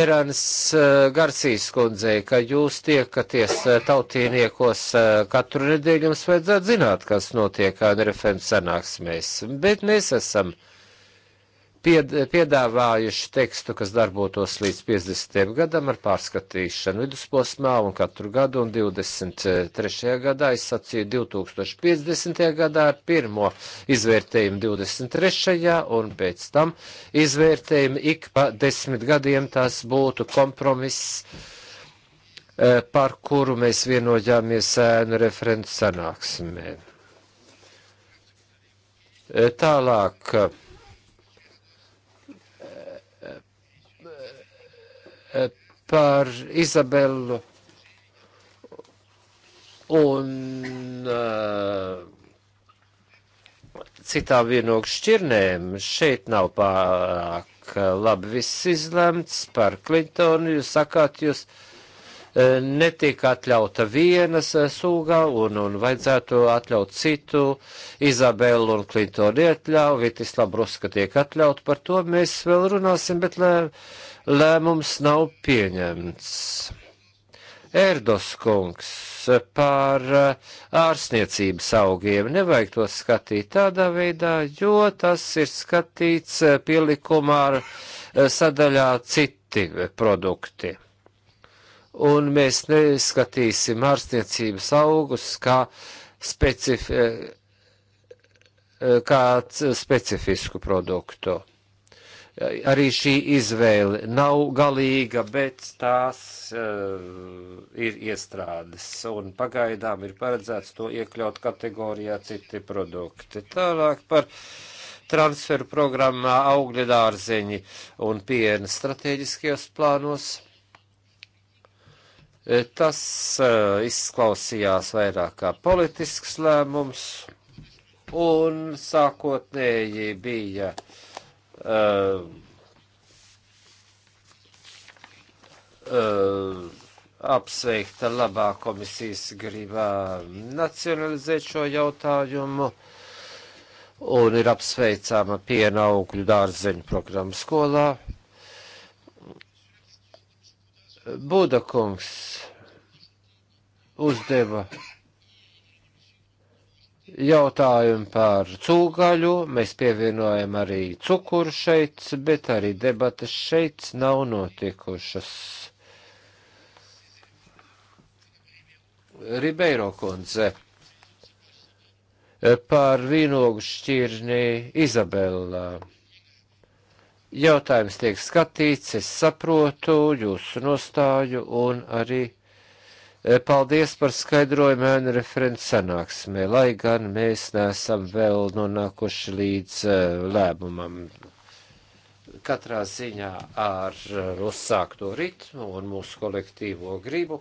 Erans eh, Garcijas kundzei, ka jūs tiekaties eh, tautīniekos eh, katru nedēļu, jums vajadzētu zināt, kas notiek ēnu referents sanāksmēs. Bet mēs esam. Uh, pied, piedāvājuši tekstu, kas darbotos līdz 50. gadam ar pārskatīšanu vidusposmā un katru gadu, un 23. gadā es sacīju 2050. gadā pirmo izvērtējumu 23. un pēc tam izvērtējumu ik pa desmit gadiem tas būtu kompromiss eh, par kuru mēs vienojāmies ēnu referentu sanāksmē. Eh, tālāk par Izabelu un uh, citām vienokļu šķirnēm. Šeit nav pārāk labi viss izlemts par Klintonu. Jūs sakāt, jūs uh, netiek atļauta vienas uh, sūgā un, un vajadzētu atļaut citu. Izabela un Klintoni ietļauj, Vitis Labruska tiek atļaut. Par to mēs vēl runāsim, bet. Lai, uh, lēmums nav pieņemts. Erdos kungs par eh, ārsniecības augiem. Nevajag to skatīt tādā veidā, jo tas ir skatīts eh, pielikumā ar eh, sadaļā citi produkti. Un mēs neskatīsim ārsniecības augus kā, specifi kā specifisku produktu arī šī izvēle nav galīga, bet tās uh, ir iestrādes, un pagaidām ir paredzēts to iekļaut kategorijā citi produkti. Tālāk par transferu programmā augļa dārzeņi un piena strateģiskajos plānos. Eh, tas uh, izklausījās vairāk kā politisks lēmums, un sākotnēji bija uh, uh, uh, apsveikta labā komisijas gribā nacionalizēt šo jautājumu un ir apsveicama pienaugļu dārzeņu programma skolā. Budakungs uzdeva jautājumu par cūgaļu, mēs pievienojam arī cukuru šeit, bet arī debatas šeit nav notikušas. Ribeiro kundze par vīnogu šķirni Izabelā. Jautājums tiek skatīts, es saprotu jūsu nostāju un arī Eh, paldies par skaidrojumu ēnu referents sanāksmē, lai gan mēs neesam vēl nonākuši līdz uh, lēmumam. Katrā ziņā ar uh, uzsākto ritmu un mūsu kolektīvo gribu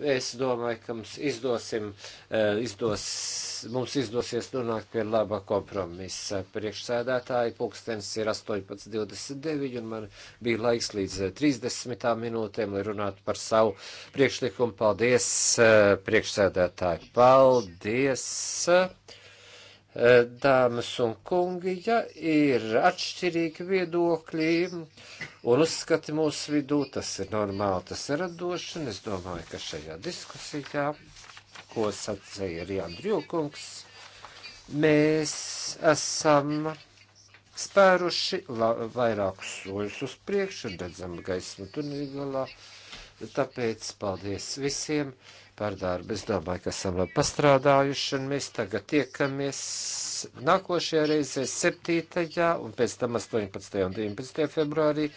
Es domāju, ka mums, izdosim, eh, izdos, mums izdosies nonākt pie laba kompromisa. Priekšsēdētāji pulkstens ir 18.29 un man bija laiks līdz 30 eh, minūtēm, lai runātu par savu priekšlikumu. Paldies, eh, priekšsēdētāji! Paldies! dāmas un kungi, ja ir atšķirīgi viedokļi un uzskati mūsu vidū, tas ir normāli, tas ir radoši, un es domāju, ka šajā diskusijā, ko sacīja arī Andrjūkungs, mēs esam spēruši vairākus soļus uz priekšu, redzam gaismu tunelī galā, tāpēc paldies visiem par darbu. Es domāju, ka esam labi pastrādājuši, un mēs tagad tiekamies nākošajā reizē 7. un pēc tam 18. un 19. februārī,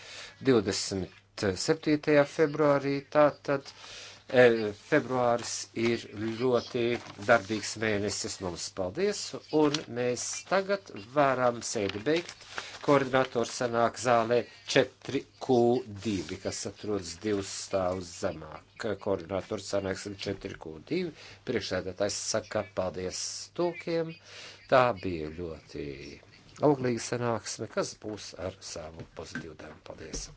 27. februārī, tātad. E, februāris ir ļoti darbīgs mēnesis mums. Paldies! Un mēs tagad varam sēdi beigt. Koordinators sanāk zālē 4Q2, kas atrodas divus stāvus zemāk. Koordinators sanāksim 4Q2. Priekšsēdētājs saka paldies tūkiem. Tā bija ļoti auglīga sanāksme, kas būs ar savu pozitīvu dēmu. Paldies!